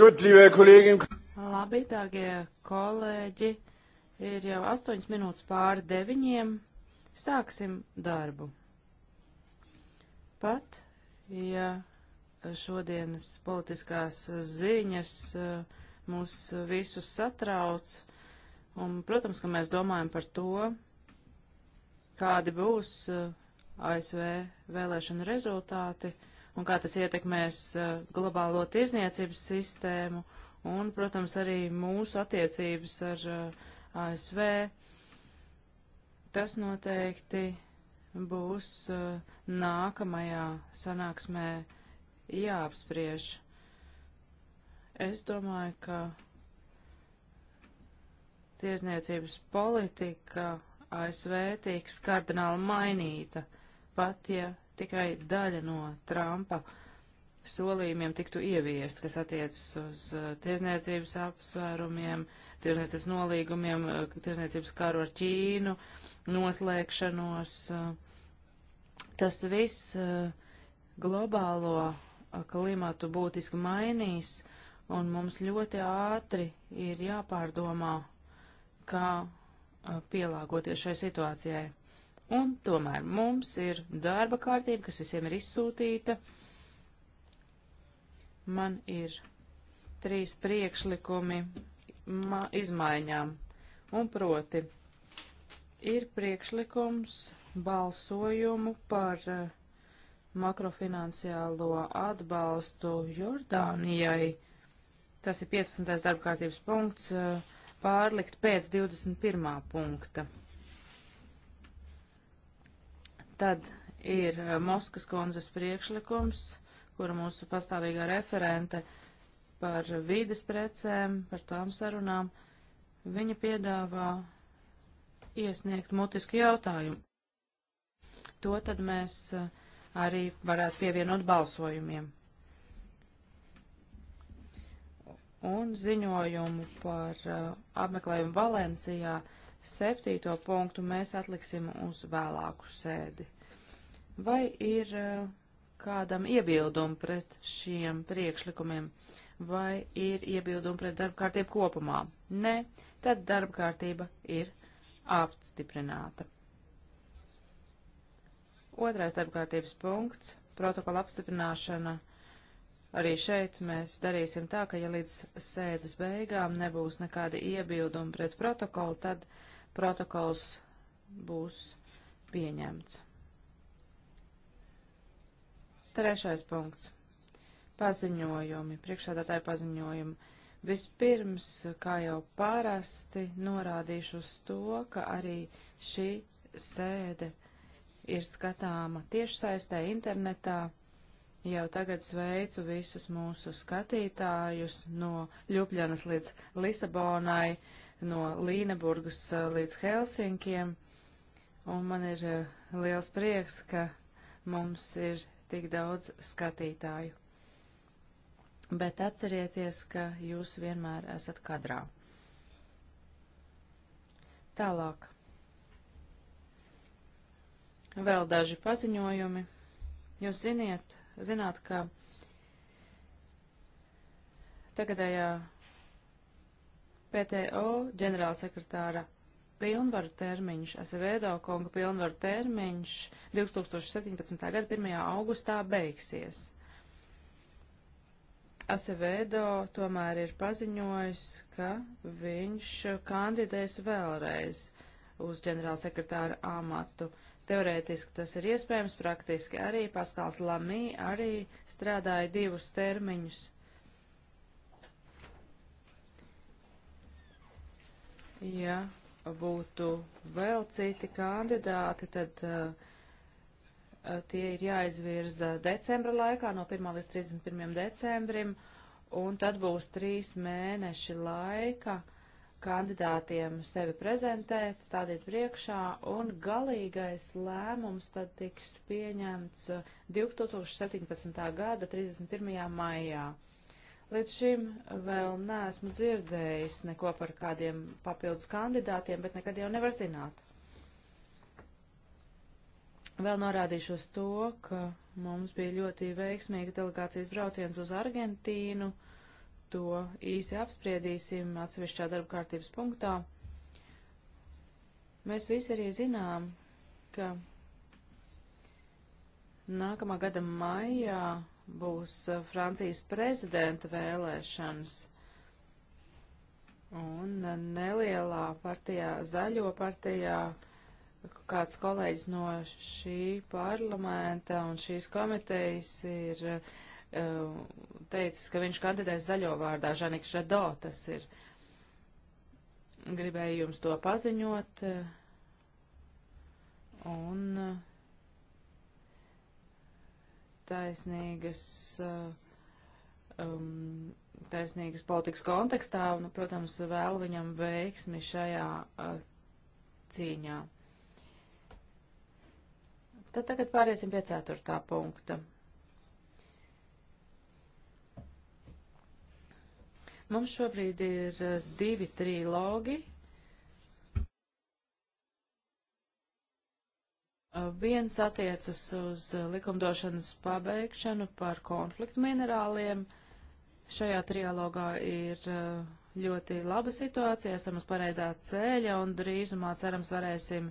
Gut, liebe Kolleginnen. Labi, dārgie kolēģi, ir jau 8 minūtes pāri deviņiem. Sāksim darbu. Pat, ja šodienas politiskās ziņas eh, mūs visus satrauc, un, protams, ka mēs domājam par to, kādi būs eh, ASV vēlēšana rezultāti, uh, un kā tas ietekmēs uh, globālo tirzniecības sistēmu un, protams, arī mūsu attiecības ar uh, ASV. Tas noteikti būs uh, nākamajā sanāksmē jāapspriež. Es domāju, ka tiesniecības politika ASV tiks kardināli mainīta, pat ja tikai daļa no Trumpa solījumiem tiktu ieviest, kas attiecas uz uh, tirzniecības apsvērumiem, tirzniecības nolīgumiem, uh, tirzniecības karu ar Ķīnu, noslēgšanos. Uh, tas viss globālo klimatu būtiski mainīs, un mums ļoti ātri ir jāpārdomā, kā pielāgoties šai situācijai. Un tomēr mums ir darba kārtība, kas visiem ir izsūtīta. Man ir trīs priekšlikumi izmaiņām. Un proti, ir priekšlikums balsojumu par uh, eh, makrofinansiālo atbalstu Jordānijai. Tas ir 15. darbkārtības punkts, eh, pārlikt pēc 21. punkta. Tad ir eh, Moskas kundzes priekšlikums, kura mūsu pastāvīgā referente par vīdes precēm, par tām sarunām. Viņa piedāvā iesniegt mutisku jautājumu. To tad mēs eh, arī varētu pievienot balsojumiem. Un ziņojumu par eh, apmeklējumu Valencijā uh, septīto punktu mēs atliksim uz vēlāku sēdi. Vai ir eh, kādam iebildumi pret šiem priekšlikumiem, vai ir iebildumi pret darba kārtību kopumā? Nē, tad darba kārtība ir apstiprināta. Otrais darba kārtības punkts - protokola apstiprināšana. Arī šeit mēs darīsim tā, ka ja līdz sēdes beigām nebūs nekādi iebildumi pret protokolu, tad uh, protokols būs pieņemts. Trešais punkts. Paziņojumi, priekšsādātāja paziņojumi. Vispirms, kā jau parasti, norādīšu uz to, ka arī šī sēde ir skatāma tiešsaistē internetā. Jau tagad sveicu visus mūsu skatītājus no Ljubļanas līdz Lisabonai no Līneburgas līdz Helsinkiem, un man ir liels prieks, ka mums ir tik daudz skatītāju. Bet atcerieties, ka jūs vienmēr esat kadrā. Tālāk. Vēl daži paziņojumi. Jūs ziniet, zināt, ka tagadējā ja PTO ģenerālsekretāra pilnvaru termiņš, Asevedo konga pilnvaru termiņš 2017. gada 1. augustā beigsies. Asevedo tomēr ir paziņojis, ka viņš kandidēs vēlreiz uz ģenerālsekretāra amatu. Teorētiski tas ir iespējams, praktiski arī Paskals Lamī arī strādāja divus termiņus Ja būtu vēl citi kandidāti, tad uh, tie ir jāizvirza decembra laikā, no 1. līdz 31. decembrim, un tad būs trīs mēneši laika kandidātiem sevi prezentēt, stādīt priekšā, un galīgais lēmums tad tiks pieņemts 2017. Uh, gada 31. maijā. Līdz šim vēl neesmu dzirdējis neko par kādiem papildus kandidātiem, bet nekad jau nevar zināt. Vēl norādīšu uz to, ka mums bija ļoti veiksmīgs delegācijas brauciens uz Argentīnu. To īsi apspriedīsim atsevišķā darba kārtības punktā. Mēs visi arī zinām, ka nākamā gada maijā būs Francijas prezidenta vēlēšanas. Un nelielā partijā, zaļo partijā, kāds kolēģis no šī parlamenta un šīs komitejas ir uh, teicis, ka viņš kandidēs zaļo vārdā, Žaniks Žado tas ir. Gribēju jums to paziņot. Un uh, taisnīgas, eh, um, taisnīgas politikas kontekstā un, protams, vēlu viņam veiksmi šajā uh, cīņā. Tad tagad pāriesim pie ceturtā punkta. Mums šobrīd ir eh, divi trilogi Viens attiecas uz likumdošanas pabeigšanu par konfliktu minerāliem. Šajā trialogā ir ļoti laba situācija, esam uz pareizā ceļa un drīzumā cerams varēsim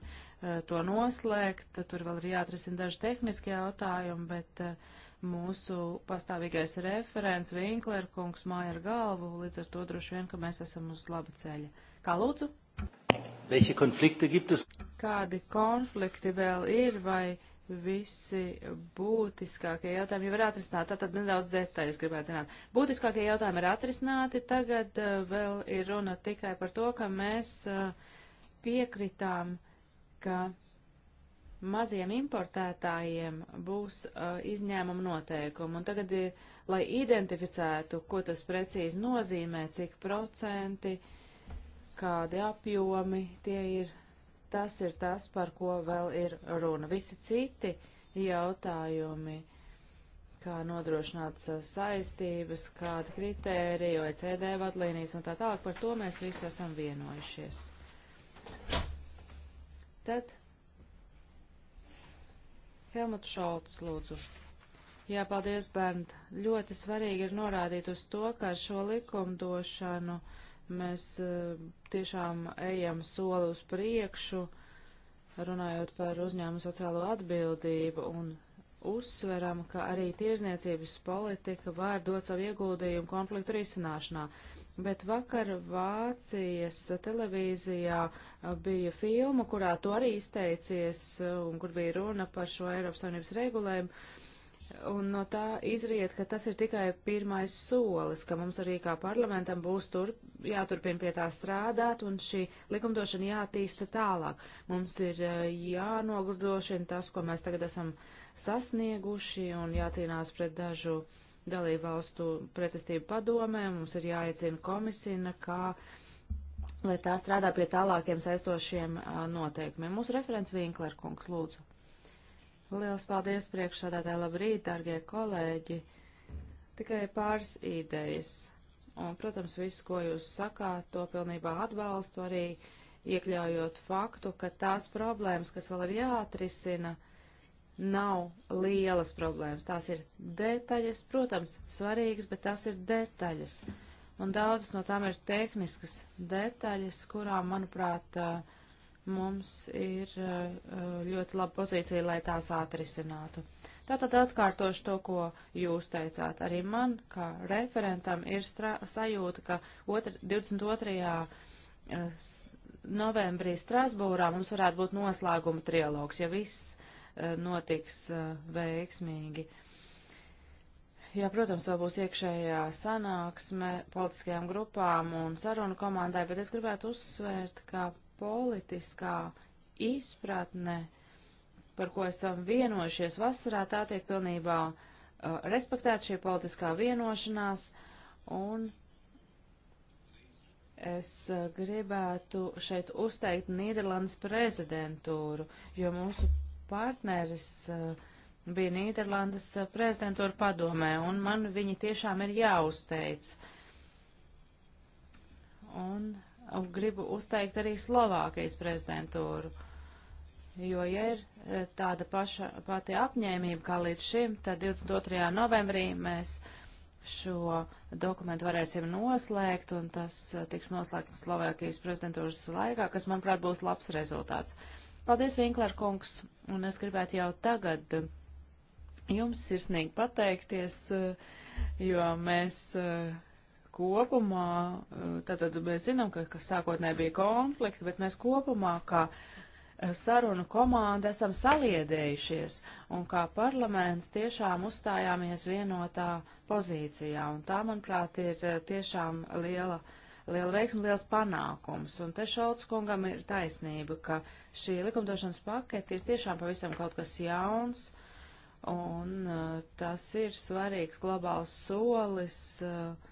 to noslēgt. Tur vēl ir jāatrisina daži tehniski jautājumi, bet mūsu pastāvīgais referents Vinklerkungs māja ar galvu, līdz ar to droši vien, ka mēs esam uz laba ceļa. Kā lūdzu? Welche Konflikte gibt es? Kādi konflikti vēl ir vai visi būtiskākie jautājumi jau ir atrisināti? Tātad nedaudz detaļas gribētu zināt. Būtiskākie jautājumi ir atrisināti, tagad eh, vēl ir runa tikai par to, ka mēs eh, piekritām, ka maziem importētājiem būs uh, izņēmuma noteikumi. Un tagad, lai identificētu, ko tas precīzi nozīmē, cik procenti uh, kādi apjomi tie ir, tas ir tas, par ko vēl ir runa. Visi citi jautājumi, kā nodrošināt saistības, kādi kritēriji, OECD vadlīnijas un tā tālāk, par to mēs visu esam vienojušies. Tad Helmuts Šolts, lūdzu. Jā, paldies, Bernd. Ļoti svarīgi ir norādīt uz to, ka šo likumdošanu uh, Mēs e, tiešām ejam soli uz priekšu, runājot par uzņēmumu sociālo atbildību un uzsveram, ka arī tirzniecības politika var dot savu ieguldījumu konfliktu risināšanā. Bet vakar Vācijas televīzijā e, bija filma, kurā to arī izteicies e, un kur bija runa par šo Eiropas Savienības regulējumu. Un no tā izriet, ka tas ir tikai pirmais solis, ka mums arī kā parlamentam būs tur, jāturpina pie tā strādāt un šī likumdošana jātīsta tālāk. Mums ir eh, jānogurdošina tas, ko mēs tagad esam sasnieguši un jācīnās pret dažu dalību valstu pretestību padomē. Mums ir jāiecina komisija, kā lai tā strādā pie tālākiem saistošiem eh, noteikumiem. Mūsu referents Vinklerkungs, lūdzu. Liels paldies priekšsādātāji, labrīt, dārgie kolēģi. Tikai pāris idejas. Un, protams, viss, ko jūs sakāt, to pilnībā atbalstu arī iekļaujot faktu, ka tās problēmas, kas vēl ir jāatrisina, nav lielas problēmas. Tās ir detaļas, protams, svarīgas, bet tās ir detaļas. Un daudzas no tām ir tehniskas detaļas, kurām, manuprāt, uh, mums ir eh, ļoti laba pozīcija, lai tās atrisinātu. Tātad atkārtošu to, ko jūs teicāt. Arī man, kā referentam, ir sajūta, ka otr, 22. Eh, novembrī Strasbūrā mums varētu būt noslēguma trialogs, ja viss eh, notiks veiksmīgi. Jā, protams, vēl būs iekšējā sanāksme politiskajām grupām un sarunu komandai, bet es gribētu uzsvērt, ka politiskā izpratne, par ko esam vienojušies vasarā, tā tiek pilnībā uh, respektēta šī politiskā vienošanās, un es uh, gribētu šeit uzteikt Nīderlandes prezidentūru, jo mūsu partneris uh, bija Nīderlandes uh, prezidentūra padomē, un man viņi tiešām ir jāuzteic. Un Un gribu uzteikt arī Slovākijas prezidentūru, jo, ja ir e, tāda paša pati apņēmība kā līdz šim, tad 22. novembrī mēs šo dokumentu varēsim noslēgt, un tas e, tiks noslēgts Slovākijas prezidentūras laikā, kas, manuprāt, būs labs rezultāts. Paldies, Vinklēr kungs, un es gribētu jau tagad jums sirsnīgi pateikties, e, jo mēs kopumā, eh, tātad mēs zinām, ka, ka sākotnēji bija konflikti, bet mēs kopumā kā eh, sarunu komanda esam saliedējušies un kā parlaments tiešām uzstājāmies vienotā pozīcijā. Un tā, manuprāt, ir eh, tiešām liela, liela veiksma, liels panākums. Un te Šalts kungam ir taisnība, ka šī likumdošanas paketi ir tiešām pavisam kaut kas jauns. Un uh, tas ir svarīgs globāls solis uh,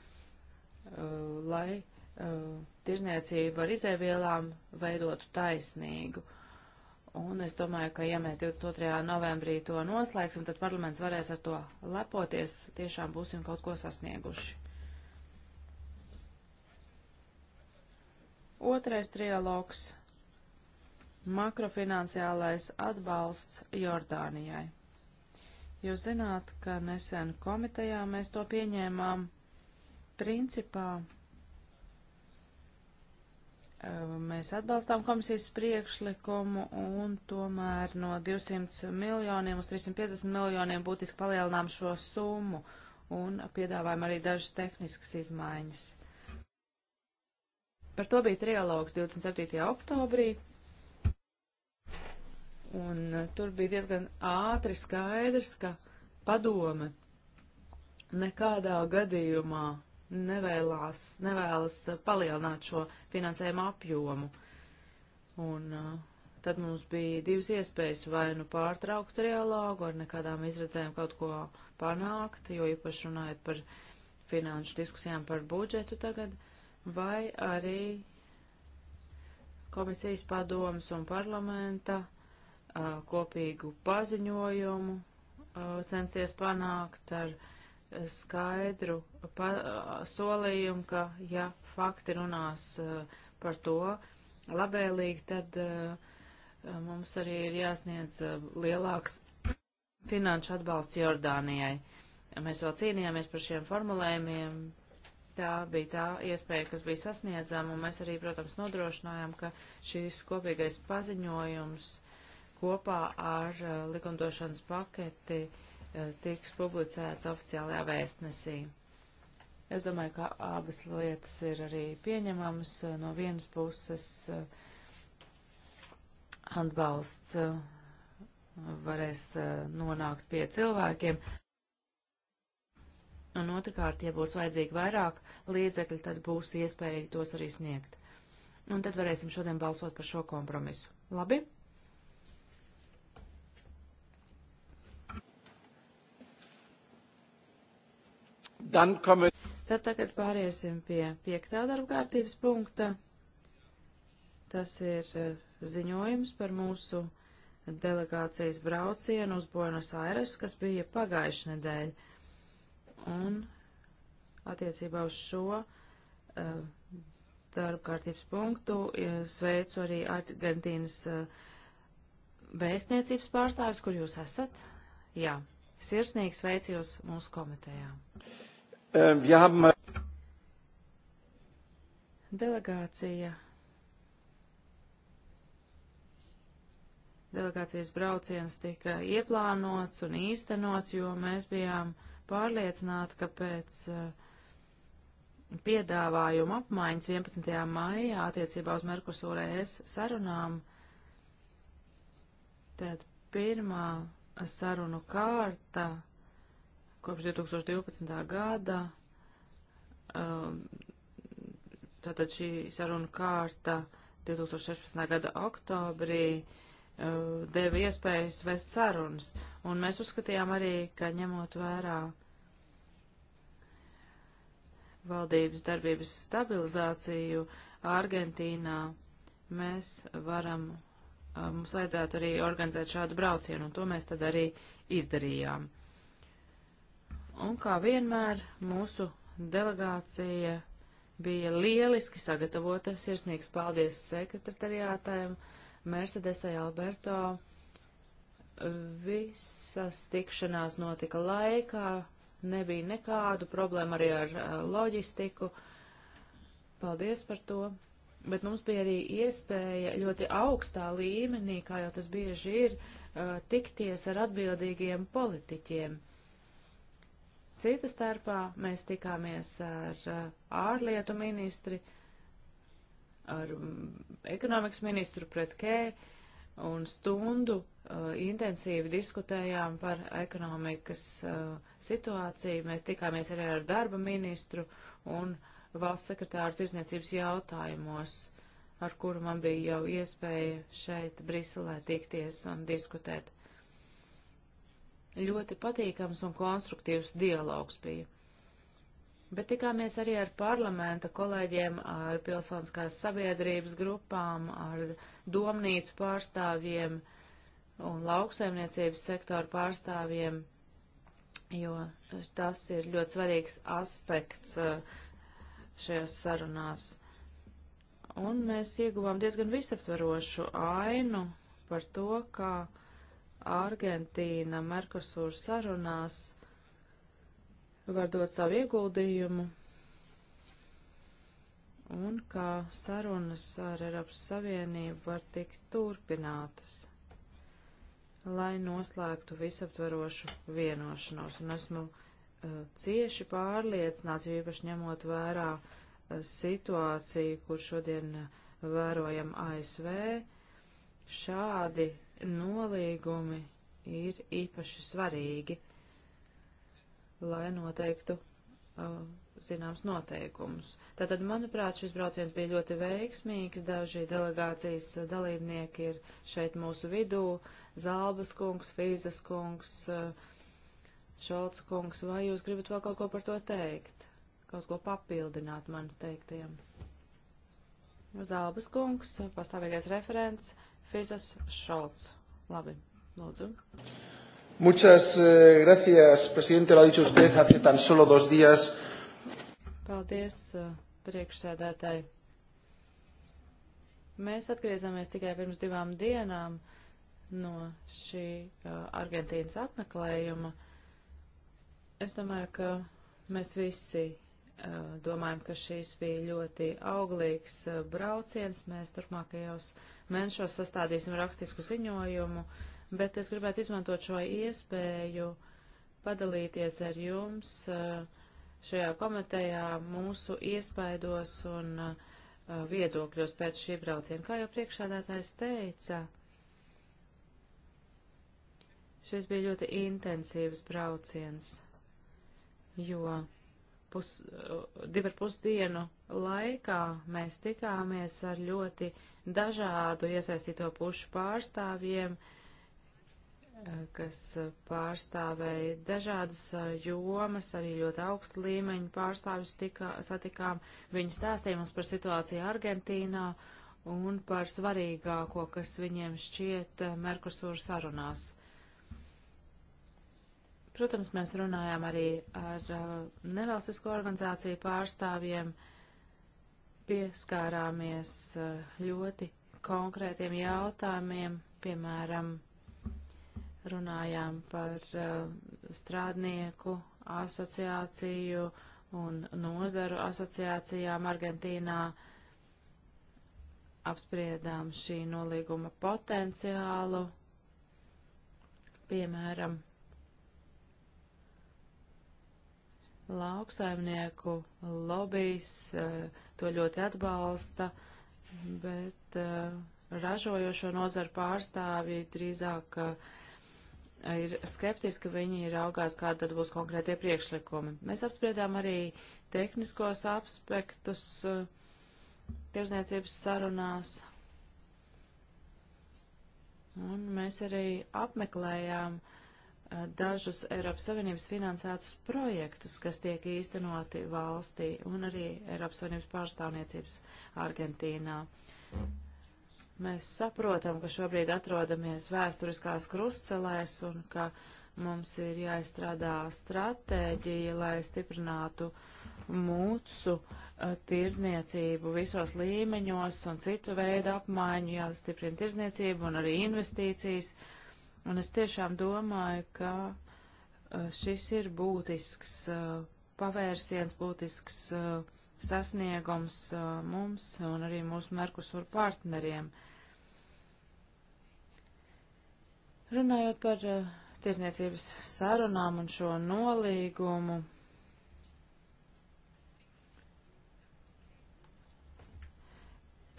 Uh, lai uh, tirzniecību ar izēvielām veidotu taisnīgu. Un es domāju, ka ja mēs 22. novembrī to noslēgsim, tad parlaments varēs ar to lepoties, tiešām būsim kaut ko sasnieguši. Otrais trialogs - makrofinansiālais atbalsts Jordānijai. Jūs zināt, ka nesen komitejā mēs to pieņēmām Principā e, mēs atbalstām komisijas priekšlikumu un tomēr no 200 miljoniem uz 350 miljoniem būtiski palielinām šo summu un piedāvājam arī dažas tehniskas izmaiņas. Par to bija trialogs 27. oktobrī. Un e, tur bija diezgan ātri skaidrs, ka padome nekādā gadījumā nevēlās, nevēlas palielināt šo finansējumu apjomu. Un uh, tad mums bija divas iespējas vai nu pārtraukt trialogu ar nekādām izredzēm kaut ko panākt, jo īpaši runājot par finanšu diskusijām par budžetu tagad, vai arī komisijas padomas un parlamenta a, uh, kopīgu paziņojumu a, uh, censties panākt ar a, skaidru pa, solījumu, ka ja fakti runās eh, par to labēlīgi, tad eh, mums arī ir jāsniedz eh, lielāks finanšu atbalsts Jordānijai. Mēs vēl cīnījāmies par šiem formulējumiem. Tā bija tā iespēja, kas bija sasniedzama, un mēs arī, protams, nodrošinājām, ka šīs kopīgais paziņojums kopā ar likumdošanas paketi uh, Eh, tiks publicēts oficiālajā vēstnesī. Es domāju, ka abas lietas ir arī pieņemamas. Eh, no vienas puses eh, atbalsts varēs nonākt pie cilvēkiem. Un otrkārt, ja būs vajadzīgi vairāk līdzekļi, tad būs iespēja tos arī sniegt. Un tad varēsim šodien balsot par šo kompromisu. Labi? Tad tagad pāriesim pie piektā darba kārtības punkta. Tas ir eh, ziņojums par mūsu delegācijas braucienu uz Buenos Aires, kas bija pagājušajā nedēļ. Un attiecībā uz šo uh, darba kārtības punktu sveicu arī Argentīnas uh, vēstniecības pārstāvis, kur jūs esat. Jā, sirsnīgi sveicu jūs mūsu komitejā. Äh, wir haben Delegācija. Delegācijas brauciens tika ieplānots un īstenots, jo mēs bijām pārliecināti, ka pēc eh, piedāvājuma apmaiņas 11. maijā attiecībā uz Merkusūra ES sarunām, tad pirmā sarunu kārta Kopš 2012. gada um, tātad šī saruna kārta 2016. gada oktobrī uh, deva iespējas vest sarunas, un mēs uzskatījām arī, ka ņemot vērā valdības darbības stabilizāciju Argentīnā, mēs varam, uh, mums vajadzētu arī organizēt šādu braucienu, un to mēs tad arī izdarījām. Un kā vienmēr mūsu delegācija bija lieliski sagatavota. Sirsnīgs paldies sekretariātājiem, Mercedesai Alberto. Visas tikšanās notika laikā, nebija nekādu problēmu arī ar eh, loģistiku. Paldies par to! bet mums bija arī iespēja ļoti augstā līmenī, kā jau tas bieži ir, eh, tikties ar atbildīgiem politiķiem. Cita starpā mēs tikāmies ar uh, ārlietu ministri, ar mm, ekonomikas ministru pret Kē un stundu uh, intensīvi diskutējām par ekonomikas uh, situāciju. Mēs tikāmies arī ar darba ministru un valsts sekretāru tirzniecības jautājumos, ar kuru man bija jau iespēja šeit Briselē tikties un diskutēt. Ļoti patīkams un konstruktīvs dialogs bija. Bet tikāmies arī ar parlamenta kolēģiem, ar pilsoniskās sabiedrības grupām, ar domnīcu pārstāvjiem un lauksaimniecības sektoru pārstāvjiem, jo tas ir ļoti svarīgs aspekts eh, šajās sarunās. Un mēs ieguvām diezgan visaptvarošu ainu par to, kā ka Argentīna Merkosūra sarunās var dot savu ieguldījumu un kā sarunas ar Eiropas Savienību var tikt turpinātas, lai noslēgtu visaptverošu vienošanos. Un esmu uh, cieši pārliecināts, jo īpaši ņemot vērā uh, situāciju, kur šodien uh, vērojam ASV, šādi nolīgumi ir īpaši svarīgi, lai noteiktu uh, zināms noteikumus. Tātad, manuprāt, šis brauciens bija ļoti veiksmīgs. Daži delegācijas dalībnieki ir šeit mūsu vidū - Zālbas kungs, Fīzas kungs, uh, Šolts kungs. Vai jūs gribat vēl kaut ko par to teikt? Kaut ko papildināt manis teiktajam? Zālbas kungs, pastāvīgais referents. Fizas Šolts. Labi, lūdzu. Muchas eh, gracias, presidente. Lo ha dicho usted hace tan solo dos días. Paldies, eh, priekšsēdētāji. Mēs atgriezāmies tikai pirms divām dienām no šī uh, Argentīnas apmeklējuma. Es domāju, ka mēs visi Eh, domājam, ka šīs bija ļoti auglīgs eh, brauciens. Mēs turpmākajos mēnešos sastādīsim rakstisku ziņojumu, bet es gribētu izmantot šo iespēju padalīties ar jums eh, šajā komitejā mūsu iespaidos un viedokļos pēc šī brauciena. Kā jau priekšādātājs teica, šis bija ļoti intensīvs brauciens, jo pus, divu ar pusdienu laikā mēs tikāmies ar ļoti dažādu iesaistīto pušu pārstāvjiem, kas pārstāvēja dažādas jomas, arī ļoti augstu līmeņu pārstāvjus tika, satikām. Viņi stāstīja mums par situāciju Argentīnā un par svarīgāko, kas viņiem šķiet Merkusūra sarunās. Uh, Protams, mēs runājām arī ar uh, nevalstisko organizāciju pārstāvjiem, pieskārāmies uh, ļoti konkrētiem jautājumiem, piemēram, runājām par uh, strādnieku asociāciju un nozaru asociācijām Argentīnā, apspriedām šī nolīguma potenciālu, piemēram, Lauksaimnieku lobijs eh, to ļoti atbalsta, bet eh, ražojošo nozaru pārstāvji drīzāk eh, ir skeptiski, viņi raugās, kāda tad būs konkrētie priekšlikumi. Mēs apspriedām arī tehniskos aspektus tirzniecības sarunās, un mēs arī apmeklējām uh, dažus Eiropas Savienības finansētus projektus, kas tiek īstenoti valstī un arī Eiropas Savienības pārstāvniecības Argentīnā. Mēs saprotam, ka šobrīd atrodamies vēsturiskās krustcelēs un ka mums ir jāizstrādā stratēģija, lai stiprinātu mūsu tirzniecību visos līmeņos un citu veidu apmaiņu, jāstiprina tirzniecību un arī investīcijas. Uh, Un es tiešām domāju, ka uh, šis ir būtisks uh, pavērsiens, būtisks uh, sasniegums mums un arī mūsu Merkusur partneriem. Runājot par tiesniecības sarunām un šo nolīgumu,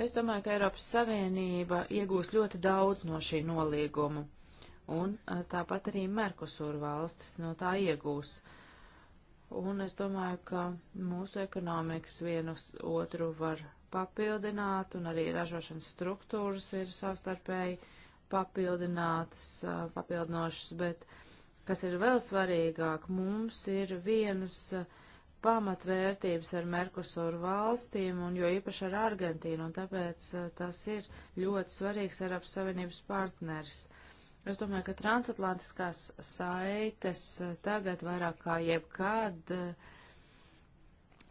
es domāju, ka Eiropas Savienība iegūs ļoti daudz no šī nolīguma un tāpat arī Merkusūra valstis no tā iegūs. Un es domāju, ka mūsu ekonomikas vienus otru var papildināt, un arī ražošanas struktūras ir savstarpēji papildinātas, papildinošas, bet, kas ir vēl svarīgāk, mums ir vienas pamatvērtības ar Merkusūru valstīm, un jo īpaši ar Argentīnu, un tāpēc tas ir ļoti svarīgs Eiropas Savienības partners. Es domāju, ka transatlantiskās saites tagad vairāk kā jebkad. Eh,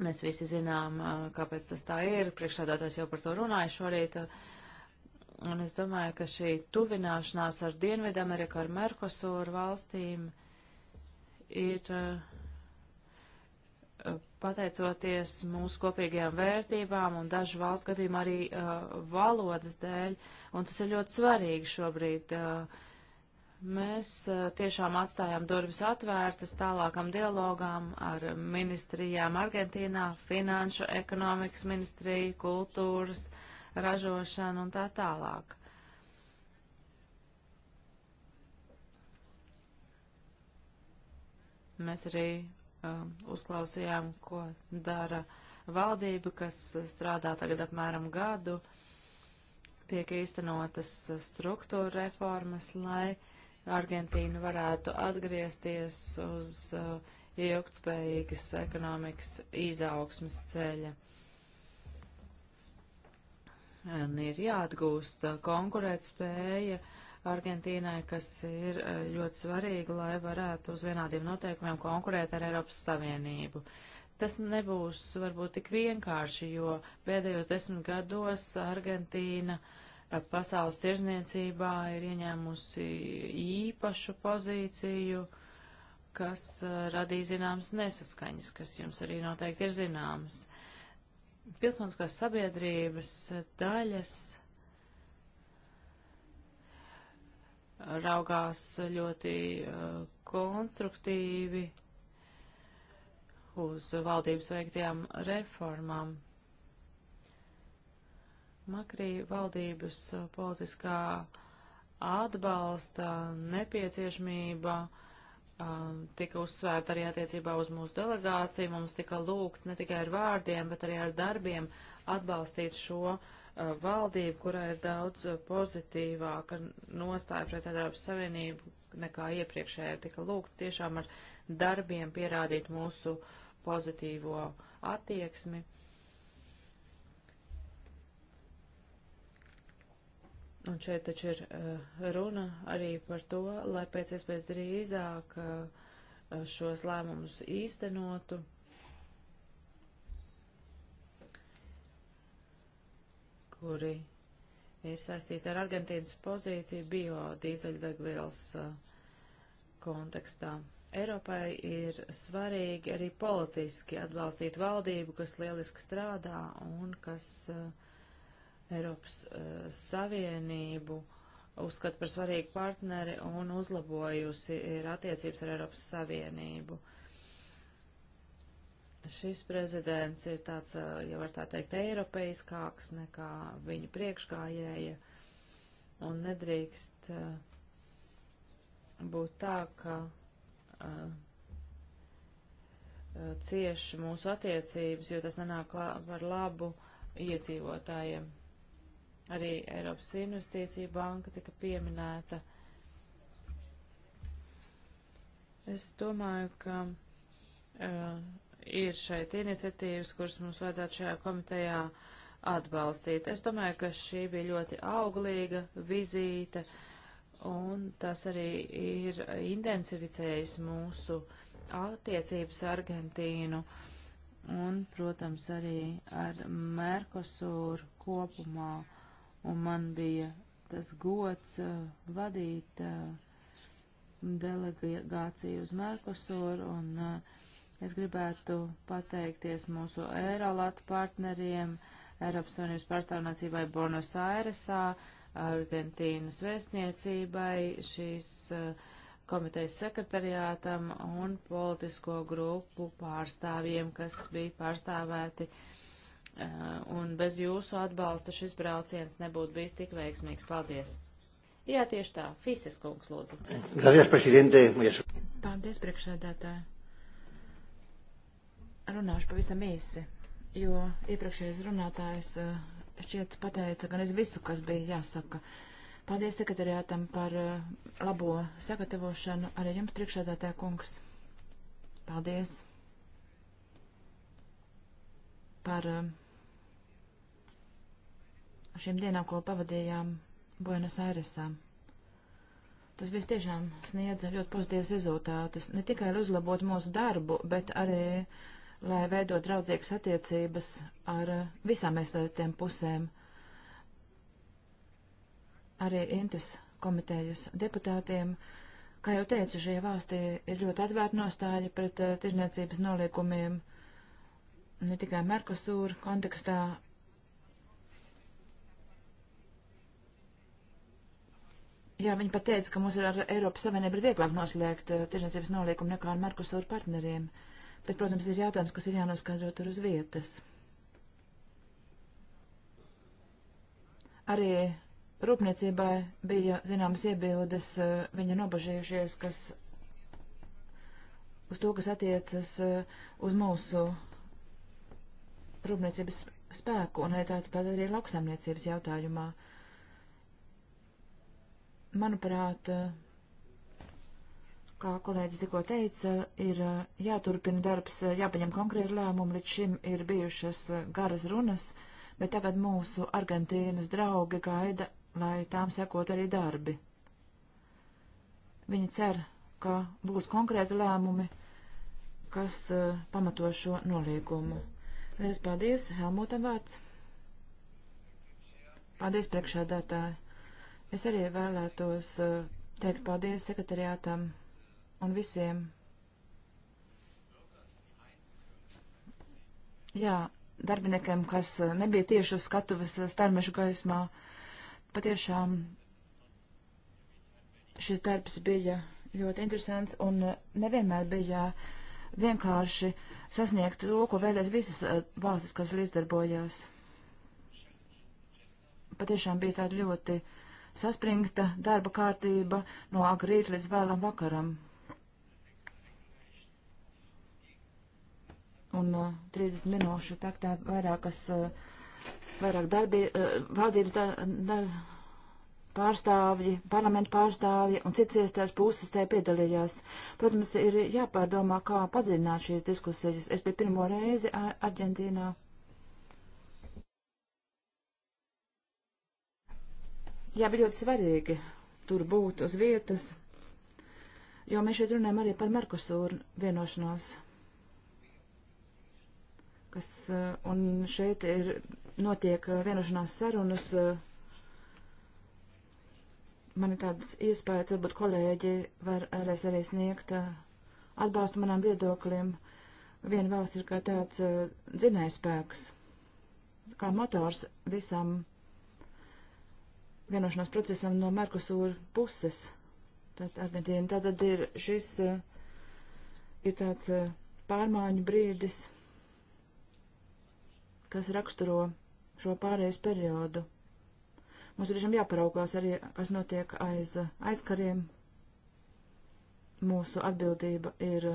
mēs visi zinām, eh, kāpēc tas tā ir. Priekšsādātājs jau par to runāja šorīt. Un es domāju, ka šī tuvināšanās ar Dienvidu Ameriku, ar Merkosūru valstīm ir eh, pateicoties mūsu kopīgajām vērtībām un dažu valstu gadījumu arī uh, valodas dēļ, un tas ir ļoti svarīgi šobrīd. Uh, Mēs tiešām atstājām durvis atvērtas tālākam dialogām ar ministrijām Argentīnā, finanšu, ekonomikas ministriju, kultūras, ražošanu un tā tālāk. Mēs arī um, uzklausījām, ko dara valdība, kas strādā tagad apmēram gadu, tiek īstenotas struktūra reformas, lai uh, Argentīna varētu atgriezties uz uh, ilgtspējīgas ekonomikas izaugsmas ceļa. Un ir jāatgūst uh, konkurēt spēja Argentīnai, kas ir uh, ļoti svarīga, lai varētu uz vienādiem noteikumiem konkurēt ar Eiropas Savienību. Tas nebūs varbūt tik vienkārši, jo pēdējos desmit gados Argentīna uh, pasaules tirzniecībā ir ieņēmusi īpašu pozīciju, kas uh, radīja zināmas nesaskaņas, kas jums arī noteikti ir zināmas. Pilsoniskās sabiedrības daļas raugās ļoti uh, konstruktīvi uz valdības veiktajām reformām. Makrī valdības uh, politiskā atbalsta nepieciešamība um, tika uzsvērta arī attiecībā uz mūsu delegāciju. Mums tika lūgts ne tikai ar vārdiem, bet arī ar darbiem atbalstīt šo uh, valdību, kurā ir daudz uh, pozitīvāka nostāja pret Eiropas Savienību nekā iepriekšējā. Tika lūgts tiešām ar darbiem pierādīt mūsu pozitīvo attieksmi. Uh, Un šeit taču ir eh, runa arī par to, lai pēc iespējas drīzāk eh, šos lēmumus īstenotu. kuri ir saistīti ar Argentīnas pozīciju biodīzeļdegvielas eh, kontekstā. Eiropai ir svarīgi arī politiski atbalstīt valdību, kas lieliski strādā un kas uh, Eiropas uh, Savienību uzskata par svarīgu partneri un uzlabojusi ir attiecības ar Eiropas Savienību. Šis prezidents ir tāds, uh, eh, ja var tā teikt, eiropeiskāks nekā viņa priekšgājēja un nedrīkst uh, būt tā, ka cieši mūsu attiecības, jo tas nenāk par labu iedzīvotājiem. Arī Eiropas investīcija banka tika pieminēta. Es domāju, ka uh, ir šeit iniciatīvas, kuras mums vajadzētu šajā komitejā atbalstīt. Es domāju, ka šī bija ļoti auglīga vizīte, un tas arī ir intensificējis mūsu attiecības ar Argentīnu un, protams, arī ar Merkosūru kopumā un man bija tas gods uh, vadīt uh, delegāciju uz Merkosuru, un uh, es gribētu pateikties mūsu Eirolatu partneriem, Eiropas Savienības pārstāvniecībai Buenos Airesā, Argentīnas vēstniecībai, šīs uh, komitejas sekretariātam un politisko grupu pārstāvjiem, kas bija pārstāvēti uh, Eh, un bez jūsu atbalsta šis brauciens nebūtu bijis tik veiksmīgs. Paldies! Jā, tieši tā. Fises kungs, lūdzu. Gracias, prezidente. Paldies, priekšsēdētāji. Runāšu pavisam īsi, jo iepriekšējais runātājs eh, šķiet pateica gan es visu, kas bija jāsaka. Paldies sekretariātam par eh, labo sagatavošanu. Arī jums, priekšsēdētāja kungs. Paldies par uh, šīm dienām, ko pavadījām Buenos Airesā. Tas viss tiešām sniedza ļoti pozitīvas rezultātus, ne tikai lai uzlabotu mūsu darbu, bet arī, lai veidot draudzīgas attiecības ar visām iesaistiem pusēm. Arī Intes komitejas deputātiem, kā jau teicu, šajā valstī ir ļoti atvērta nostāja pret uh, tirzniecības noliekumiem, ne tikai Merkusūra kontekstā, Jā, viņi pat teica, ka mums ir ar Eiropas Savienību ir vieglāk noslēgt uh, tirdzniecības nolīkumu nekā ar Merkusūru partneriem. Bet, protams, ir jautājums, kas ir jānoskaidro tur uz vietas. Arī rūpniecībai bija zināmas iebildes, uh, viņa nobažījušies, kas uz to, kas attiecas uh, uz mūsu rūpniecības spēku un arī tāpat arī lauksaimniecības jautājumā. Uh, Manuprāt, kā kolēģis tikko teica, ir uh, jāturpina darbs, uh, jāpaņem konkrēti lēmumi. Līdz šim ir bijušas uh, garas runas, bet tagad mūsu Argentīnas draugi gaida, lai tām sekot arī darbi. Viņi cer, ka būs konkrēti lēmumi, kas pamato šo noliegumu. Liels paldies, Helmuta vārds. Paldies, priekšādātāji. Es arī vēlētos eh, teikt paldies sekretariātam un visiem. Jā, darbiniekiem, kas eh, nebija tieši uz skatuves eh, starmešu gaismā, patiešām šis darbs bija ļoti interesants un nevienmēr bija vienkārši sasniegt to, ko vēlēs visas valstis, kas līdzdarbojās. Patiešām bija tāda ļoti saspringta darba kārtība no agrīt līdz vēlam vakaram. Un uh, 30 minūšu taktā vairākas, uh, vairāk darbi, uh, valdības da, da, pārstāvji, parlamentu pārstāvji un cits iestādes puses tajā piedalījās. Protams, ir jāpārdomā, kā padzināt šīs diskusijas. Es biju pirmo reizi Argentīnā. Ar Jā, bet ļoti svarīgi tur būt uz vietas, jo mēs šeit runājam arī par Merkusūru vienošanos. Kas, uh, un šeit ir, notiek uh, vienošanās sarunas. Uh, man ir tāds iespējas, varbūt kolēģi var arī, arī sniegt atbalstu manām viedokļiem. Viena valsts ir kā tāds dzinējspēks, kā motors visam vienošanās procesam no Merkusūra puses. Tad Argentīna tātad ir šis eh, ir tāds eh, pārmaiņu brīdis, kas raksturo šo pārējais periodu. Mums ir jāparaukās arī, kas notiek aiz eh, aizkariem. Mūsu atbildība ir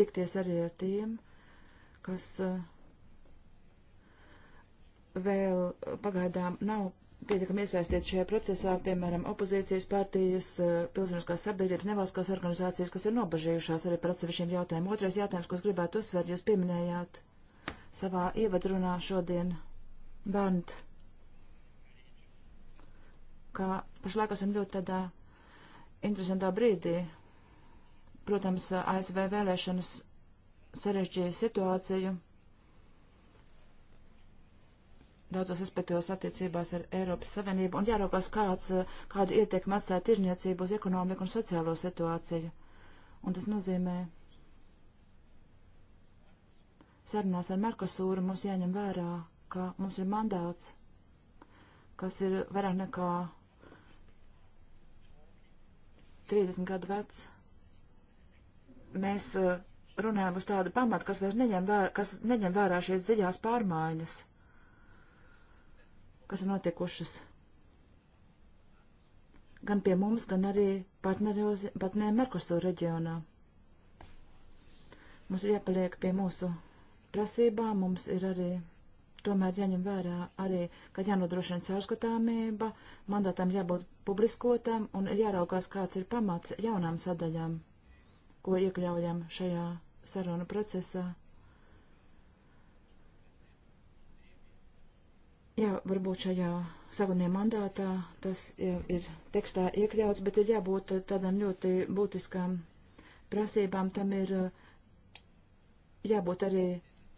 tikties arī ar tiem, kas vēl pagaidām nav pietiekami iesaistīti šajā procesā, piemēram, opozīcijas partijas, eh, pilsoniskās sabiedrības, nevalstiskās organizācijas, kas ir nobažījušās arī par atsevišķiem jautājumiem. Otrais jautājums, ko es gribētu uzsvērt, jūs pieminējāt savā ievadrunā šodien, Bernd, ka pašlaik esam ļoti tādā interesantā brīdī. Protams, ASV vēlēšanas sarežģīja situāciju daudzos aspektos attiecībās ar Eiropas Savienību un jāraukās, kāds, kādu ietekmi atstāja tirniecību uz ekonomiku un sociālo situāciju. Un tas nozīmē, sarunās ar Merkosūru mums jāņem vērā, ka mums ir mandāts, kas ir vairāk nekā 30 gadu vecs. Mēs eh, runājam uz tādu pamatu, kas vairs neņem vērā, kas neņem vērā šīs dziļās pārmaiņas kas ir notikušas gan pie mums, gan arī partneriem Merkusur reģionā. Mums ir jāpaliek pie mūsu prasībām, mums ir arī tomēr jāņem vērā arī, ka jānodrošina caurskatāmība, mandātām jābūt publiskotām un ir jāraukās, kāds ir pamats jaunām sadaļām, ko iekļaujam šajā sarunu procesā. Jā, varbūt šajā sarunē mandātā tas jau ir tekstā iekļauts, bet ir jābūt tādām ļoti būtiskām prasībām. Tam ir jābūt arī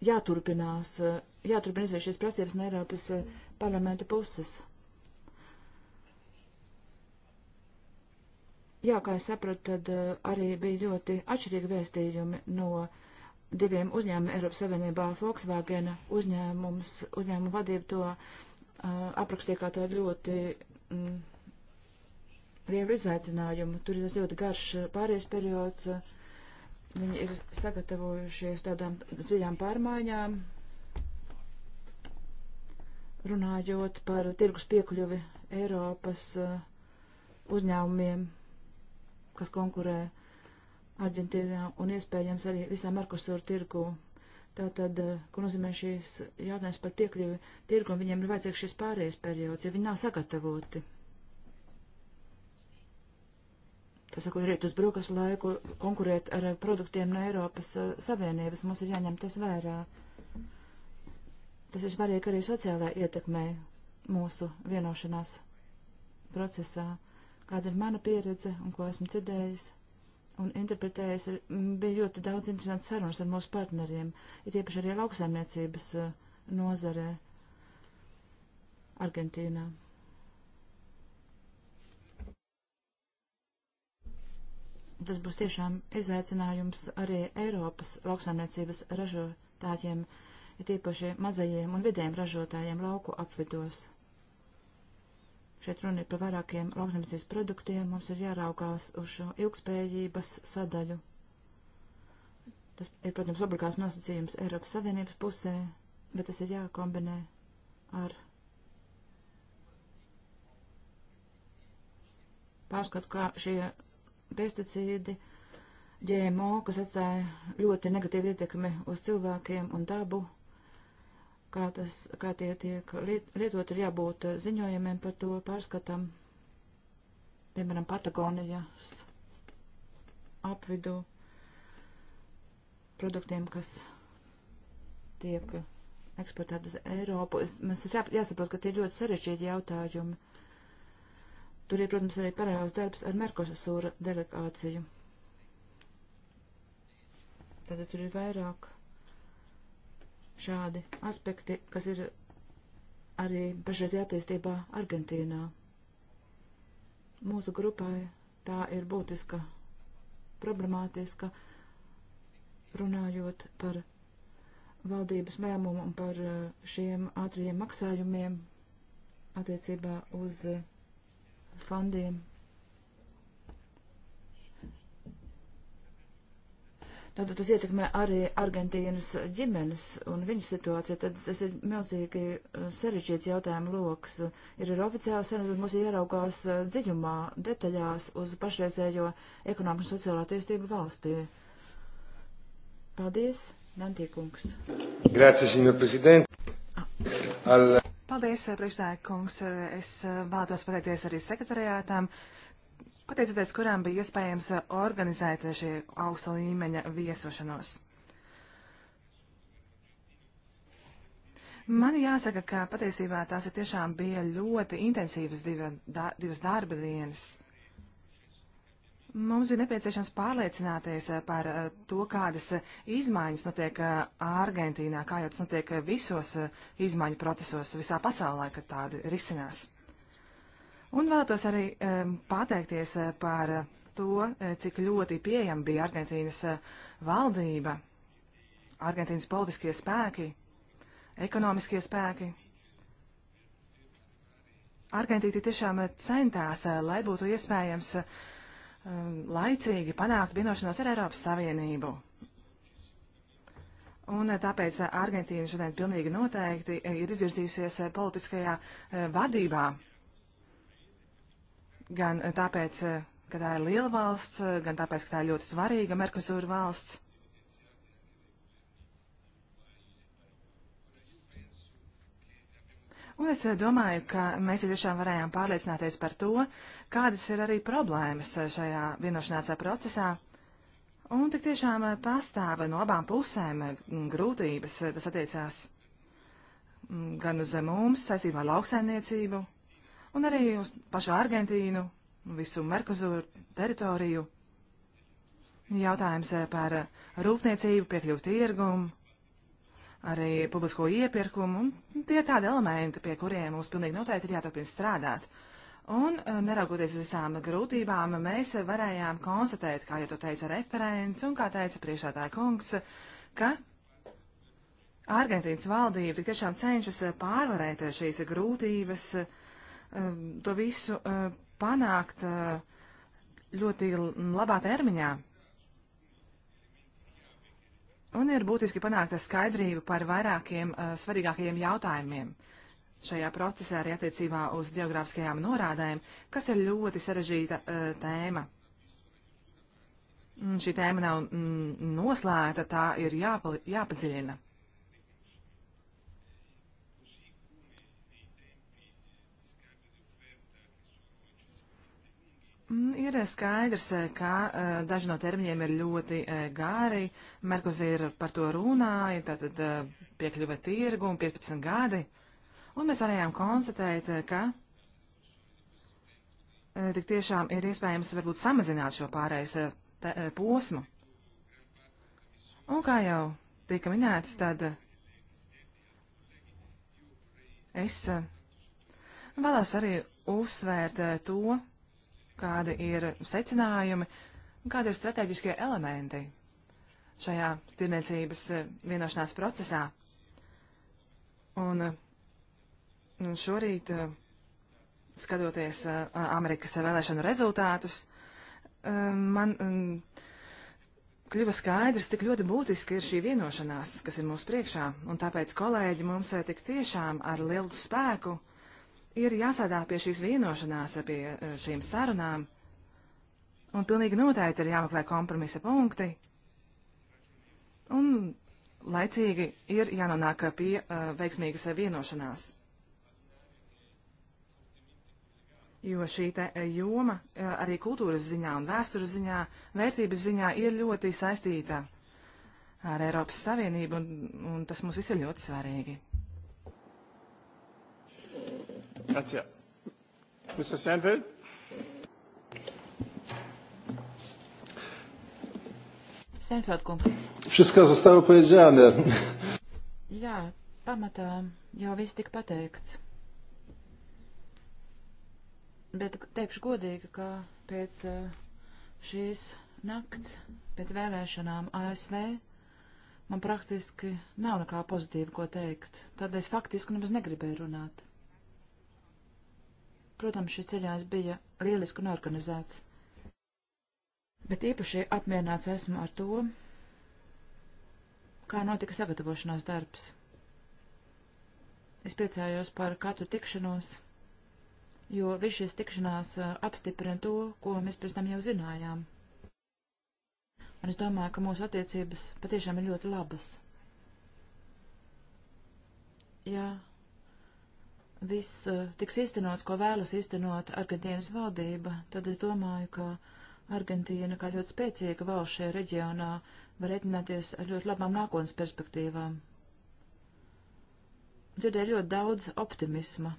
jāturpinās, jāturpinās šīs prasības no Eiropas parlamenta puses. Jā, kā es sapratu, tad arī bija ļoti atšķirīgi vēstījumi no. Uh, diviem uzņēmumiem Eiropas Savienībā - Volkswagen uzņēmums, uzņēmuma vadība to uh, aprakstīja kā tādu ļoti mm, lielu izaicinājumu. Tur ir tas ļoti garš pārējais periods. Viņi ir sagatavojušies tādām dziļām pārmaiņām, runājot par tirgus piekļuvi Eiropas uh, uzņēmumiem, kas konkurē uh, Argentīnā un iespējams arī visā Merkusūra tirgu. Tātad, eh, ko nozīmē šīs jautājums par piekļuvi tirgu, un viņiem ir vajadzīgs šis pārējais periods, jo viņi nav sagatavoti. Tas, ko ir uz brokastu laiku, konkurēt ar produktiem no Eiropas eh, Savienības, mums ir jāņem tas vērā. Tas ir svarīgi arī sociālai ietekmē mūsu vienošanās procesā, kāda ir mana pieredze un ko esmu dzirdējis un interpretējis, bija ļoti daudz interesants sarunas ar mūsu partneriem, ir tiepaši arī lauksaimniecības uh, nozarē Argentīnā. Tas būs tiešām izaicinājums arī Eiropas lauksaimniecības ražotājiem, ir tiepaši mazajiem un vidējiem ražotājiem lauku apvidos. Šeit runa ir par vairākiem lauksaimniecības produktiem. Mums ir jāraugās uz šo ilgspējības sadaļu. Tas ir, protams, obligāts nosacījums Eiropas Savienības pusē, bet tas ir jākombinē ar pārskatu, kā šie pesticīdi, ģēmo, kas atstāja ļoti negatīvu ietekmi uz cilvēkiem un dabu kā, tas, kā tie tiek lietot, ir jābūt eh, ziņojumiem par to pārskatam, piemēram, Patagonijas apvidu produktiem, kas tiek eksportēt uz Eiropu. Es, mums ir jā, jāsaprot, ka tie ir ļoti sarežģīti jautājumi. Tur ir, protams, arī paralēls darbs ar Merkosasūra delegāciju. Tātad tur ir vairāk šādi aspekti, kas ir arī pašreizajā attīstībā Argentīnā. Mūsu grupai tā ir būtiska, problemātiska, runājot par valdības lēmumu un par eh, šiem ātriem maksājumiem attiecībā uz eh, fondiem. Tātad tas ietekmē arī Argentīnas ģimenes un viņu situāciju. Tad tas ir milzīgi uh, sarežģīts jautājumu lokus. Ir arī oficiāli saruna, mums ir jāraugās uh, dziļumā, detaļās uz pašreizējo ekonomiku un sociālā tiesību valstī. Paldies, Dantīkungs. Grācija, signor prezident. Ah. Al... Paldies, priekšsēkungs. Es uh, vēlētos pateikties arī sekretariātām. Uh, pateicoties kurām bija iespējams eh, organizēt eh, šī augsta līmeņa viesošanos. Man jāsaka, ka patiesībā tās ir tiešām bija ļoti intensīvas diva, da, divas darba dienas. Mums bija nepieciešams pārliecināties eh, par to, kādas izmaiņas notiek Argentīnā, kā jau tas notiek visos izmaiņu procesos visā pasaulē, kad tādi risinās. Un vēlētos arī um, pateikties eh, par eh, to, eh, cik ļoti pieejama bija Argentīnas valdība, Argentīnas politiskie spēki, ekonomiskie spēki. Argentīti tiešām centās, lai būtu iespējams laicīgi panākt vienošanos ar Eiropas Savienību. Un tāpēc Argentīna šodien pilnīgi noteikti ir izvirzījusies politiskajā vadībā Gan eh, tāpēc, eh, ka tā ir liela valsts, eh, gan tāpēc, ka tā ir ļoti svarīga Merkuzūra valsts. Un es domāju, ka mēs tiešām varējām pārliecināties par to, kādas ir arī problēmas šajā vienošanās procesā. Un tik tiešām pastāv no abām pusēm grūtības, tas attiecās gan uz mums saistībā ar lauksaimniecību, un arī uz pašu Argentīnu, visu Merkuzuru teritoriju. Jautājums eh, par eh, rūpniecību, piekļuvu tirgumu, arī publisko iepirkumu. Tie ir tādi elementi, pie kuriem mums pilnīgi noteikti ir jāturpina strādāt. Un, eh, neraugoties uz visām grūtībām, mēs varējām konstatēt, kā jau to teica referents un kā teica priekšētāja kungs, ka Argentīnas valdība tiešām cenšas pārvarēt šīs grūtības, uh, Um, to visu uh, panākt uh, ļoti labā termiņā. Un ir būtiski panākt skaidrību par vairākiem uh, svarīgākajiem jautājumiem šajā procesā arī attiecībā uz geogrāfiskajām norādēm, kas ir ļoti sarežģīta uh, tēma. Un mm, šī tēma nav mm, noslēgta, tā ir jāpali, jāpadziļina. Mm, ir skaidrs, eh, ka eh, daži no termiņiem ir ļoti eh, gāri. Merkuzīra par to runāja, tātad piekļuva tirgu un 15 gadi. Un mēs varējām konstatēt, ka tik tiešām ir iespējams varbūt samazināt šo pārējais posmu. Un kā jau tika minēts, tad es vēlās arī uzsvērt to, kādi ir secinājumi un kādi ir strateģiskie elementi šajā tirniecības eh, vienošanās procesā. Un, un nu, šorīt, eh, skatoties eh, Amerikas vēlēšanu rezultātus, man mm, kļuva skaidrs, cik ļoti būtiski ir šī vienošanās, kas ir mūsu priekšā, un tāpēc kolēģi mums tik tiešām ar lielu spēku uh, ir jāsādā pie šīs vienošanās, pie e, šīm sarunām, un pilnīgi noteikti ir jāmeklē kompromisa punkti, un laicīgi ir jānonāk pie uh, veiksmīgas vienošanās. Jo šī te e, joma arī kultūras ziņā un vēstures ziņā, vērtības ziņā ir ļoti saistīta ar Eiropas Savienību, un, un tas mums visiem ļoti svarīgi. Grazie. Mr. Steinfeld? Steinfeld kungs. Wszystko zostało powiedziane. Jā, pamatā jau viss tika pateikts. Bet teikšu godīgi, ka pēc eh, šīs nakts, pēc vēlēšanām ASV, man praktiski nav nekā pozitīva, ko teikt. Tādēļ faktiski nemaz negribēju runāt. Protams, šis ceļojums bija lieliski un organizēts. Bet īpaši apmierināts esmu ar to, kā notika sagatavošanās darbs. Es priecājos par katru tikšanos, jo viss šīs tikšanās apstiprina to, ko mēs pēc tam jau zinājām. Un es domāju, ka mūsu attiecības patiešām ir ļoti labas. Jā. Ja viss eh, tiks īstenots, ko vēlas īstenot Argentīnas valdība, tad es domāju, ka Argentīna kā ļoti spēcīga valsts šajā reģionā var rēķināties ar ļoti labām nākotnes perspektīvām. Dzirdēju ļoti daudz optimisma.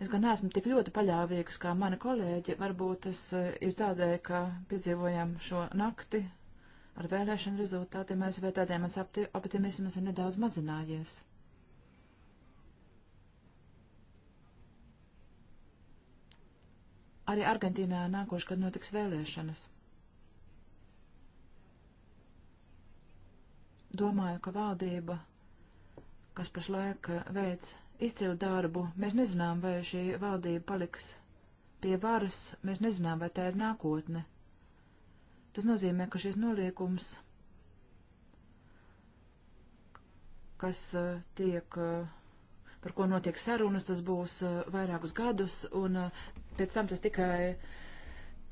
Es gan neesmu tik ļoti paļāvīgs kā mani kolēģi. Varbūt tas eh, ir tādēļ, ka piedzīvojam šo nakti ar vēlēšanu rezultātiem, es vai tādēļ mans optimisms ir nedaudz mazinājies. Arī Argentīnā nākošgad notiks vēlēšanas. Domāju, ka valdība, kas pašlaik veic izcilu darbu, mēs nezinām, vai šī valdība paliks pie varas, mēs nezinām, vai tā ir nākotne. Tas nozīmē, ka šis noliekums, kas eh, tiek, eh, par ko notiek sarunas, tas būs eh, vairākus gadus, un pēc tam tas tikai,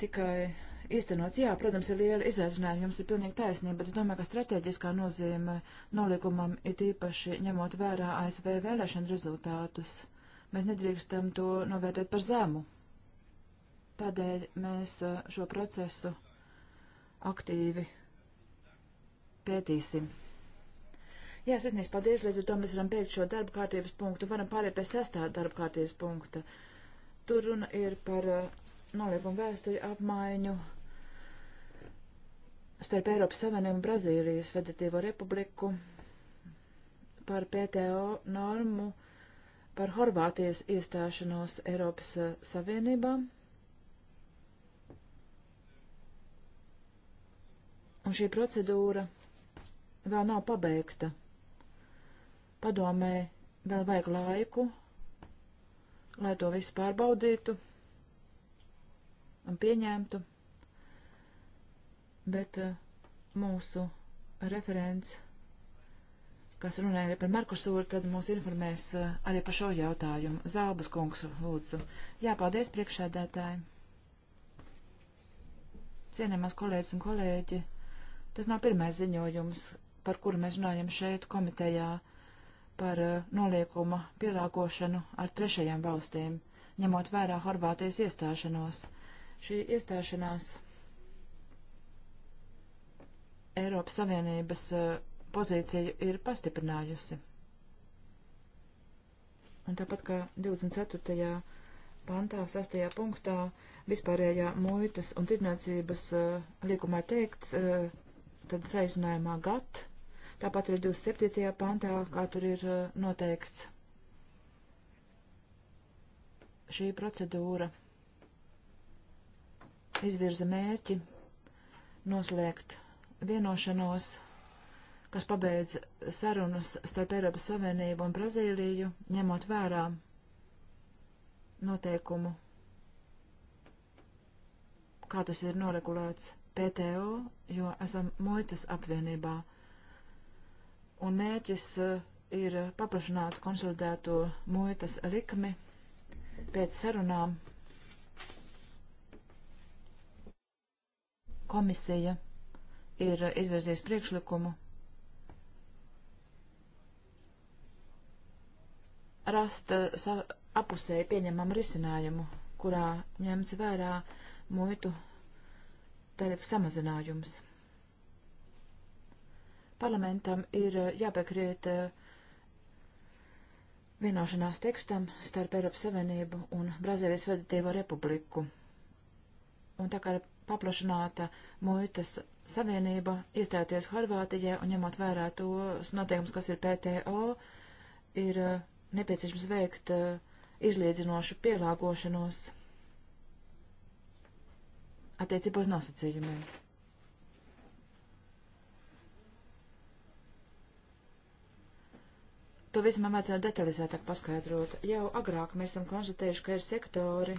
tikai īstenots. Jā, protams, ir liela izaicinājuma, jums ir pilnīgi taisnība, bet es domāju, ka strateģiskā nozīme nolikumam ir īpaši ņemot vērā ASV vēlēšana rezultātus. Mēs nedrīkstam to novērtēt par zemu. Tādēļ mēs uh, šo procesu aktīvi pētīsim. Jā, sasniegts, paldies, līdz ar to mēs varam beigt šo darba kārtības punktu, varam pāriet pie sestā darba kārtības punkta. Uh, Tur runa ir par uh, noliekumu vēstuļu apmaiņu starp Eiropas Savienību un Brazīlijas Federatīvo Republiku par PTO normu par Horvātijas iestāšanos Eiropas uh, Savienībā. Un šī procedūra vēl nav pabeigta. Padomē vēl vajag laiku, lai to visu pārbaudītu un pieņemtu. Bet uh, mūsu referents, kas runāja par Merkusūru, tad mūs informēs uh, arī par šo jautājumu. Zābas kungs, lūdzu. Jā, paldies priekšēdētāji. Cienējamās kolēģis un kolēģi, tas nav pirmais ziņojums, par kuru mēs runājam šeit komitejā. Uh, par eh, noliekuma pielāgošanu ar trešajām valstīm, ņemot vērā Horvātijas iestāšanos. Šī iestāšanās Eiropas Savienības eh, pozīciju ir pastiprinājusi. Un tāpat kā 24. pantā, 6. punktā vispārējā muitas un tirnācības uh, eh, likumā teikts, uh, tad saizinājumā GATT tāpat arī 27. pantā, kā tur ir uh, noteikts. Šī procedūra izvirza mērķi noslēgt vienošanos, kas pabeidz sarunas starp Eiropas Savienību un Brazīliju, ņemot vērā noteikumu, kā tas ir noregulēts PTO, jo esam muitas apvienībā un mērķis eh, ir paplašināt konsolidēto muitas likmi pēc sarunām. Komisija ir izvirzies priekšlikumu rast eh, apusēji pieņemam risinājumu, kurā ņemts vērā muitu tarifu samazinājums. Parlamentam ir eh, jāpiekrīt eh, vienošanās tekstam starp Eiropas Savienību un Brazīlijas Federatīvo Republiku. Un tā kā ir paplašināta muitas savienība, iestājoties Horvātijai un ņemot vērā tos noteikums, kas ir PTO, ir eh, nepieciešams veikt izliedzinošu pielāgošanos attiecībā uz nosacījumiem. To visu man vajadzētu detalizētāk paskaidrot. Jau agrāk mēs esam konstatējuši, ka ir sektori,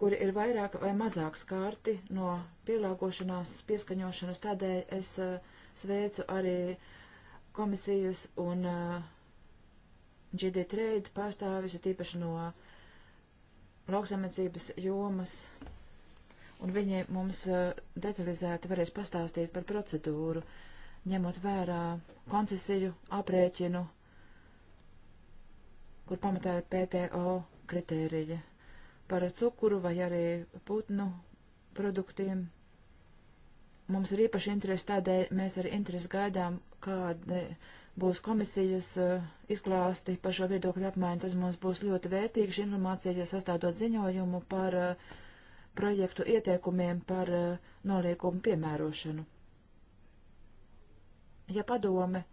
kuri ir vairāk vai mazāk skārti no pielāgošanās, pieskaņošanas. Tādēļ es uh, sveicu arī komisijas un uh, eh, GD Trade pārstāvis, tīpaši no lauksamniecības jomas. Un viņi mums uh, detalizēti varēs pastāstīt par procedūru, ņemot vērā koncesiju aprēķinu. Mm kur pamatā ir PTO kritērija par cukuru vai arī putnu produktiem. Mums ir īpaši interesi, tādēļ mēs arī interesi gaidām, kāda būs komisijas uh, izklāsti par šo viedokļu apmaiņu. Tas mums būs ļoti vērtīgi šī informācija, ja sastādot ziņojumu par uh, projektu ieteikumiem par uh, noliekumu piemērošanu. Ja padome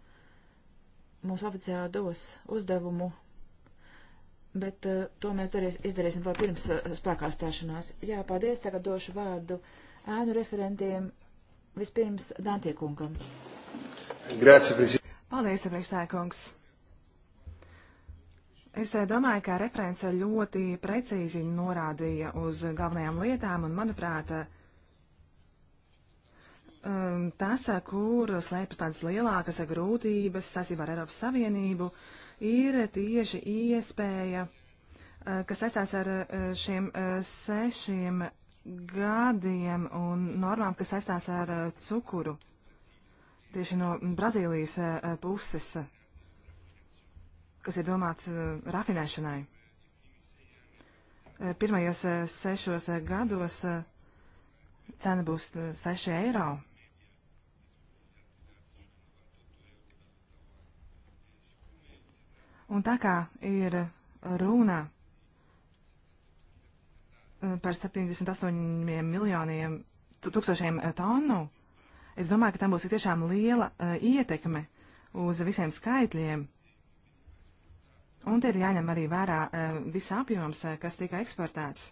mums oficiāli dos uzdevumu bet uh, to mēs darīs, izdarīsim vēl pirms uh, spēkā stāšanās. Jā, paldies, tagad došu vārdu ēnu referentiem, vispirms Dantiekungam. Paldies, priekšsēkungs. Es eh, domāju, ka referents ļoti precīzi norādīja uz galvenajām lietām, un, manuprāt, um, tas, kur slēpjas tādas lielākas grūtības saistībā ar Eiropas Savienību, uh, ir tieši iespēja, eh, kas saistās ar eh, šiem eh, sešiem gadiem un normām, kas saistās ar cukuru tieši no Brazīlijas puses, kas ir domāts rafinēšanai. Pirmajos sešos gados cena būs 6 eiro. Un tā kā ir runa eh, par 78 miljoniem tūkstošiem eh, tonu, es domāju, ka tam būs tiešām liela uh, ietekme uz visiem skaitļiem. Un te ir jāņem arī vērā uh, visa apjoms, uh, kas tika eksportēts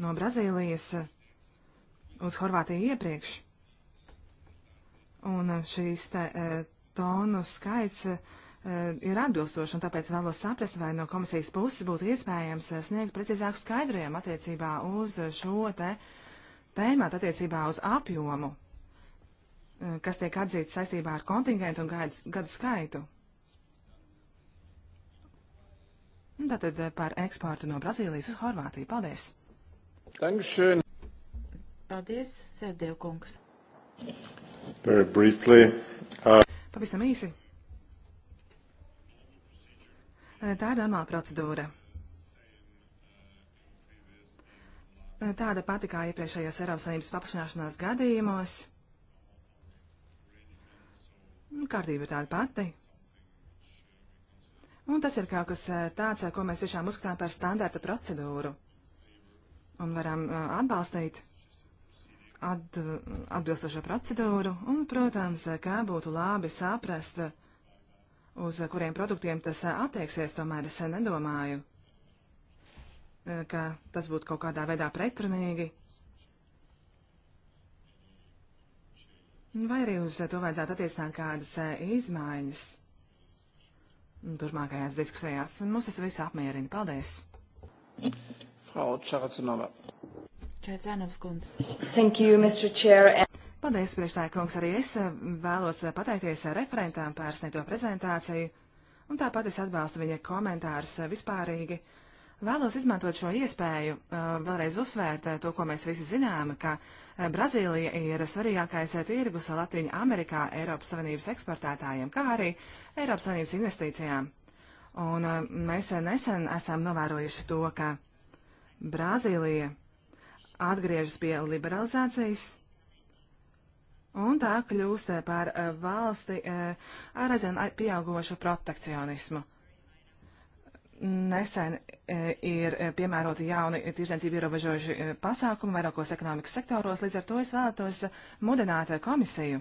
no Brazīlijas uh, uz Horvātiju iepriekš. Un uh, šīs te, uh, tonu skaits uh, Eh, ir atbilstoši, un tāpēc vēlos saprast, vai no komisijas puses būtu iespējams eh, sniegt precīzāku skaidrojumu attiecībā uz šo te tēmātu, attiecībā uz apjomu, eh, kas tiek atzīts saistībā ar kontingentu un gadu, gadu skaitu. Tātad par eksportu no Brazīlijas uz Horvātiju. Paldies! Dankšēn. Paldies, Sērdiev kungs! Very briefly. Uh... Pavisam īsi. Tā ir normāla procedūra. Tāda pati kā iepriekšējos Eiropas Savienības paplašināšanās gadījumos. Nu, kārtība ir tāda pati. Un tas ir kaut kas eh, tāds, eh, ko mēs tiešām uzskatām par standarta procedūru. Un varam eh, atbalstīt at, atbilstošo procedūru. Un, protams, kā būtu labi saprast, uh, uz kuriem produktiem tas eh, attieksies, tomēr es eh, nedomāju, eh, ka tas būtu kaut kādā veidā pretrunīgi. Vai arī uz to vajadzētu attiecināt kādas izmaiņas turpmākajās diskusijās. Mums tas viss apmierina. Paldies! Frau Čaracinova. Čaracinovs kundze. Thank you, Mr. Chair. And... Paldies, priekšstājkungs, arī es eh, vēlos eh, pateikties eh, referentām par sniegto prezentāciju, un tāpat es atbalstu viņa komentārus vispārīgi. Vēlos izmantot šo iespēju, vēlreiz uzsvērt to, ko mēs visi zinām, ka Brazīlija ir svarīgākais tirgus Latviju Amerikā Eiropas Savienības eksportētājiem, kā arī Eiropas Savienības investīcijām. Un mēs nesen esam novērojuši to, ka Brazīlija atgriežas pie liberalizācijas un tā kļūst eh, par eh, valsti eh, ar aizvien pieaugošu protekcionismu. Nesen ir piemēroti jauni tirdzniecību ierobežojuši pasākumi vairākos ekonomikas sektoros, līdz ar to es vēlētos mudināt komisiju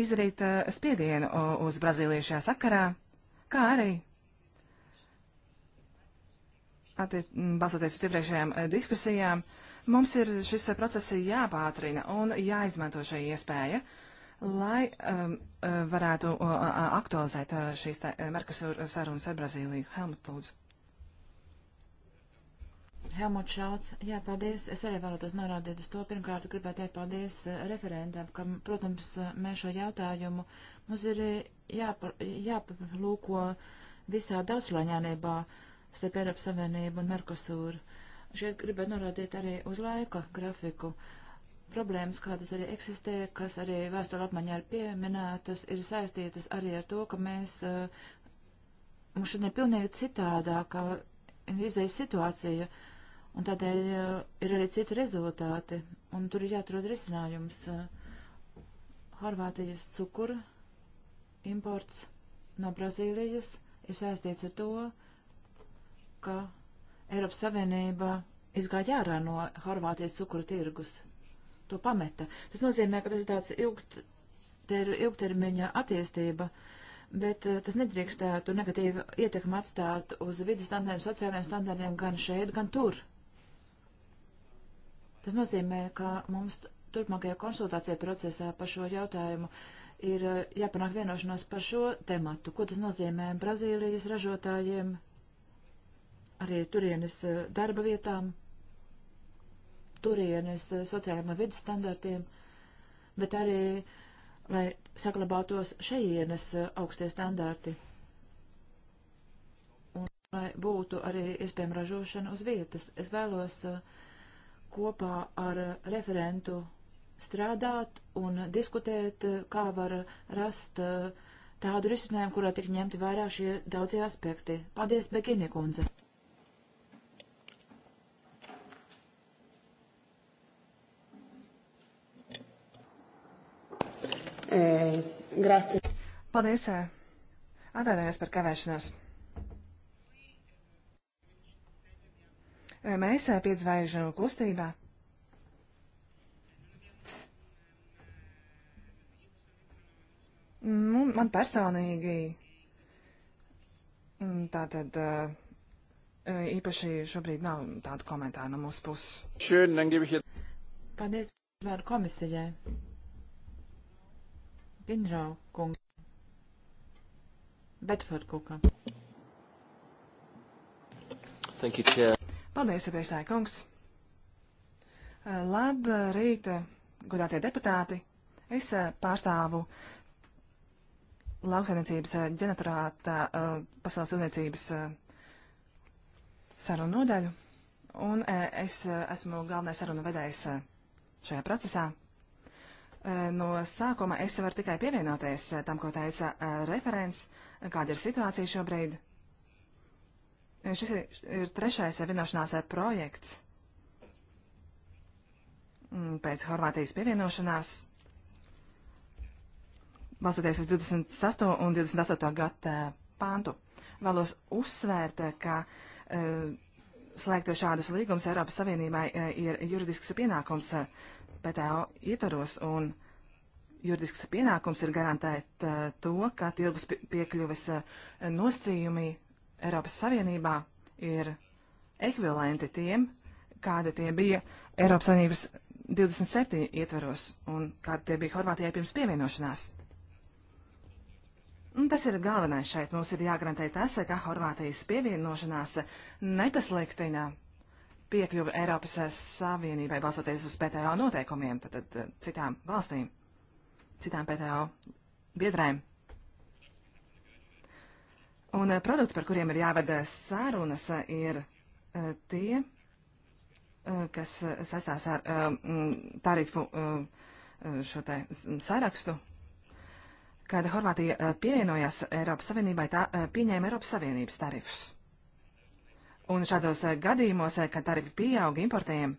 izdarīt spiedienu uz Brazīliju šajā sakarā, kā arī balstoties uz iepriekšējām diskusijām, uh, Mums ir šis process jāpātrina un jāizmanto šī iespēja, lai um, uh, varētu uh, uh, aktualizēt uh, šīs uh, Merkusur sarunas ar Brazīliju. Helmut, lūdzu. Helmut Šauts, jā, paldies. Es arī vēlētos norādīt uz to. Pirmkārt, gribētu teikt paldies uh, referentam, kam, protams, mēs šo jautājumu mums ir jāpa, jāpalūko visā daudzslaņānībā starp Eiropas Savienību un Merkosūru. Šeit gribētu norādīt arī uz laika grafiku. Problēmas, kādas arī eksistē, kas arī vēstule apmaiņā ir pieminētas, ir saistītas arī ar to, ka mēs, eh, mums šodien ir pilnīgi citādāka izējas situācija, un tādēļ eh, ir arī citi rezultāti, un tur ir jāatrod risinājums. Eh, Horvātijas cukura imports no Brazīlijas ir saistīts ar to, ka Eiropas Savienība izgāja ārā no Horvātijas cukuru tirgus. To pameta. Tas nozīmē, ka tas ir tāds ilgt, ter, ilgtermiņa attīstība, bet eh, tas nedrīkstētu negatīvi ietekmi atstāt uz vidas standartiem, sociālajiem standartiem gan šeit, gan tur. Tas nozīmē, ka mums turpmākajā konsultācija procesā par šo jautājumu ir eh, jāpanāk vienošanos par šo tematu. Ko tas nozīmē Brazīlijas ražotājiem, arī turienes eh, darba vietām, turienes eh, sociālajiem un vidas standartiem, bet arī, lai saglabātos šeienes eh, augstie standarti. Un lai būtu arī iespējama ražošana uz vietas. Es vēlos kopā ar referentu strādāt un diskutēt, kā var rast tādu risinājumu, kurā tik ņemti vērā šie daudzie aspekti. Paldies, Begini kundze! E, grazie. Paldies. Atvainojos par kavēšanos. Mēs piedzvaigžu kustībā. Nu, man personīgi mm, tātad īpaši šobrīd nav tādu komentāru no mūsu puses. Paldies vārdu komisijai. Ģenerāla kunga. Bedford kungam. Thank you, Chair. Paldies, priekšstāja kungs. Labrīt, godātie deputāti. Es pārstāvu lauksainiecības ģenerātā pasaules ilniecības sarunu nodaļu, un es esmu galvenais sarunu vedējs šajā procesā. No sākuma es varu tikai pievienoties eh, tam, ko teica eh, referents, kāda ir situācija šobrīd. Eh, šis ir, ir trešais vienošanās projekts mm, pēc Horvātijas pievienošanās. Balstoties uz 28 un 28 gadu pāntu, vēlos uzsvērt, ka slēgt šādus līgumus Eiropas Savienībai ir juridisks pienākums PTO ietvaros, un juridisks pienākums ir garantēt uh, to, ka tirgus piekļuves uh, nosacījumi Eiropas Savienībā ir ekvivalenti tiem, kādi tie bija Eiropas Savienības 27 ietvaros un kādi tie bija Horvātijai pirms pievienošanās. Un tas ir galvenais šeit. Mums ir jāgarantē tas, ka Horvātijas pievienošanās nepasliktina piekļuvi Eiropas eh, Savienībai balsoties uz PTO noteikumiem, tad, tad eh, citām valstīm, citām PTO biedrēm. Un eh, produkti, par kuriem ir jāved sārunas, ir tie, kas saistās ar tarifu šo te sarakstu. Kad Horvātija pievienojās Eiropas Savienībai, tā pieņēma Eiropas Savienības tarifus. Un šādos eh, gadījumos, eh, kad tarifi pieauga importējiem,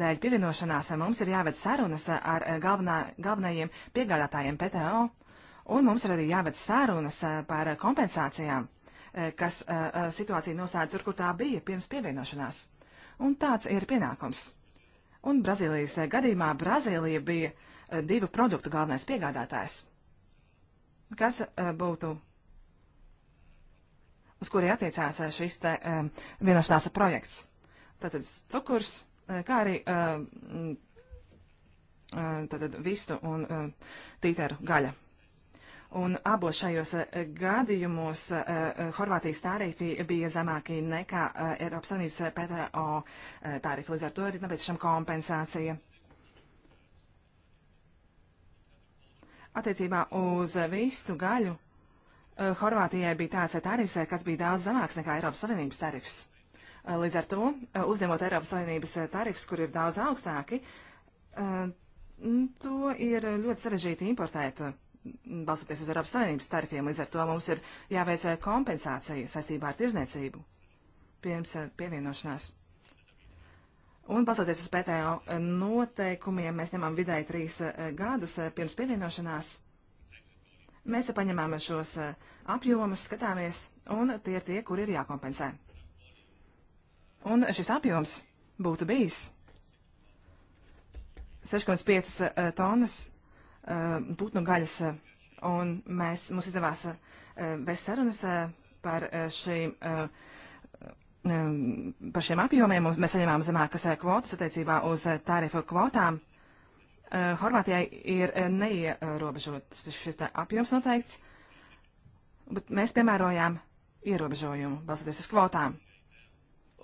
dēļ pievienošanās eh, mums ir jāved sarunas ar galvenā, galvenajiem piegādātājiem PTO, un mums ir arī jāved sarunas par kompensācijām, kas situācija nostāja tur, kur tā bija pirms pievienošanās. Un tāds ir pienākums. Un Brazīlijas gadījumā Brazīlija bija divu produktu galvenais piegādātājs, kas būtu uz kuri attiecās eh, šis te um, vienošanās projekts. Tātad cukurs, eh, kā arī um, tātad vistu un um, tīteru gaļa. Un abos šajos gadījumos Horvātijas tarifi bija zemāki nekā Eiropas Savienības PTO tarifi. Līdz ar to ir nepieciešama kompensācija. Attiecībā uz vistu gaļu Eh, Horvātijai bija tāds eh, tarifs, eh, kas bija daudz zemāks nekā Eiropas Savienības tarifs. Līdz ar to, uzņemot Eiropas Savienības tarifs, kur ir daudz augstāki, to ir ļoti sarežģīti importēt, balsoties uz Eiropas Savienības tarifiem. Līdz ar to mums ir jāveic kompensācija saistībā ar tirzniecību pirms pievienošanās. Un balsoties uz PTO noteikumiem, mēs ņemam vidēji trīs gadus pirms pievienošanās Mēs paņemam šos eh, apjomus, skatāmies, un tie ir tie, kur ir jākompensē. Un šis apjoms būtu bijis 6,5 eh, tonnas eh, putnu gaļas, un mēs, mums izdevās bez sarunas par šīm par šiem apjomiem, un mēs saņēmām zemākas kvotas attiecībā uz tarifu kvotām. Eh, Horvātijai ir eh, neierobežots šis apjoms noteikts, bet mēs piemērojām ierobežojumu, balstoties uz kvotām.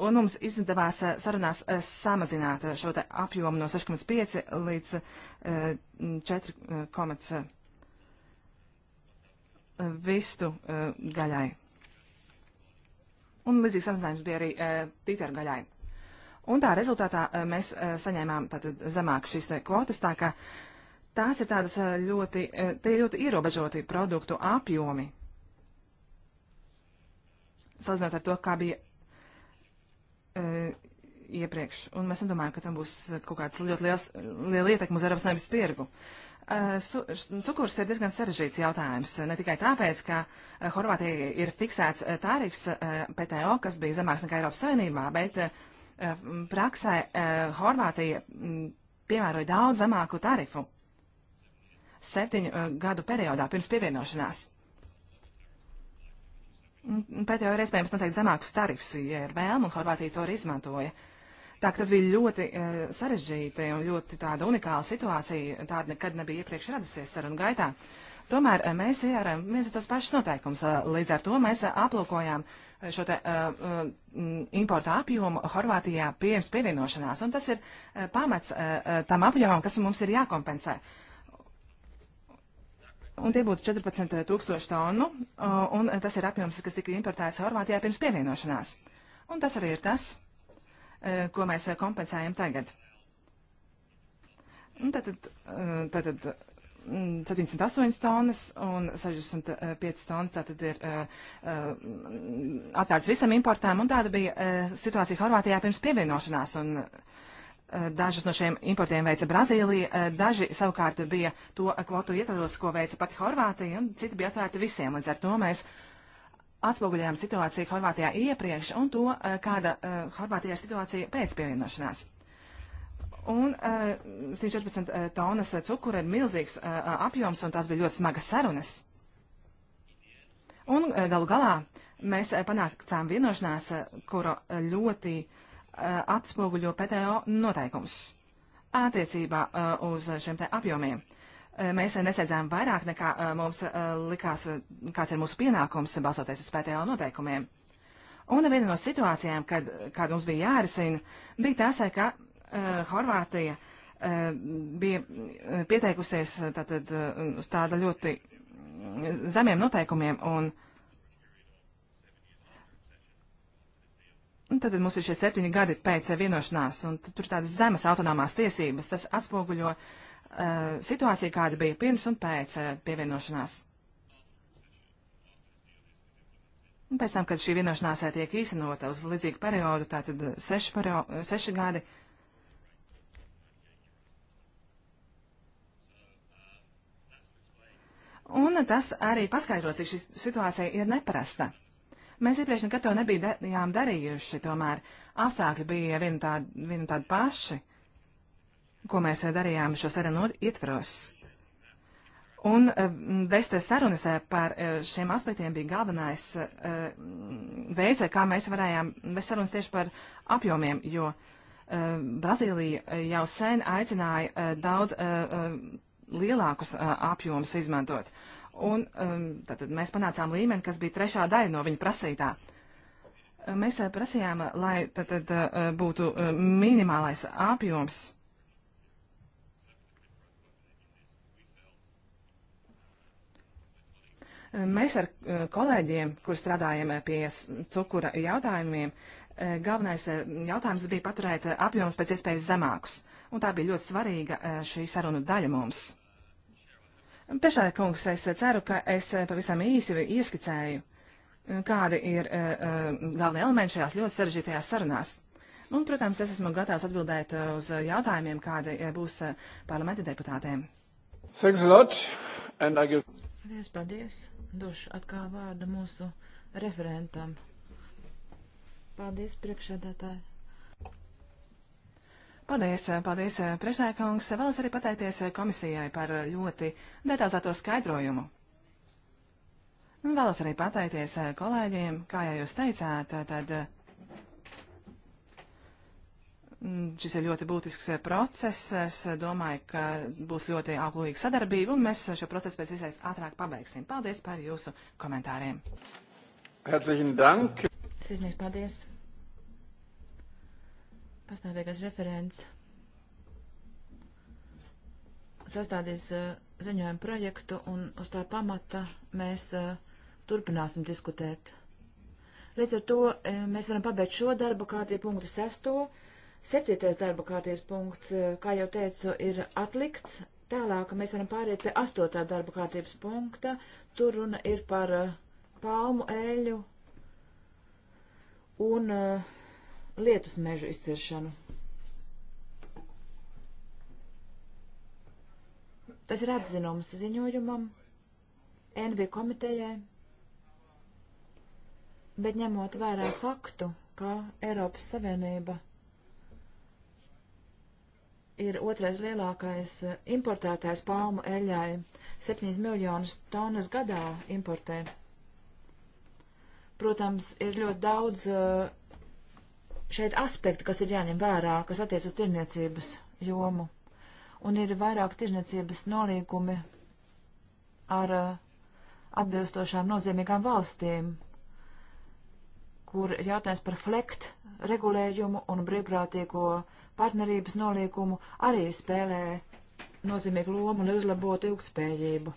Un mums izdevās eh, sarunās samazināt šo te apjomu no 6,5 līdz 4, vistu gaļai. Un līdzīgs samazinājums bija arī tītēru gaļai. Un tā rezultātā eh, mēs eh, saņēmām tātad zemāk šīs kvotas, tā ka tās ir tādas eh, ļoti, tie ir ļoti ierobežoti produktu apjomi. Salīdzinot ar to, kā bija iepriekš. Un mēs nedomājam, ka tam būs kaut kāds ļoti liels, liela ietekme uz Eiropas Savienības tirgu. Su, cukurs ir diezgan sarežģīts jautājums, ne tikai tāpēc, ka Horvātija ir fiksēts tarifs PTO, kas bija zemāks nekā Eiropas Savienībā, bet uh, Eh, praksē eh, Horvātija piemēroja daudz zemāku tarifu septiņu eh, gadu periodā pirms pievienošanās. Pēc jau ir iespējams noteikt zemākus tarifus, ja ir vēlme, un Horvātija to arī izmantoja. Tā ka tas bija ļoti uh, sarežģīta un ļoti tāda unikāla situācija, tāda nekad nebija iepriekš radusies sarunu gaitā. Tomēr uh, mēs ievērojam viens un tos pašus noteikumus, uh, līdz ar to mēs uh, aplūkojām uh, šo te, uh, uh mm, importa apjomu Horvātijā pirms pievienošanās, un tas ir uh, pamats uh, uh, tam apjomam, kas mums ir jākompensē. Un tie būtu 14 tūkstoši tonu, uh, un tas ir apjoms, kas tika importēts Horvātijā pirms pievienošanās. Un tas arī ir tas, uh, ko mēs kompensējam tagad. Un tad, tad, uh, tad, 78 mm, tonnas un 65 tonnas tātad ir eh, eh, atvērts visam importām, un tāda bija eh, situācija Horvātijā pirms pievienošanās. Un, Dažus no šiem importiem veica Brazīlija, daži savukārt bija to kvotu ietvaros, ko veica pati Horvātija, un citi bija atvērti visiem. Līdz ar to mēs atspoguļojām situāciju Horvātijā iepriekš un to, kāda Horvātijā ir situācija pēc pievienošanās. Un uh, 114 uh, tonas cukura ir milzīgs uh, apjoms, un tās bija ļoti smagas sarunas. Un uh, galu galā mēs uh, panācām vienošanās, uh, kuru uh, ļoti uh, atspoguļo PTO noteikums attiecībā uh, uz šiem te apjomiem. Uh, mēs uh, nesēdzām vairāk nekā uh, mums uh, likās, uh, kāds ir mūsu pienākums, uh, balsoties uz PTO noteikumiem. Un viena no situācijām, kad, kad mums bija jārisina, bija tas, ka Eh, Horvātija eh, bija eh, pieteikusies tātad uz tāda ļoti zemiem noteikumiem un Un tad mums ir šie septiņi gadi pēc vienošanās, un tur tādas zemes autonomās tiesības, tas atspoguļo uh, situāciju, kāda bija pirms un pēc uh, pievienošanās. Un pēc tam, kad šī vienošanās tiek īstenota uz līdzīgu periodu, tātad seši, perio, seši gadi, uh, Un tas arī paskaidro, cik šī situācija ir neparasta. Mēs iepriekš nekad to nebijām darījuši, tomēr apstākļi bija viena tāda, viena tāda paši, ko mēs darījām šo sarunu ietvaros. Un vēstē mm, sarunas par e, šiem aspektiem bija galvenais e, veids, kā mēs varējām vēst sarunas tieši par apjomiem, jo e, Brazīlija jau sen aicināja daudz lielākus apjomus izmantot. Un um, tātad mēs panācām līmeni, kas bija trešā daļa no viņa prasītā. Mēs prasījām, lai tātad būtu minimālais apjoms. Mēs ar kolēģiem, kur strādājam pie cukura jautājumiem, galvenais jautājums bija paturēt apjomus pēc iespējas zemākus un tā bija ļoti svarīga e, šī sarunu daļa mums. Pešāja kungs, es ceru, ka es e, pavisam īsi ieskicēju, e, kādi ir galvenie elementi šajās ļoti sarežģītajās sarunās. Un, protams, es esmu gatavs atbildēt uz jautājumiem, kādi būs parlamenta deputātiem. Thanks a lot, and I give... Paldies, paldies. Došu atkal vārdu mūsu referentam. Paldies, priekšsēdētāji. Paldies, paldies, priekšniekums. Vēlos arī pateikties komisijai par ļoti detalizēto skaidrojumu. Un vēlos arī pateikties kolēģiem, kā jau jūs teicāt, tad mm, šis ir ļoti būtisks process. Es domāju, ka būs ļoti auglīga sadarbība, un mēs šo procesu pēc iespējas ātrāk pabeigsim. Paldies par jūsu komentāriem. Herzlichen Dank. Sirsnīgs paldies pastāvīgais referents sastādīs uh, ziņojumu projektu, un uz tā pamata mēs uh, turpināsim diskutēt. Līdz ar to uh, mēs varam pabeigt šo darba kārtību punktu sesto. Septītais darba kārtības punkts, kā jau teicu, ir atlikts. Tālāk mēs varam pāriet pie astotā darba kārtības punkta. Tur runa ir par palmu eļu un uh, lietus mežu izciršanu. Tas ir atzinums ziņojumam, NB komitejai, bet ņemot vērā faktu, ka Eiropas Savienība ir otrais lielākais importētājs palmu eļai. 7 miljonus tonnas gadā importē. Protams, ir ļoti daudz uh, šeit aspekti, kas ir jāņem vērā, kas attiec uz tirniecības jomu. Un ir vairāk tirniecības nolīgumi ar uh, atbilstošām nozīmīgām valstīm, kur jautājums par flekt regulējumu un brīvprātīgo partnerības nolīgumu arī spēlē nozīmīgu lomu, lai uzlabotu ilgspējību.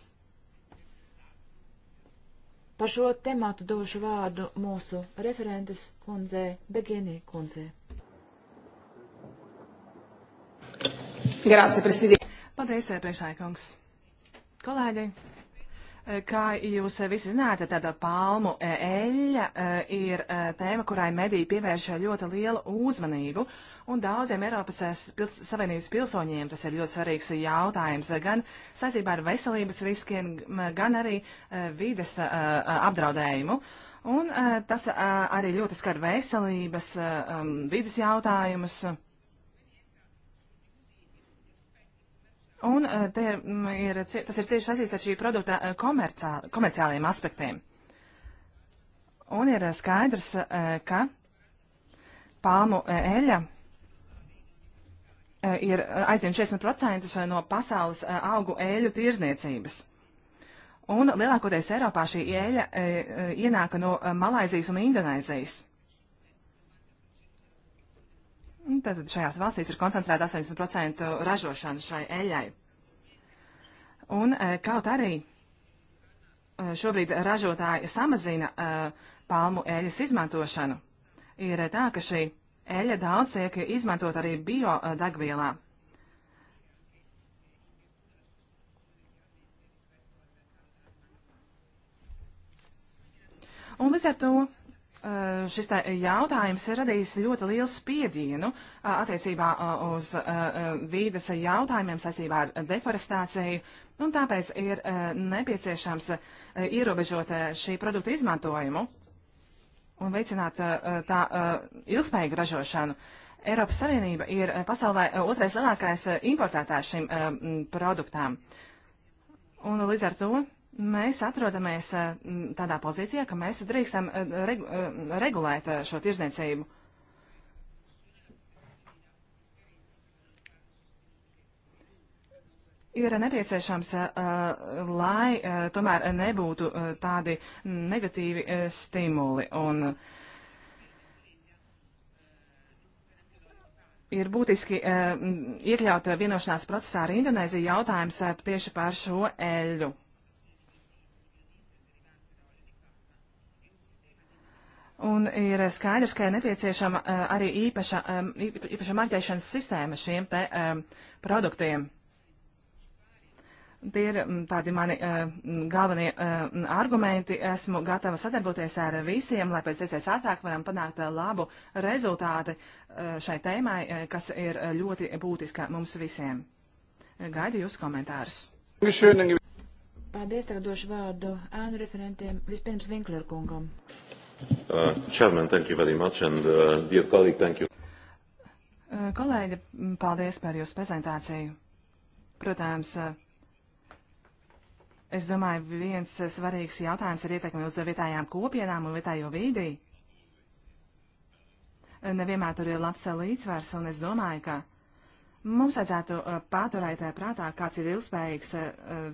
Par šo tematu došu vārdu mūsu referentes kundzē Begienī kundzē. Grāci, prezident. Paldies, priekšsēkungs. Kolēģi, Kā jūs visi zināt, tad palmu eļļa e, ir e, tēma, kurai mediji pievērš ļoti lielu uzmanību, un daudziem Eiropas e, Savienības pilsoņiem tas ir ļoti svarīgs jautājums, gan saistībā ar veselības riskiem, gan arī vides apdraudējumu. Un tas arī ļoti skar veselības, vides jautājumus. Un eh, te ir, ir, tas ir cieši saistīts ar šī produkta eh, komerciāl, komerciāliem aspektiem. Un ir eh, skaidrs, ka palmu eļa ir aizņem 40% no pasaules augu eļu tirzniecības. Un lielākoties Eiropā šī eļa ienāka no Malaizijas un Indonēzijas. Tātad šajās valstīs ir koncentrēta 80% ražošana šai eļai. Un e, kaut arī e, šobrīd ražotāji samazina e, palmu eļas izmantošanu, ir tā, ka šī eļa daudz tiek izmantot arī biodegvielā. Un līdz ar to Eh, šis jautājums ir radījis ļoti lielu spiedienu eh, attiecībā eh, uz vīdes jautājumiem saistībā ar deforestāciju, nu, un tāpēc ir nepieciešams ierobežot šī produkta izmantojumu un veicināt tā ilgspējīgu ražošanu. Eiropas Savienība ir pasaulē otrais lielākais importētājs šim produktām. Un līdz ar to Mēs atrodamies eh, tādā pozīcijā, ka mēs drīkstam eh, regu, eh, regulēt šo tirdzniecību. ir nepieciešams, lai tomēr nebūtu tādi negatīvi stimuli. Un ir būtiski iekļaut vienošanās procesā ar Indonēziju jautājums tieši par šo eļu. Un ir skaidrs, ka ir nepieciešama eh, arī īpaša, īpaša marķēšanas sistēma šiem te produktiem. Tie ir tādi mani galvenie argumenti. Esmu gatava sadarboties ar visiem, lai pēc iespējas ātrāk varam panākt eh, labu rezultāti eh, šai tēmai, kas ir ļoti būtiska mums visiem. Gaidu jūs komentārus. Paldies, tagad došu vārdu ēnu referentiem. Vispirms Vinklerkungam. kungam. Uh, chairman, thank you very much, and uh, dear colleague, thank you. Uh, kolēģi, paldies par jūsu prezentāciju. Protams, uh, es domāju, viens svarīgs jautājums ir ietekme uz vietējām kopienām un vietējo vīdī. Uh, nevienmēr tur ir labs līdzsvars, un es domāju, ka mums vajadzētu uh, paturēt uh, prātā, kāds ir ilgspējīgs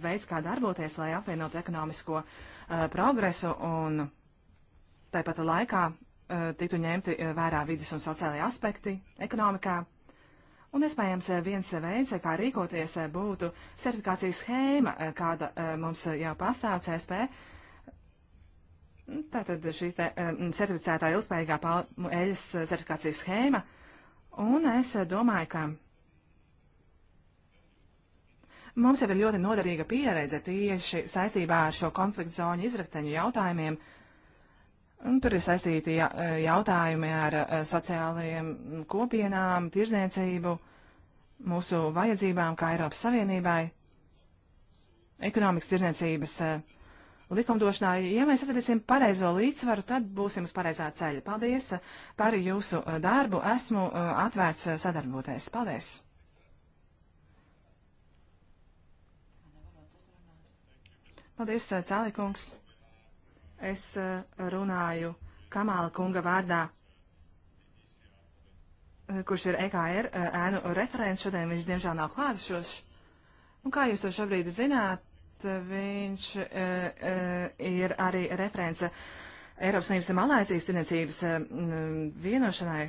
veids, kā darboties, lai apvienotu ekonomisko progresu un progresu Tāpat laikā eh, tiktu ņemti eh, vērā vidas un sociālajie aspekti ekonomikā. Un iespējams eh, viens veids, kā rīkoties, būtu certifikācijas schēma, kāda mums jau pastāv CSP. Tātad šī te certificētā ilgspējīgā palmu eļas certifikācijas schēma. Un es domāju, ka mums jau ir ļoti noderīga pieredze tieši saistībā ar šo konfliktu zonu izrakteņu jautājumiem. Uh, Un tur ir saistīti e, jautājumi ar e, sociālajiem kopienām, tirzniecību, mūsu vajadzībām kā Eiropas Savienībai, ekonomikas tirzniecības e, likumdošanā. Ja mēs atradīsim pareizo līdzsvaru, tad būsim uz pareizā ceļa. Paldies par jūsu darbu. Esmu atvērts sadarboties. Paldies! Paldies, Cēlīkungs! Es eh, runāju Kamāla kunga vārdā, eh, kurš ir EKR eh, ēnu referents. Šodien viņš diemžēl nav klātešos. Un kā jūs to šobrīd zināt, viņš ir arī referents Eiropas Savienības un Malaisijas tirniecības vienošanai.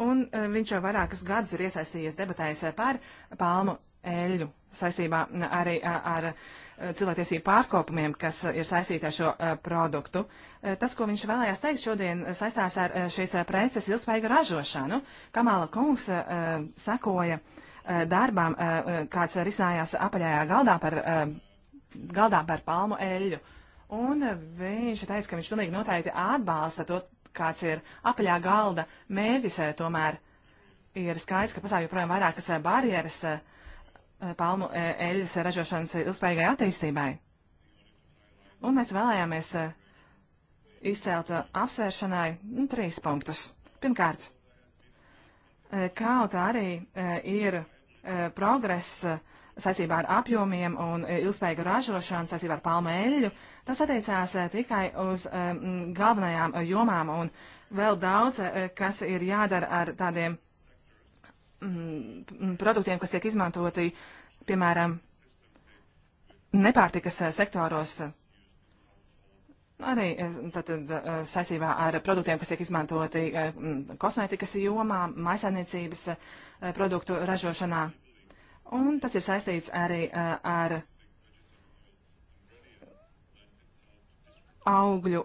Un viņš jau vairākus gadus ir iesaistījies debatēs par palmu eļļu saistībā arī ar, ar cilvēktiesību pārkopumiem, kas uh, ir saistīti ar šo uh, produktu. Uh, tas, ko viņš vēlējās teikt šodien, saistās ar šīs preces ilgspējīgu ražošanu. Kamāla kungs sekoja darbām, kāds risinājās apaļajā galdā par, galdā par palmu eļļu. Un viņš teica, ka viņš pilnīgi noteikti atbalsta to, kāds ir apaļā galda mērķis, tomēr ir skaidrs, ka pastāv joprojām vairākas barjeras Eh, palmu eļļas eh, ražošanas ilgspējīgai attīstībai. Un mēs vēlējāmies eh, izcelt apsvēršanai trīs punktus. Pirmkārt, kaut arī ir progress saistībā ar apjomiem un ilgspējīgu ražošanu saistībā ar palmu eļļu, tas attiecās tikai uz galvenajām jomām un vēl daudz, kas ir jādara ar tādiem Mm, produktiem, kas tiek izmantoti, piemēram, nepārtikas eh, sektoros, eh, arī tātad, eh, saistībā ar produktiem, kas tiek izmantoti mm, kosmētikas jomā, maisainiecības produktu ražošanā. Un tas ir saistīts arī ar augļu,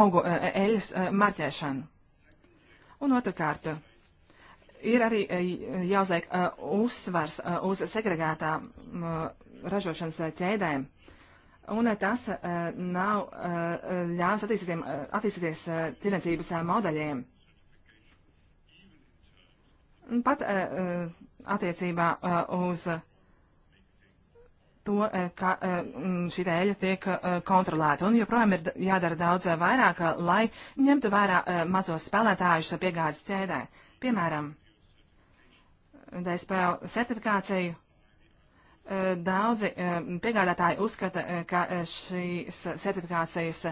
augu eļas marķēšanu. Un otrkārt, Ir arī e, jāuzliek e, uzsvars e, uz segregētām ražošanas ķēdēm. Un tas nav ļāvis attīstīties tirdzniecības modeļiem. Pat attiecībā uz to, ka šī dēļa tiek kontrolēta. Un joprojām ir jādara daudz vairāk, lai ņemtu vērā mazos spēlētājus piegādes ķēdē. Piemēram, DSPL certifikāciju. Eh, daudzi eh, piegādātāji uzskata, eh, ka šīs certifikācijas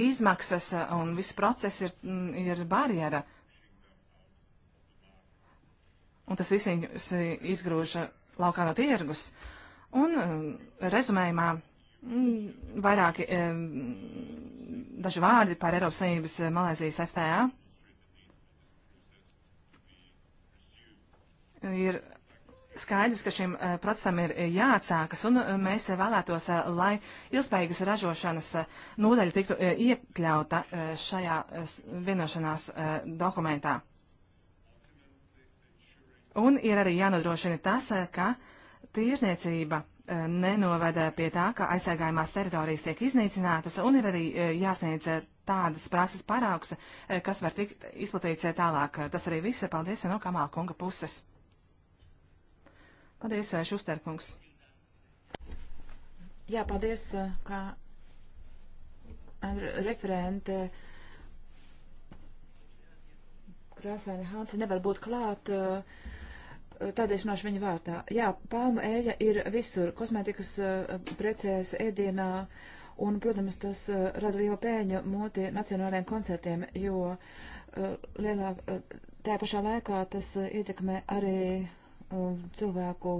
izmaksas un viss process ir, mm, ir barjera. Un tas viss viņus izgrūž laukā no tirgus. Un rezumējumā mm, vairāki daži vārdi par Eiropas Savienības Malēzijas FTA. ir skaidrs, ka šim eh, procesam ir eh, jāatsākas, un eh, mēs vēlētos, lai ilgspējīgas ražošanas nodaļa tiktu iekļauta šajā vienošanās dokumentā. Un ir arī jānodrošina tas, ka tirzniecība nenovada pie tā, ka aizsargājumās teritorijas tiek iznīcinātas, un ir arī jāsniedz tādas prakses paraugs, kas var tikt izplatīts tālāk. Tas arī viss. Paldies no Kamāla kunga puses. Paldies, Šusterkungs. Jā, paldies, kā referente. Krāsvēna Hansi nevar būt klāt. Tādēļ runāšu viņa vārtā. Jā, palmu eļļa ir visur, kosmētikas precēs, ēdienā, un, protams, tas rada lielu pēļņu moti nacionālajiem koncertiem, jo lielāk, tajā pašā laikā tas ietekmē arī un cilvēku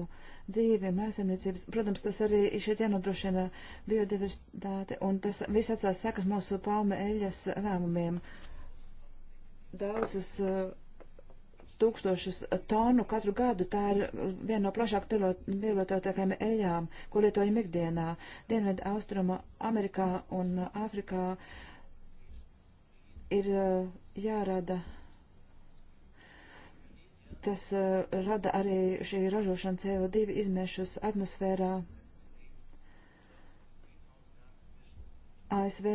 dzīvi, mājasemniecības. Protams, tas arī šeit jānodrošina biodiversitāte, un tas viss atstās sekas mūsu palme eļas lēmumiem. Daudzus uh, tūkstošus tonu katru gadu. Tā ir viena no plašāk pilototākajām eļām, ko lietojam ikdienā. Dienvidu austruma Amerikā un Āfrikā ir uh, jārada. Uh, Tas uh, eh, rada arī šī ražošana CO2 izmešus atmosfērā. ASV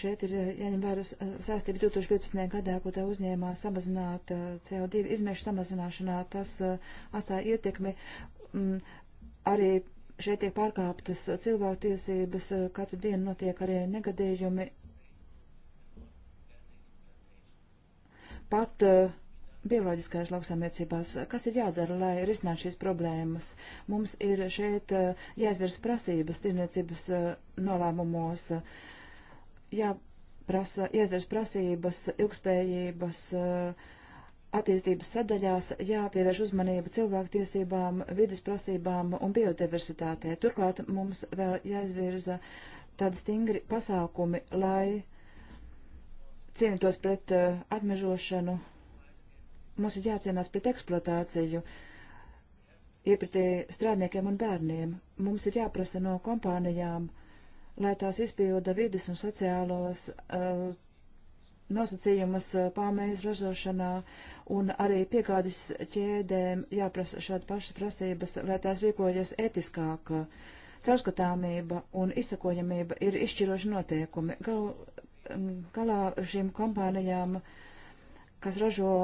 šeit ir eh, jāņem vērā eh, saistības 2015. gadā, ko tā uzņēmās samazināt CO2 izmešu samazināšanā. Tas uh, atstāja ietekmi mm, arī šeit tiek pārkāptas cilvēktiesības, katru dienu notiek arī negadījumi. Pat uh, bioloģiskajās lauksaimniecībās, kas ir jādara, lai risinātu šīs problēmas. Mums ir šeit eh, jāizvirs prasības tirniecības eh, nolēmumos, eh, jāprasa, jāizvirs prasības ilgspējības attīstības sadaļās, jāpievērš uzmanība cilvēktiesībām, vidas prasībām un biodiversitātē. Turklāt mums vēl jāizvirza tādi stingri pasākumi, lai cīnītos pret atmežošanu Mums ir jācīnās pret eksploatāciju, iepratī strādniekiem un bērniem. Mums ir jāprasa no kompānijām, lai tās izpilda vides un sociālos uh, nosacījumus uh, pārmaiņas ražošanā un arī piegādes ķēdēm jāprasa šāda paša prasības, lai tās rīkojas etiskāk. Caurskatāmība un izsakojamība ir izšķiroši noteikumi. Gal, um, galā šīm kompānijām, kas ražo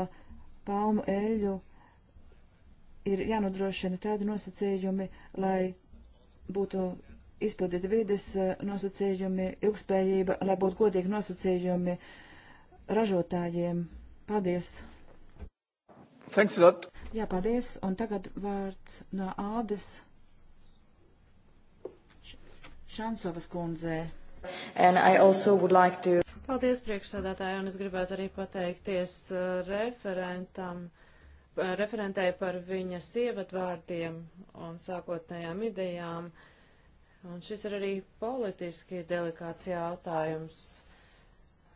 palmu eļu ir jānodrošina tādi nosacījumi, lai būtu izpildīti vides eh, nosacījumi, ilgspējība, lai būtu godīgi nosacījumi ražotājiem. Paldies! Thanks a lot! Jā, paldies! Un tagad vārds no Ādes Šansovas kundzē. And I also would like to... Paldies, priekšsādātāji, un es gribētu arī pateikties uh, referentam, uh, referentei par viņas ievadvārdiem un sākotnējām idejām. Un šis ir arī politiski delikāts jautājums.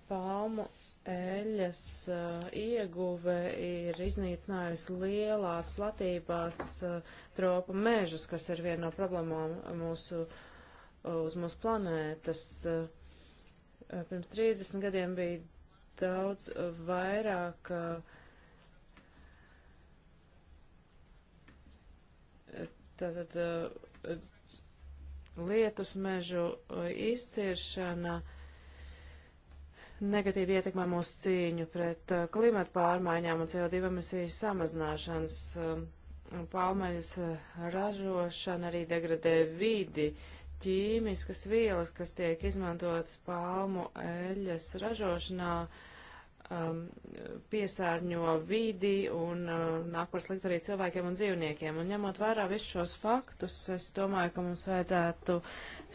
Palmu eļas uh, ieguve ir iznīcinājusi lielās platībās uh, tropu mežus, kas ir viena no problēmām mūsu, uz mūsu planētas. Uh, Eh, pirms 30 gadiem bija daudz eh, vairāk eh, tātad lietus mežu izciršana negatīvi ietekmē mūsu cīņu pret klimatu pārmaiņām un CO2 emisiju samazināšanas. Palmeļas ražošana arī degradē vidi. Uh, ķīmiskas vielas, kas tiek izmantotas palmu eļas ražošanā, um, piesārņo vidi un uh, nāk par sliktu arī cilvēkiem un dzīvniekiem. Un ņemot vērā visus šos faktus, es domāju, ka mums vajadzētu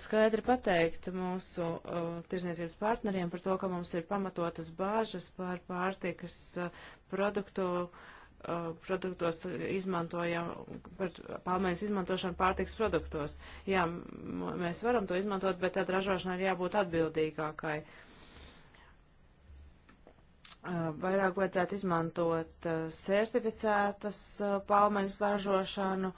skaidri pateikt mūsu uh, tirzniecības partneriem par to, ka mums ir pamatotas bāžas par pārtikas uh, produktu uh, Uh, produktos izmantojam, par palmēs izmantošanu pārtiks produktos. Jā, mēs varam to izmantot, bet tad ražošanai ir jābūt atbildīgākai. Uh, vairāk vajadzētu izmantot uh, certificētas palmeņas ražošanu,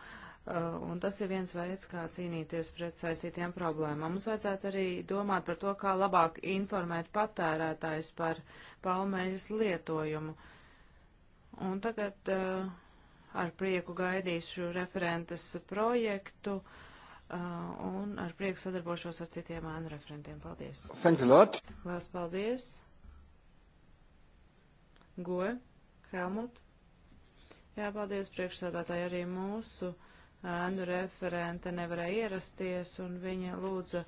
un tas ir viens veids, kā cīnīties pret saistītiem problēmām. Mums vajadzētu arī domāt par to, kā labāk informēt patērētājus par palmeļas lietojumu. Uh, Un tagad uh, ar prieku gaidīšu referentes projektu uh, un ar prieku sadarbošos ar citiem ēnu referentiem. Paldies! Thanks a lot! Lielas paldies! Goe, Helmut! Jā, paldies priekšsādātāji arī mūsu ēnu referente nevarēja ierasties un viņa lūdza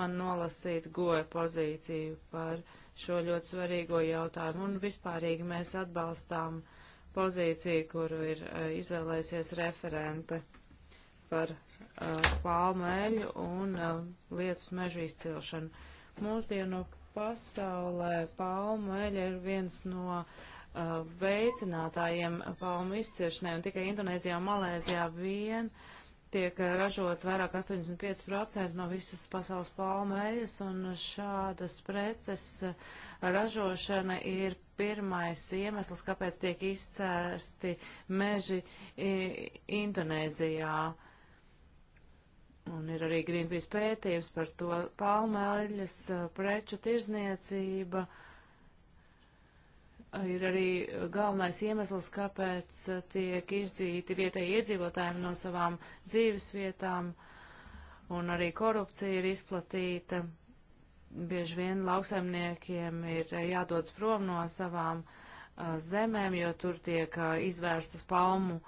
man nolasīt goja pozīciju par šo ļoti svarīgo jautājumu. Un vispārīgi mēs atbalstām uh, pozīciju, kuru ir izvēlējusies referente par palmeļu un lietus mežu izcilšanu. Mūsdienu pasaulē palmeļa ir viens no veicinātājiem palmu izciršanai, un tikai Indonēzijā un Malēzijā vien uh, tiek eh, ražots vairāk 85% no visas pasaules palmeļas, un šādas preces eh, ražošana ir pirmais iemesls, kāpēc tiek izcērsti meži Indonēzijā. Un ir arī Greenpeace pētījums par to palmeļas eh, preču tirzniecību ir arī galvenais iemesls, kāpēc eh, tiek izdzīti vietēji iedzīvotājiem no savām dzīves vietām, un arī korupcija ir izplatīta. Bieži vien lauksaimniekiem ir eh, jādodas prom no savām a, eh, zemēm, jo tur tiek a, izvērstas palmu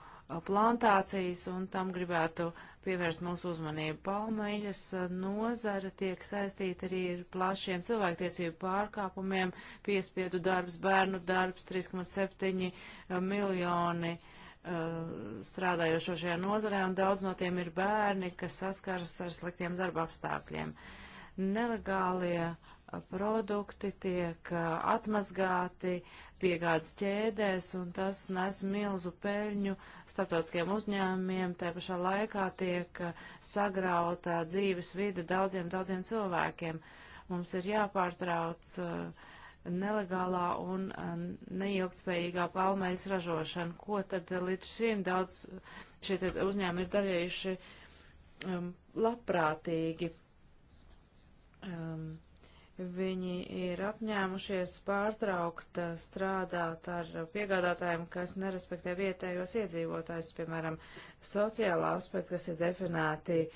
plantācijas, un tam gribētu pievērst mūsu uzmanību. Palmeļas uh, nozara tiek saistīta arī ar plašiem cilvēktiesību pārkāpumiem, piespiedu darbs, bērnu darbs, 3,7 uh, miljoni uh, strādājošo šajā nozarē, un daudz no tiem ir bērni, kas saskaras ar sliktiem darba apstākļiem. Nelegālie uh, produkti tiek atmazgāti, uh, piegādes ķēdēs, un tas nes milzu peļņu starptautiskiem uzņēmumiem. Tā pašā laikā tiek eh, sagrauta dzīves vide daudziem, daudziem cilvēkiem. Mums ir jāpārtrauc uh, nelegālā un uh, neilgtspējīgā palmeļas ražošana. Ko tad līdz šim daudz šie uzņēmumi ir darījuši um, labprātīgi? Um, Viņi ir apņēmušies pārtraukt eh, strādāt ar piegādātājiem, kas nerespektē vietējos iedzīvotājus, piemēram, sociālā aspekta, kas ir definēti uh,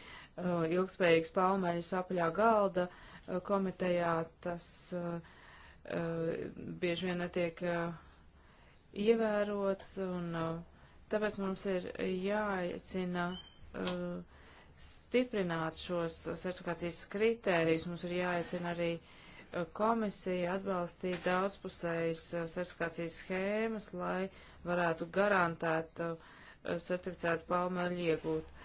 eh, ilgspējīgs palmeļu sapļā galda uh, komitejā, tas uh, bieži vien netiek ievērots, un tāpēc mums ir jāicina. Uh, stiprināt šos certifikācijas kritērijus. Mums ir jāicina arī uh, komisija atbalstīt daudzpusējas uh, certifikācijas schēmas, lai varētu garantēt uh, certificētu palmeļu iegūt.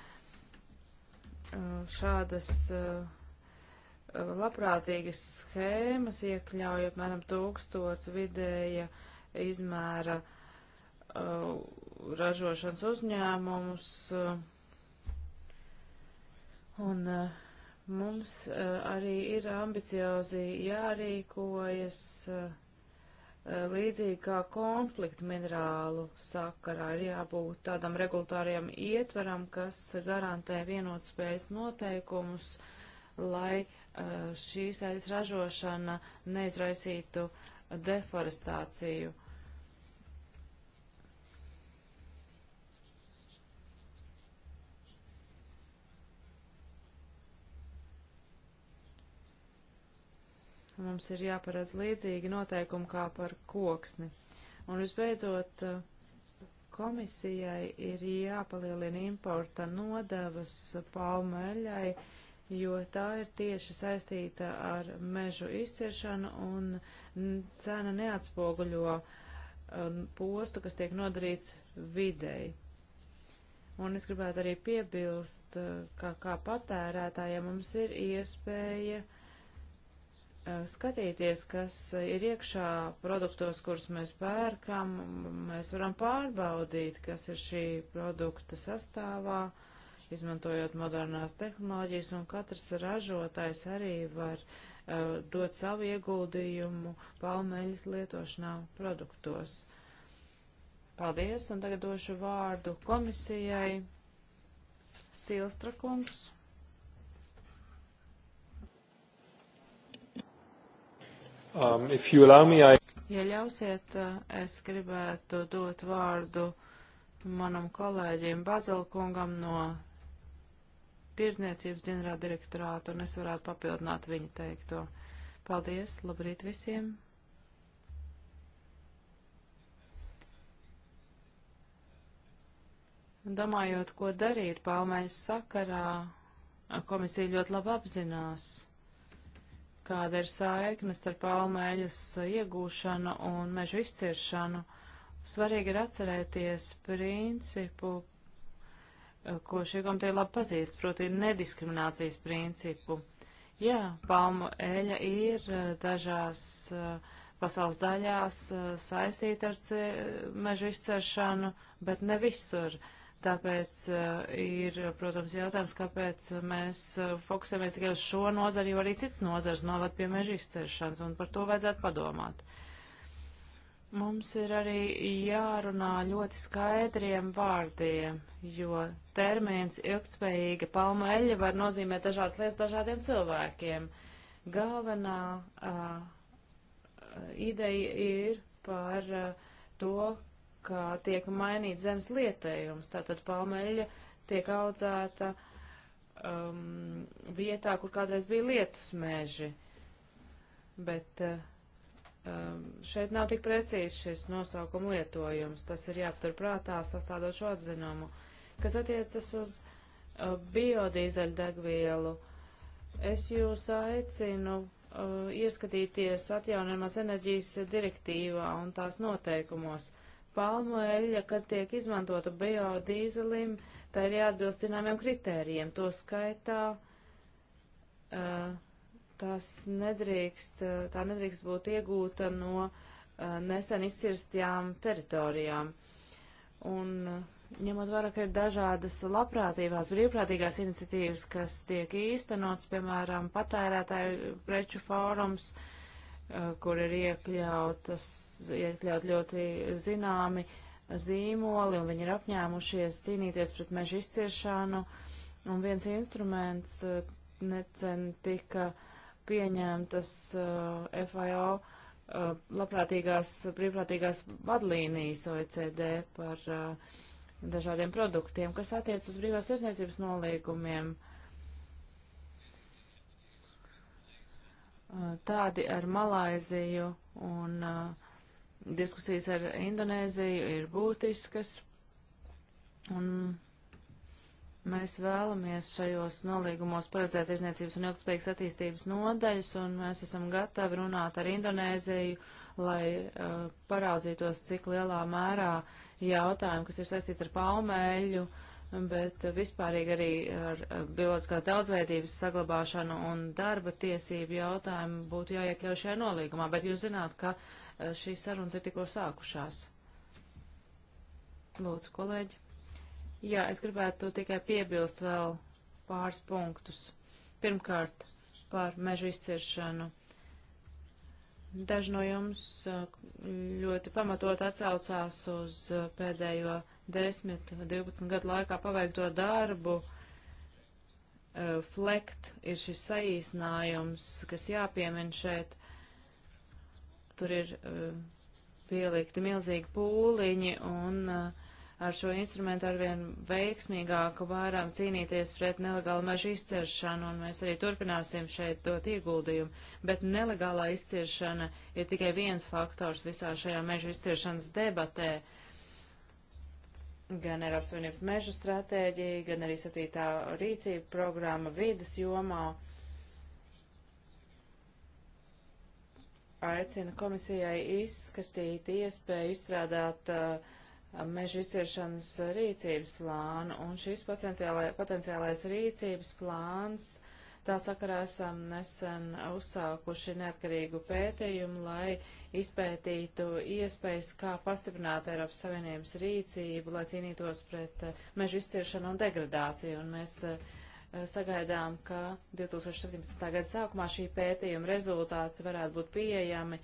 Šādas labprātīgas schēmas iekļauj apmēram tūkstots vidēja izmēra ražošanas uzņēmumus, uh, Un uh, mums uh, arī ir ambiciozi jārīkojas uh, līdzīgi kā konfliktu minerālu sakarā. Ir jābūt tādam regulatāriem ietveram, kas garantē vienotspējas noteikumus, lai šīs aizražošana neizraisītu deforestāciju. Mums ir jāparedz līdzīgi noteikumi kā par koksni. Un visbeidzot, komisijai ir jāpalielina importa nodevas palmeļai, jo tā ir tieši saistīta ar mežu izciešanu un cena neatspoguļo um, postu, kas tiek nodarīts videi. Un es gribētu arī piebilst, uh, ka kā patērētājiem mums ir iespēja uh, Eh, skatīties, kas ir iekšā produktos, kurus mēs pērkam, mēs varam pārbaudīt, kas ir šī produkta sastāvā, izmantojot modernās tehnoloģijas, un katrs ražotājs arī var uh, dot savu ieguldījumu palmeļas lietošanā produktos. Paldies, un tagad došu vārdu komisijai. Stīlstra kungs. Um, if you allow me, I... Ja ļausiet, uh, es gribētu dot vārdu manam kolēģim Bazilkungam no Tirzniecības ģenerāla direktorāta, un es varētu papildināt viņa teikto. Paldies, labrīt visiem! Domājot, ko darīt palmais sakarā, komisija ļoti labi apzinās kāda ir saikne starp palmēļas iegūšanu un mežu izciršanu. Svarīgi ir atcerēties principu, ko šī komiteja labi pazīst, proti nediskriminācijas principu. Jā, palmu eļa ir eh, dažās eh, pasaules daļās eh, saistīta ar mežu izciršanu, bet ne visur. Uh, Tāpēc eh, ir, protams, jautājums, kāpēc eh, mēs eh, fokusējamies tikai uz šo nozari, jo arī cits nozars novad pie meža izcēršanas, un par to vajadzētu padomāt. Mums ir arī jārunā ļoti skaidriem vārdiem, jo termins ilgtspējīga palma eļļa var nozīmēt dažādas lietas dažādiem cilvēkiem. Galvenā uh, ideja ir par uh, to, ka tiek mainīt zemes lietējums, tātad palmeļa tiek audzēta um, vietā, kur kādreiz bija lietus meži. Bet uh, um, šeit nav tik precīzi šis nosaukuma lietojums. Tas ir jāaptur prātā, sastādot šo atzinumu. Kas attiecas uz uh, biodīzeļdegvielu, es jūs aicinu uh, ieskatīties atjaunamās enerģijas direktīvā un tās noteikumos. Uh, palmueļa, kad tiek izmantota biodīzelim, tā ir jāatbilst zināmiem kritērijiem. To skaitā tas nedrīkst, tā nedrīkst būt iegūta no nesen izcirstjām teritorijām. Un ņemot vērā, ka ir dažādas labprātīgās, brīvprātīgās iniciatīvas, kas tiek īstenots, piemēram, patērētāju preču fórums, uh, Eh, kur ir iekļautas, iekļaut ļoti zināmi zīmoli, un viņi ir apņēmušies cīnīties pret mežu izciešanu, un viens instruments eh, necen tika pieņemtas eh, FAO labprātīgās, brīvprātīgās vadlīnijas OECD par dažādiem produktiem, kas attiec uz brīvās tirsniecības nolīgumiem. Uh, Uh, tādi ar Malaiziju un uh, diskusijas ar Indonēziju ir būtiskas. Un Mēs vēlamies šajos nolīgumos paredzēt izniecības un ilgspējīgas attīstības nodaļas, un mēs esam gatavi runāt ar Indonēziju, lai uh, paraudzītos, cik lielā mērā jautājumi, kas ir saistīti ar palmēļu, bet vispārīgi arī ar bioloģiskās daudzveidības saglabāšanu un darba tiesību jautājumu būtu jāiekļauj šajā nolīgumā, bet jūs zināt, ka eh, šīs sarunas ir tikko sākušās. Lūdzu, kolēģi. Jā, es gribētu tikai piebilst vēl pāris punktus. Pirmkārt, par mežu izciršanu. Daži no jums eh, ļoti pamatot atsaucās uz eh, pēdējo uh, 10, 12 gadu laikā paveikto darbu. Eh, Flekt ir šis saīsinājums, kas jāpiemin šeit. Tur ir eh, pielikti milzīgi pūliņi un eh, ar šo instrumentu arvien veiksmīgāk varam cīnīties pret nelegālu mežu izciršanu, un mēs arī turpināsim šeit dot ieguldījumu. Bet nelegālā izciršana ir tikai viens faktors visā šajā mežu izciršanas debatē. Uh, gan Eiropas Savienības mežu stratēģija, gan arī satītā rīcība programma vidas jomā aicina komisijai izskatīt iespēju izstrādāt uh, mežu izciešanas rīcības plānu, un šis potenciālais rīcības plāns Tā sakarā esam nesen uzsākuši neatkarīgu pētījumu, lai izpētītu iespējas, kā pastiprināt Eiropas Savienības rīcību, lai cīnītos pret eh, mežu izciešanu un degradāciju. Un mēs eh, sagaidām, ka 2017. gada sākumā šī pētījuma rezultāti varētu būt pieejami,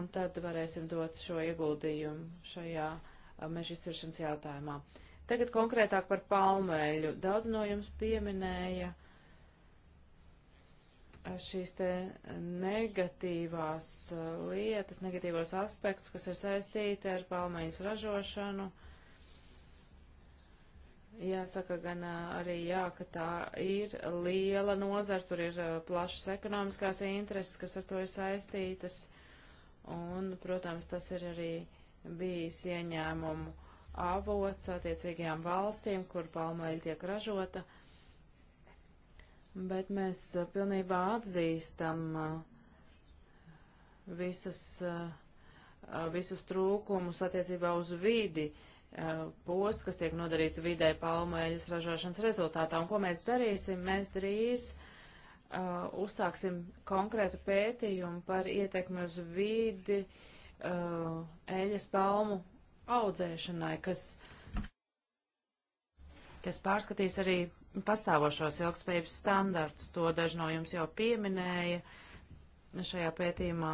un tad varēsim dot šo ieguldījumu šajā eh, mežu izciešanas jautājumā. Tagad konkrētāk par palmēļu. Daudz no jums pieminēja uh, šīs te negatīvās uh, lietas, negatīvos aspektus, kas ir saistīti ar palmejas ražošanu. Jāsaka gan uh, arī jā, ka tā ir liela nozara, tur ir uh, plašas ekonomiskās intereses, kas ar to ir saistītas, un, protams, tas ir arī bijis ieņēmumu avots attiecīgajām valstīm, kur palmeļa tiek ražota bet mēs eh, pilnībā atzīstam eh, visas, eh, visus trūkumus attiecībā uz vidi, post, kas tiek nodarīts vidē palmēļas ražošanas rezultātā. Un ko mēs darīsim? Mēs drīz uh, uzsāksim konkrētu pētījumu par ietekmi uz vidi uh, eļas palmu audzēšanai, kas, kas pārskatīs arī pastāvošos ilgspējības standartus. To daži no jums jau pieminēja. Šajā pētījumā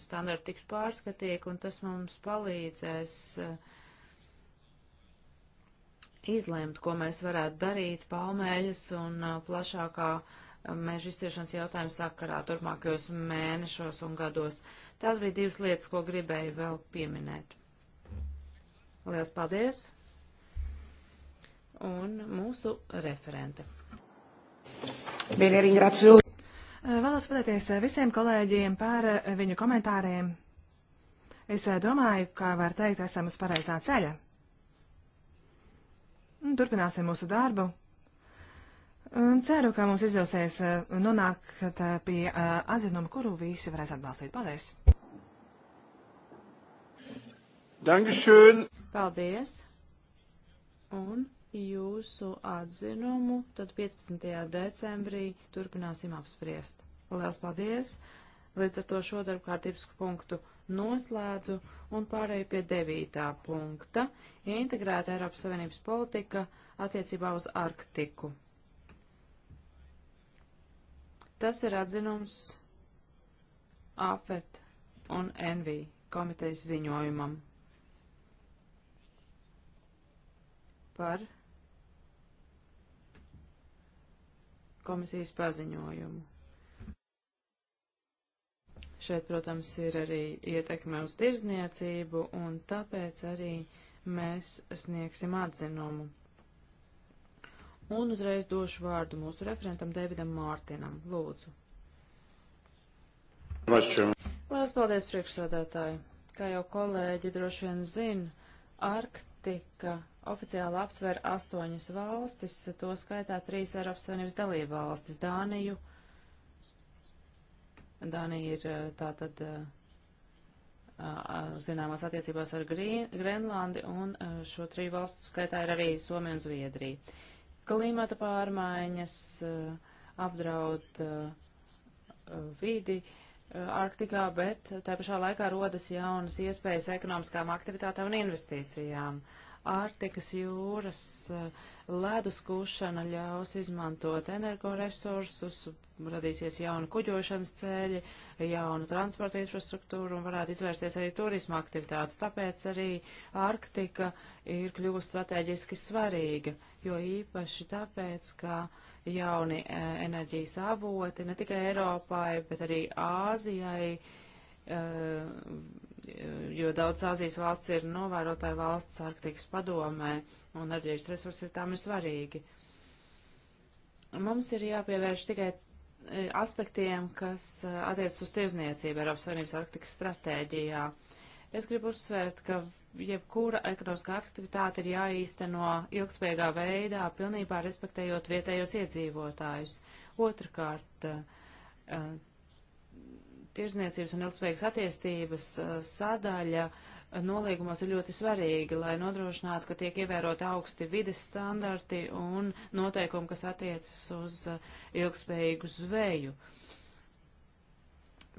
standarti tiks pārskatīti, un tas mums palīdzēs eh, izlēmt, ko mēs varētu darīt palmēļas un eh, plašākā eh, meža izciešanas jautājuma sakarā turpmākajos mēnešos un gados. Tās bija divas lietas, ko gribēju vēl pieminēt. Lielas paldies! un mūsu referente. Bene, ringrazio. Eh, vēlos pateikties eh, visiem kolēģiem par eh, viņu komentāriem. Es domāju, ka var teikt, esam uz pareizā ceļa. Turpināsim mūsu darbu. Ceru, ka mums izdosies nonākt pie atzinuma, kuru visi varēs atbalstīt. Paldies! Dankeschön! Paldies! Un jūsu atzinumu, tad 15. decembrī turpināsim apspriest. Lielas paldies! Līdz ar to šo darbu kārtības punktu noslēdzu un pārēju pie 9. punkta ja - integrēta Eiropas Savienības politika attiecībā uz Arktiku. Tas ir atzinums AFET un NV komitejas ziņojumam par komisijas paziņojumu. Šeit, protams, ir arī ietekme uz tirzniecību, un tāpēc arī mēs sniegsim atzinumu. Un uzreiz došu vārdu mūsu referentam Davidam Mārtinam. Lūdzu. Lielas paldies, priekšsādātāji! Kā jau kolēģi droši vien zina, Arktika oficiāli aptver astoņas valstis, to skaitā trīs Eiropas Savienības dalību valstis - Dāniju. Dānija ir eh, tātad eh, zināmās attiecībās ar Grīn, Grenlandi, un eh, šo triju valstu skaitā ir arī Somija un Zviedrija. Klimata pārmaiņas apdraud vidi Arktikā, bet tā pašā laikā rodas jaunas iespējas ekonomiskām aktivitātām un investīcijām. Uh, Ārtikas jūras eh, ledus kūšana ļaus izmantot energoresursus, radīsies jauni kuģošanas ceļi, jauna transporta infrastruktūra un varētu izvērsties arī turisma aktivitātes. Tāpēc arī Arktika ir kļuvusi strateģiski svarīga, jo īpaši tāpēc, ka jauni eh, enerģijas avoti ne tikai Eiropai, bet arī Āzijai Eh, jo daudz Āzijas valsts ir novērotāja valsts Arktikas padomē, un enerģijas resursi ir tām ir svarīgi. Mums ir jāpievērš tikai eh, aspektiem, kas eh, attiecas uz tirzniecību Eiropas Savienības Arktikas stratēģijā. Es gribu uzsvērt, ka jebkura ekonomiskā aktivitāte ir jāīsteno ilgspējīgā veidā, pilnībā respektējot vietējos iedzīvotājus. Otrakārt, tirzniecības un ilgspējīgas attīstības uh, sadaļa uh, nolīgumos ir ļoti svarīga, lai nodrošinātu, ka tiek ievērot augsti vides standarti un noteikumi, kas attiecas uz uh, ilgspējīgu zveju.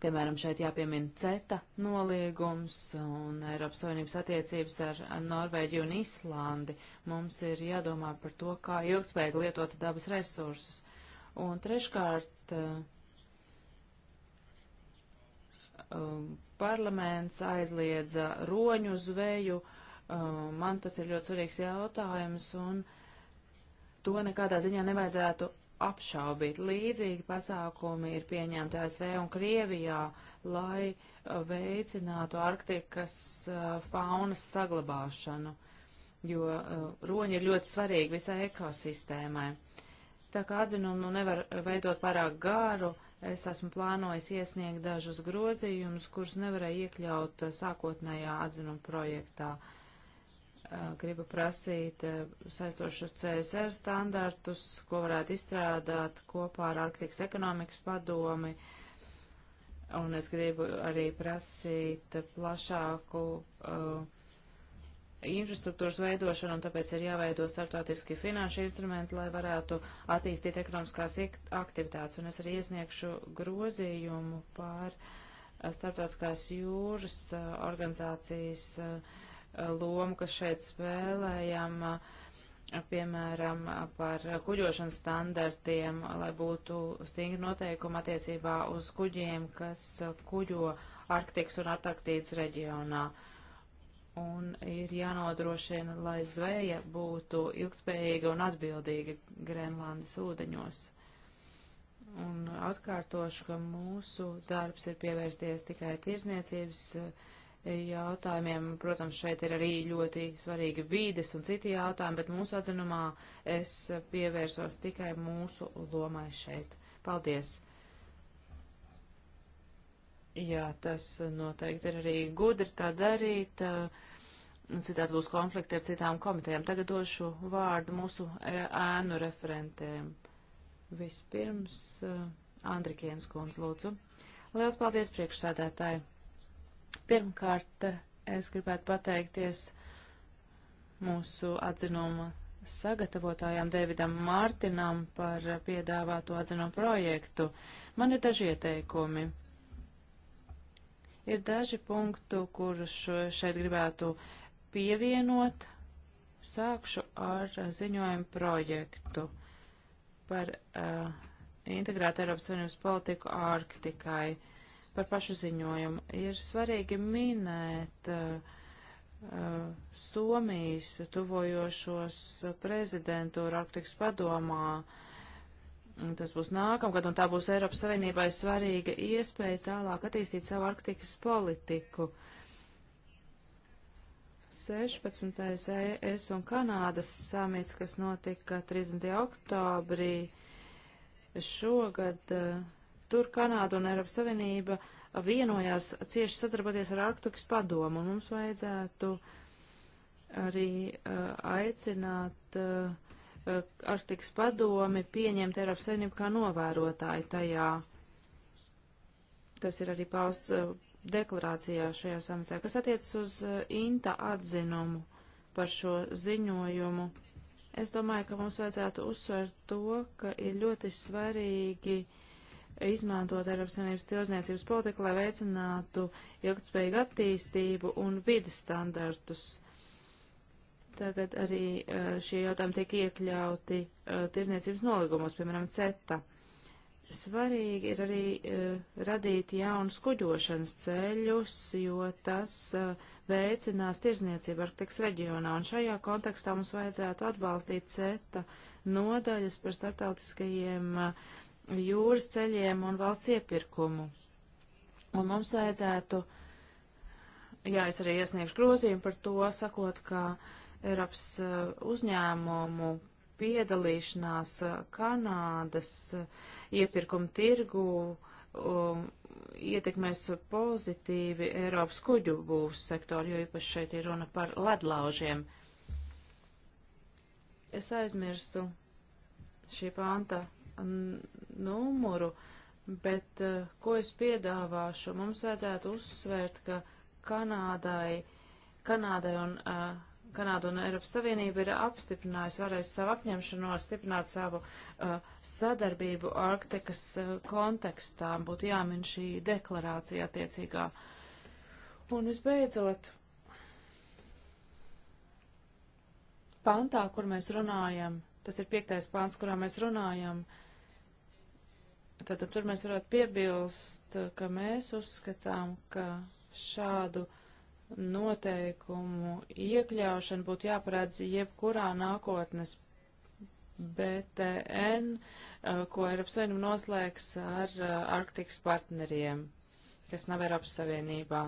Piemēram, šeit jāpiemina CETA noliegums un Eiropas Savienības attiecības ar Norvēģiju un Islandi. Mums ir jādomā par to, kā ilgspējīgi lietot dabas resursus. Un treškārt, uh, um, parlaments aizliedza roņu zveju. Um, man tas ir ļoti svarīgs jautājums, un to nekādā ziņā nevajadzētu apšaubīt. Līdzīgi pasākumi ir pieņemti ASV un Krievijā, lai uh, veicinātu Arktikas uh, faunas saglabāšanu, jo uh, roņi ir ļoti svarīgi visai ekosistēmai. Tā kā atzinumu nevar veidot pārāk garu, uh, Es esmu plānojis iesniegt dažus grozījumus, kurus nevarēja iekļaut eh, sākotnējā atzinuma projektā. Eh, gribu prasīt eh, saistošu CSR standartus, ko varētu izstrādāt kopā ar Arktikas ekonomikas padomi. Un es gribu arī prasīt plašāku uh, infrastruktūras veidošana, un tāpēc ir jāveido startautiski finanšu instrumenti, lai varētu attīstīt ekonomiskās aktivitātes. Un es arī iesniegšu grozījumu pār eh, startautiskās jūras eh, organizācijas eh, lomu, kas šeit spēlējam, piemēram, par kuģošanas standartiem, lai būtu stingri noteikumi attiecībā uz kuģiem, kas kuģo Arktikas un Antarktīdas reģionā. Uh, un ir jānodrošina, lai zveja būtu ilgspējīga un atbildīga Grenlandes ūdeņos. Un atkārtošu, ka mūsu darbs ir pievērsties tikai tirzniecības eh, jautājumiem. Protams, šeit ir arī ļoti svarīgi vīdes un citi jautājumi, bet mūsu atzinumā es pievērsos tikai mūsu lomai šeit. Paldies! Jā, tas noteikti ir arī gudri tā darīt. Citādi būs konflikti ar citām komitejām. Tagad došu vārdu mūsu e, ēnu referentēm. Vispirms e, Andrikienas kundze, lūdzu. Liels paldies priekšsādātāji. Pirmkārt, es gribētu pateikties mūsu atzinuma sagatavotājām Davidam Mārtinam par piedāvāto atzinumu projektu. Man ir daži ieteikumi. Ir daži punktu, kurus šeit gribētu pievienot. Sākšu ar ziņojumu projektu par uh, integrētu Eiropas Savienības politiku Ārktikai. Par pašu ziņojumu ir svarīgi minēt uh, uh, Somijas tuvojošos prezidentūru Arktikas padomā. Uh, Tas būs nākamgad, un tā būs Eiropas Savienībai svarīga iespēja tālāk attīstīt savu Arktikas politiku. 16. ES un Kanādas samits, kas notika 30. oktobrī šogad, eh, tur Kanāda un Eiropas Savienība vienojās cieši sadarboties ar Arktikas padomu, un mums vajadzētu arī uh, aicināt uh, Eh, Arktikas padomi pieņemt Eiropas Savienību kā novērotāju tajā. Tas ir arī pausts eh, deklarācijā šajā samitā, kas attiecas uz eh, INTA atzinumu par šo ziņojumu. Es domāju, ka mums vajadzētu uzsvērt to, ka ir ļoti svarīgi izmantot Eiropas Savienības tirzniecības politiku, lai veicinātu ilgtspējīgu attīstību un vidas standartus. Tagad arī e, šie jautājumi tiek iekļauti e, tirzniecības nolīgumos, piemēram, CETA. Svarīgi ir arī e, radīt jaunus kuģošanas ceļus, jo tas veicinās tirzniecību Arktikas reģionā, un šajā kontekstā mums vajadzētu atbalstīt CETA nodaļas par starptautiskajiem jūras ceļiem un valsts iepirkumu. Un mums vajadzētu, jā, es arī iesniegšu grozījumu par to, sakot, ka uh, Eiropas eh, uzņēmumu piedalīšanās eh, Kanādas eh, iepirkuma tirgu um, ietekmēs pozitīvi Eiropas kuģu būvs sektoru, jo īpaši šeit ir runa par ledlaužiem. Es aizmirsu šī panta numuru, bet uh, ko es piedāvāšu? Mums vajadzētu uzsvērt, ka Kanādai, Kanādai un uh, Kanāda un Eiropas Savienība ir apstiprinājusi vēlreiz savu apņemšanos stiprināt savu uh, sadarbību Arktikas uh, kontekstā. Būtu jāmin šī deklarācija attiecīgā. Un visbeidzot, pantā, kur mēs runājam, tas ir piektais pants, kurā mēs runājam, tad tur mēs varētu piebilst, ka mēs uzskatām, ka šādu uh, noteikumu iekļaušana būtu jāparedz jebkurā nākotnes BTN, uh, ko Eiropas Savienība noslēgs ar uh, Arktikas partneriem, kas nav Eiropas Savienībā.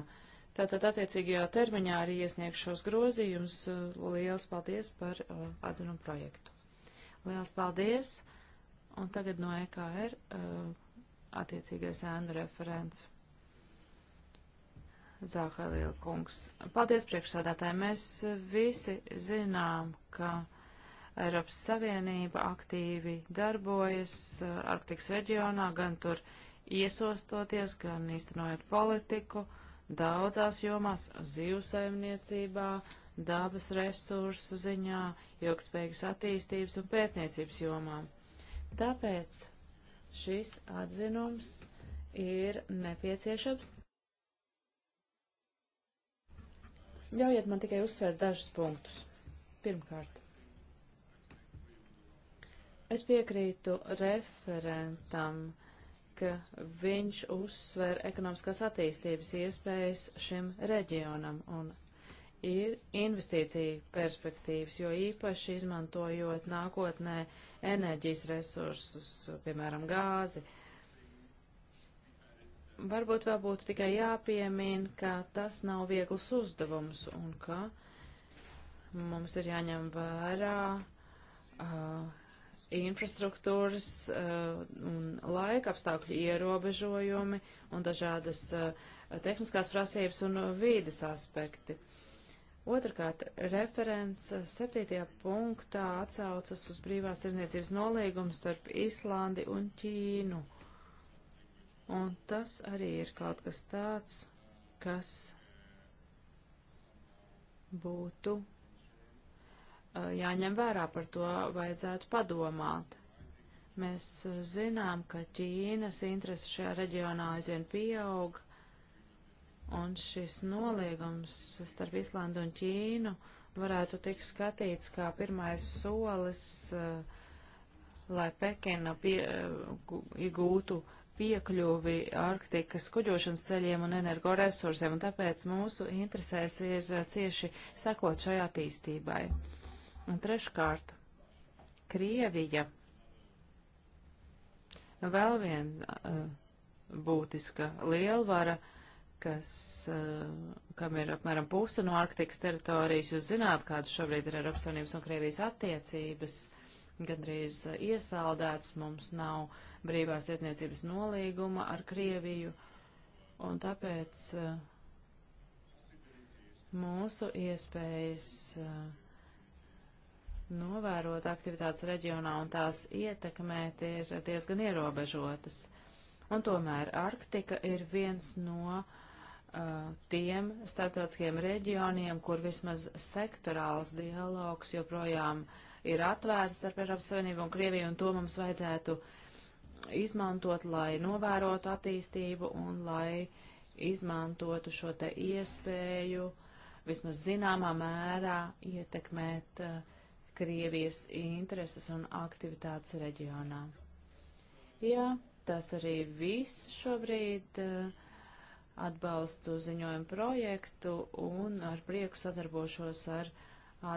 Tātad attiecīgajā termiņā arī iesniegšu šos grozījumus. Uh, Lielas paldies par atzinumu projektu. Lielas paldies! Un tagad no EKR attiecīgais ēnu referents. Zāhelīla kungs. Paldies priekšsādātāji. Mēs visi zinām, ka Eiropas Savienība aktīvi darbojas uh, Arktikas reģionā, gan tur iesostoties, gan īstenojot politiku daudzās jomās - zivsaimniecībā, dabas resursu ziņā, ilgspējīgas attīstības un pētniecības jomām. Tāpēc šis atzinums ir nepieciešams Ļaujiet man tikai uzsvērt dažus punktus. Pirmkārt, es piekrītu referentam, ka viņš uzsver ekonomiskās attīstības iespējas šim reģionam un ir investīcija perspektīvas, jo īpaši izmantojot nākotnē enerģijas resursus, piemēram, gāzi. Uh, Varbūt vēl būtu tikai jāpiemina, ka tas nav viegls uzdevums un ka mums ir jāņem vērā uh, infrastruktūras uh, un laika apstākļu ierobežojumi un dažādas uh, tehniskās prasības un vīdes aspekti. Otrakārt, referents septītajā punktā atsaucas uz brīvās tirzniecības nolīgumu starp Islandi un Ķīnu. Uh, Un tas arī ir kaut kas tāds, kas būtu jāņem vērā par to, vajadzētu padomāt. Mēs zinām, ka Ķīnas interese šajā reģionā aizvien pieaug, un šis noliegums starp Islandu un Ķīnu varētu tikt skatīts kā pirmais solis, lai Pekina pie, iegūtu piekļuvi Arktikas kuģošanas ceļiem un energoresursiem, un tāpēc mūsu interesēs ir eh, cieši sekot šai attīstībai. Un treškārt, Krievija vēl viena uh, eh, būtiska lielvara, kas, uh, kam ir apmēram puse no Arktikas teritorijas. Jūs zināt, kāda šobrīd ir Eiropas Savienības un Krievijas attiecības, gandrīz uh, iesaldēts mums nav brīvās tiesniecības nolīguma ar Krieviju, un tāpēc eh, mūsu iespējas eh, novērot aktivitātes reģionā un tās ietekmēt ir diezgan ierobežotas. Un tomēr Arktika ir viens no uh, tiem starptautiskiem reģioniem, kur vismaz sektorāls dialogs joprojām ir atvērts starp Eiropas Savienību un Krieviju, un to mums vajadzētu uh, izmantot, lai novērotu attīstību un lai izmantotu šo te iespēju vismaz zināmā mērā ietekmēt uh, Krievijas intereses un aktivitātes reģionā. Jā, tas arī viss šobrīd uh, atbalstu ziņojumu projektu un ar prieku sadarbošos ar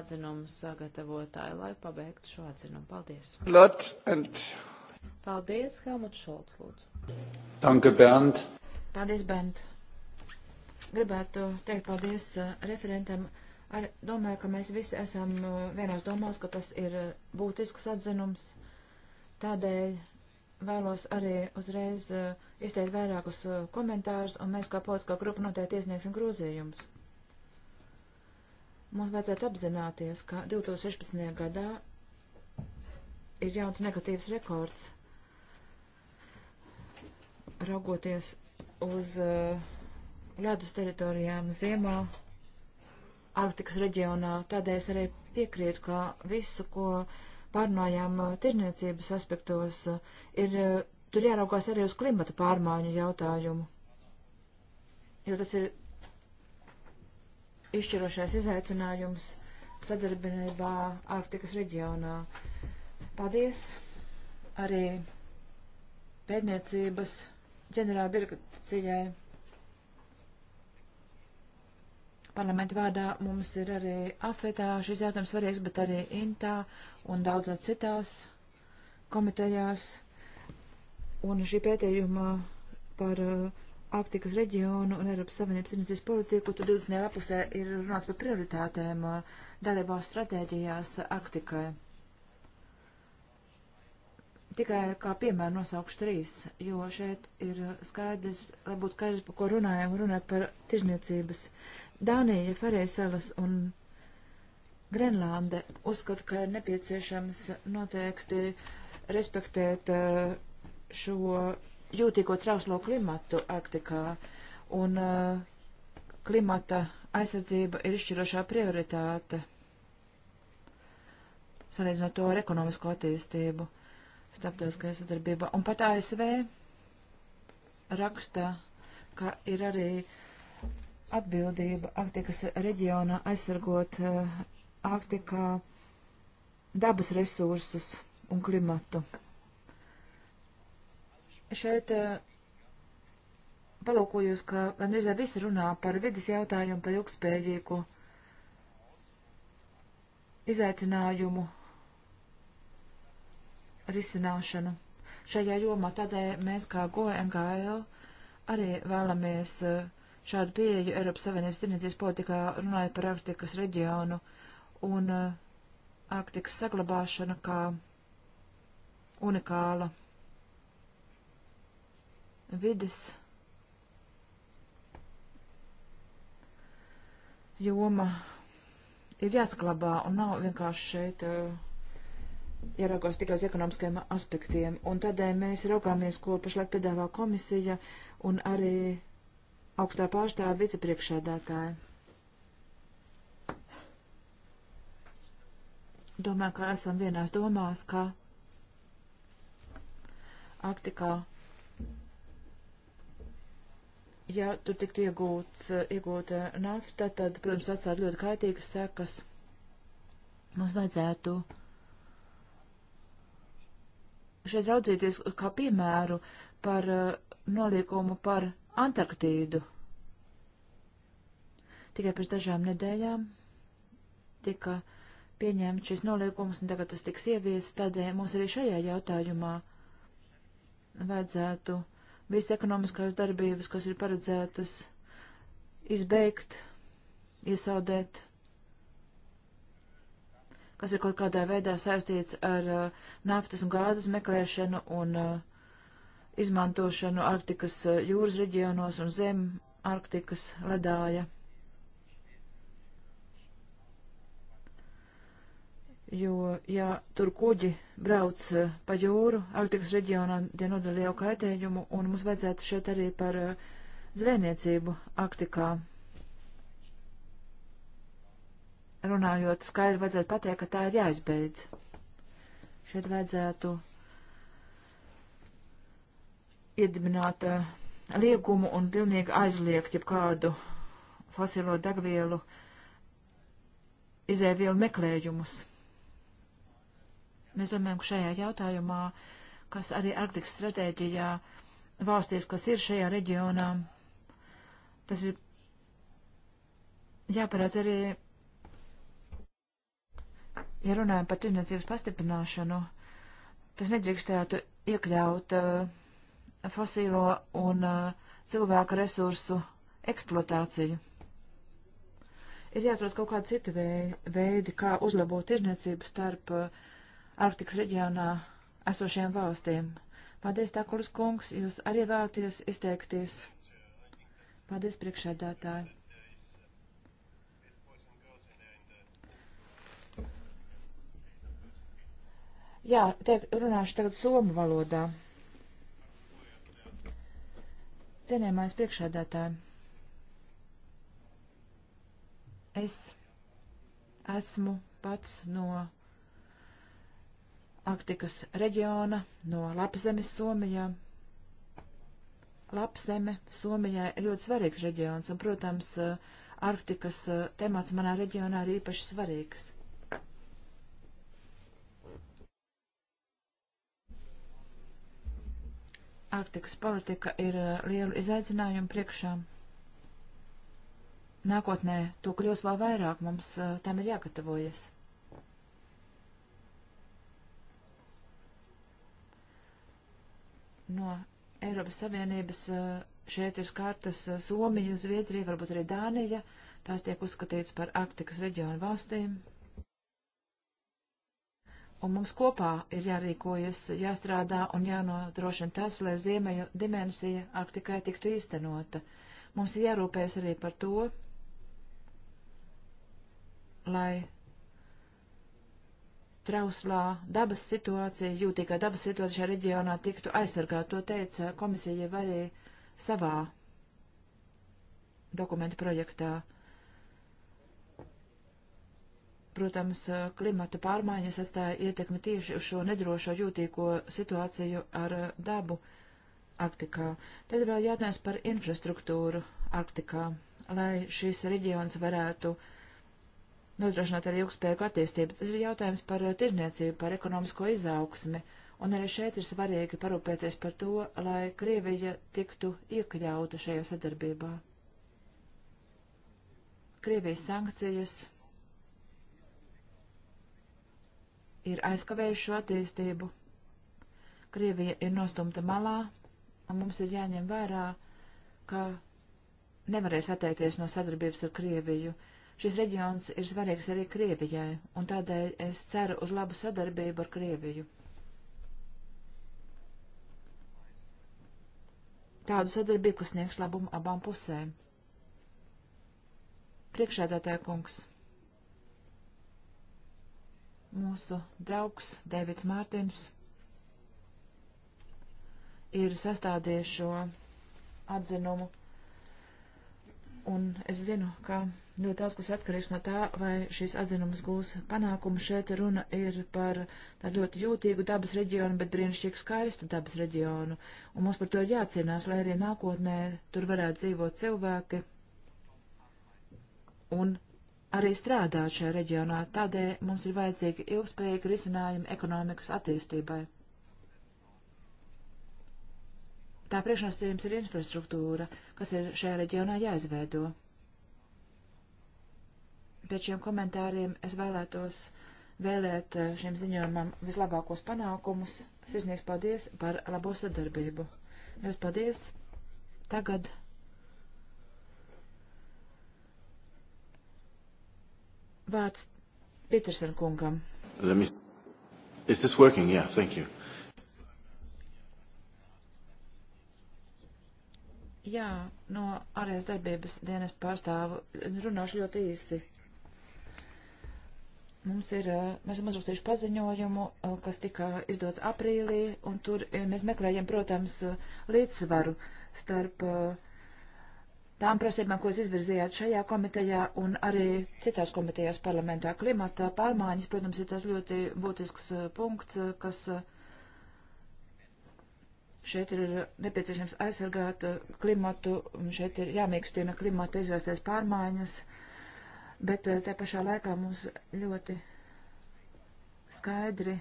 atzinumu sagatavotāju, lai pabeigtu šo atzinumu. Paldies! Lot and Paldies, Helmut Šolts, lūdzu. Danke, Bernd. Paldies, Bernd. Gribētu teikt paldies uh, referentam. Ar, domāju, ka mēs visi esam uh, vienos domās, ka tas ir uh, būtisks atzinums. Tādēļ vēlos arī uzreiz izteikt vairākus komentārus, un mēs kā politiskā grupa noteikti iesniegsim grozījumus. Mums vajadzētu apzināties, ka 2016. gadā ir jauns negatīvs rekords. Raugoties uz uh, ledus teritorijām ziemā, Arktikas reģionā, tādēļ es arī piekrītu, ka visu, ko pārnājām uh, eh, tirniecības aspektos, uh, ir uh, tur jāraugās arī uz klimata pārmaiņu jautājumu, jo tas ir izšķirošais izaicinājums sadarbinībā Ārtikas reģionā. Uh, Paldies arī pētniecības ģenerāla direkcijai. Parlamenta vārdā mums ir arī afetā šis jautājums svarīgs, bet arī intā un daudzās citās komitejās. Un šī pētījuma par uh, Arktikas reģionu un Eiropas Savienības tirdzniecības politiku, tur 20. lapusē ir runāts par prioritātēm uh, dalībās stratēģijās Arktikai. Tikai kā piemēru nosaukšu trīs, jo šeit ir skaidrs, lai būtu skaidrs, par ko runājam, runājot par tirzniecības. Dānija, Ferēselas un Grenlande uzskata, ka ir nepieciešams noteikti respektēt eh, šo jūtīgo trauslo klimatu Arktikā, un eh, klimata aizsardzība ir izšķirošā prioritāte, salīdzinot to ar ekonomisko attīstību starptautiskajā sadarbībā. Un pat ASV raksta, ka ir arī atbildība Arktikas reģionā aizsargot uh, eh, Arktikā dabas resursus un klimatu. Šeit uh, palūkojos, ka gandrīz visi runā par vidas jautājumu, par ilgspējīgu izaicinājumu risināšanu šajā jomā. Tādēļ mēs kā GOMGL e arī vēlamies eh, šādu pieeju Eiropas Savienības tirniecības politikā runājot par Arktikas reģionu un eh, Arktikas saglabāšana kā unikāla vides joma ir jāsaglabā un nav vienkārši šeit uh, jāraugās tikai uz ekonomiskajiem aspektiem, un tādēļ mēs raugāmies, ko pašlaik piedāvā komisija un arī augstā pārstāva vicepriekšādātāja. Domāju, ka esam vienās domās, ka Arktikā, ja tur tiktu iegūts, iegūta eh, nafta, tad, protams, atstāt ļoti kaitīgas sekas. Mums vajadzētu uh, šeit raudzīties kā piemēru par eh, noliekumu par Antarktīdu. Tikai pēc dažām nedēļām tika pieņemts šis noliekums, un tagad tas tiks ieviests, tādēļ mums arī šajā jautājumā vajadzētu visas ekonomiskās darbības, kas ir paredzētas, izbeigt, iesaudēt kas ir kaut kādā veidā saistīts ar uh, naftas un gāzes meklēšanu un uh, izmantošanu Arktikas uh, jūras reģionos un zem Arktikas ledāja. Jo, ja tur kuģi brauc uh, pa jūru, Arktikas reģionā tie nodara lielu kaitējumu, un mums vajadzētu šeit arī par uh, zvejniecību Arktikā runājot, skaidri vajadzētu pateikt, ka tā ir jāizbeidz. Šeit vajadzētu iedibināt uh, liegumu un pilnīgi aizliegt jebkādu fosilo degvielu izēvielu meklējumus. Mēs domājam, ka šajā jautājumā, kas arī Arktikas stratēģijā valstīs, kas ir šajā reģionā, tas ir jāparāds arī ja runājam par tirdzniecības pastiprināšanu, tas nedrīkstētu iekļaut uh, fosīlo un uh, cilvēku resursu eksploatāciju. Ir jāatrod kaut kāda cita veidi, kā uzlabot tirdzniecību starp uh, Arktikas reģionā esošiem valsiem. Paldies, Takulis kungs, jūs arī vēlaties izteikties. Paldies, priekšēdētāji. Jā, tiek runāšu tagad somu valodā. Cienījamais priekšādātāji, es esmu pats no Arktikas reģiona, no Lapzemes Somijā. Lapzeme Somijā ir ļoti svarīgs reģions, un, protams, Arktikas eh, temats manā reģionā ir īpaši svarīgs. Arktikas politika ir eh, liela izaicinājuma priekšā. Nākotnē to kļūs vēl vairāk, mums eh, tam ir jāgatavojas. No Eiropas Savienības eh, šeit ir skartas Somija, Zviedrija, varbūt arī Dānija. Tās tiek uzskatīts par Arktikas reģionu valstīm. Un mums kopā ir jārīkojas, jāstrādā un jānodrošina tas, lai ziemeļu dimensija Arktikai tiktu īstenota. Mums ir jārūpējas arī par to, lai trauslā dabas situācija, jūtīgā dabas situācija šajā reģionā tiktu aizsargāta. To teica komisija arī savā dokumentu projektā. Protams, klimata pārmaiņas atstāja ietekmi tieši uz šo nedrošo jūtīgo situāciju ar dabu Arktikā. Tad vēl jautājums par infrastruktūru Arktikā, lai šis reģions varētu nodrošināt arī ilgspējīgu attīstību. Tas ir jautājums par tirniecību, par ekonomisko izaugsmi. Un arī šeit ir svarīgi parūpēties par to, lai Krievija tiktu iekļauta šajā sadarbībā. Krievijas sankcijas ir aizkavējuši šo attīstību. Krievija ir nostumta malā, un mums ir jāņem vērā, ka nevarēs atteikties no sadarbības ar Krieviju. Šis reģions ir svarīgs arī Krievijai, un tādēļ es ceru uz labu sadarbību ar Krieviju. Tādu sadarbību, kas sniegs labumu abām pusēm. Priekšēdētāja kungs mūsu draugs Dēvids Mārtiņš ir sastādījis šo atzinumu. Un es zinu, ka ļoti daudz kas atkarīgs no tā, vai šīs atzinumas gūs panākumu. Šeit runa ir par tādu ļoti jūtīgu dabas reģionu, bet brīnišķīgi skaistu dabas reģionu. Un mums par to ir jācīnās, lai arī nākotnē tur varētu dzīvot cilvēki un arī strādāt šajā reģionā, tādēļ mums ir vajadzīgi ilgspējīgi risinājumi ekonomikas attīstībai. Tā priekšnosacījums ir infrastruktūra, kas ir šajā reģionā jāizveido. Pēc šiem komentāriem es vēlētos vēlēt eh, šiem ziņojumam vislabākos panākumus. Sirsnīgs paldies par labo sadarbību. Jūs paldies. Tagad Vārds Petersen kungam. Me... Is this working? Yeah, thank you. Jā, no ārējās darbības dienas pārstāvu runāšu ļoti īsi. Mums ir, mēs esam uzrakstījuši paziņojumu, kas tika izdots aprīlī, un tur mēs meklējam, protams, līdzsvaru starp uh, tām prasībām, ko jūs izvirzījāt šajā komitejā un arī citās komitejās parlamentā. Klimata pārmaiņas, protams, ir tas ļoti būtisks eh, punkts, eh, kas eh, šeit ir nepieciešams aizsargāt klimatu, šeit ir jāmīkstina klimata izvērsties pārmaiņas, bet te pašā laikā mums ļoti skaidri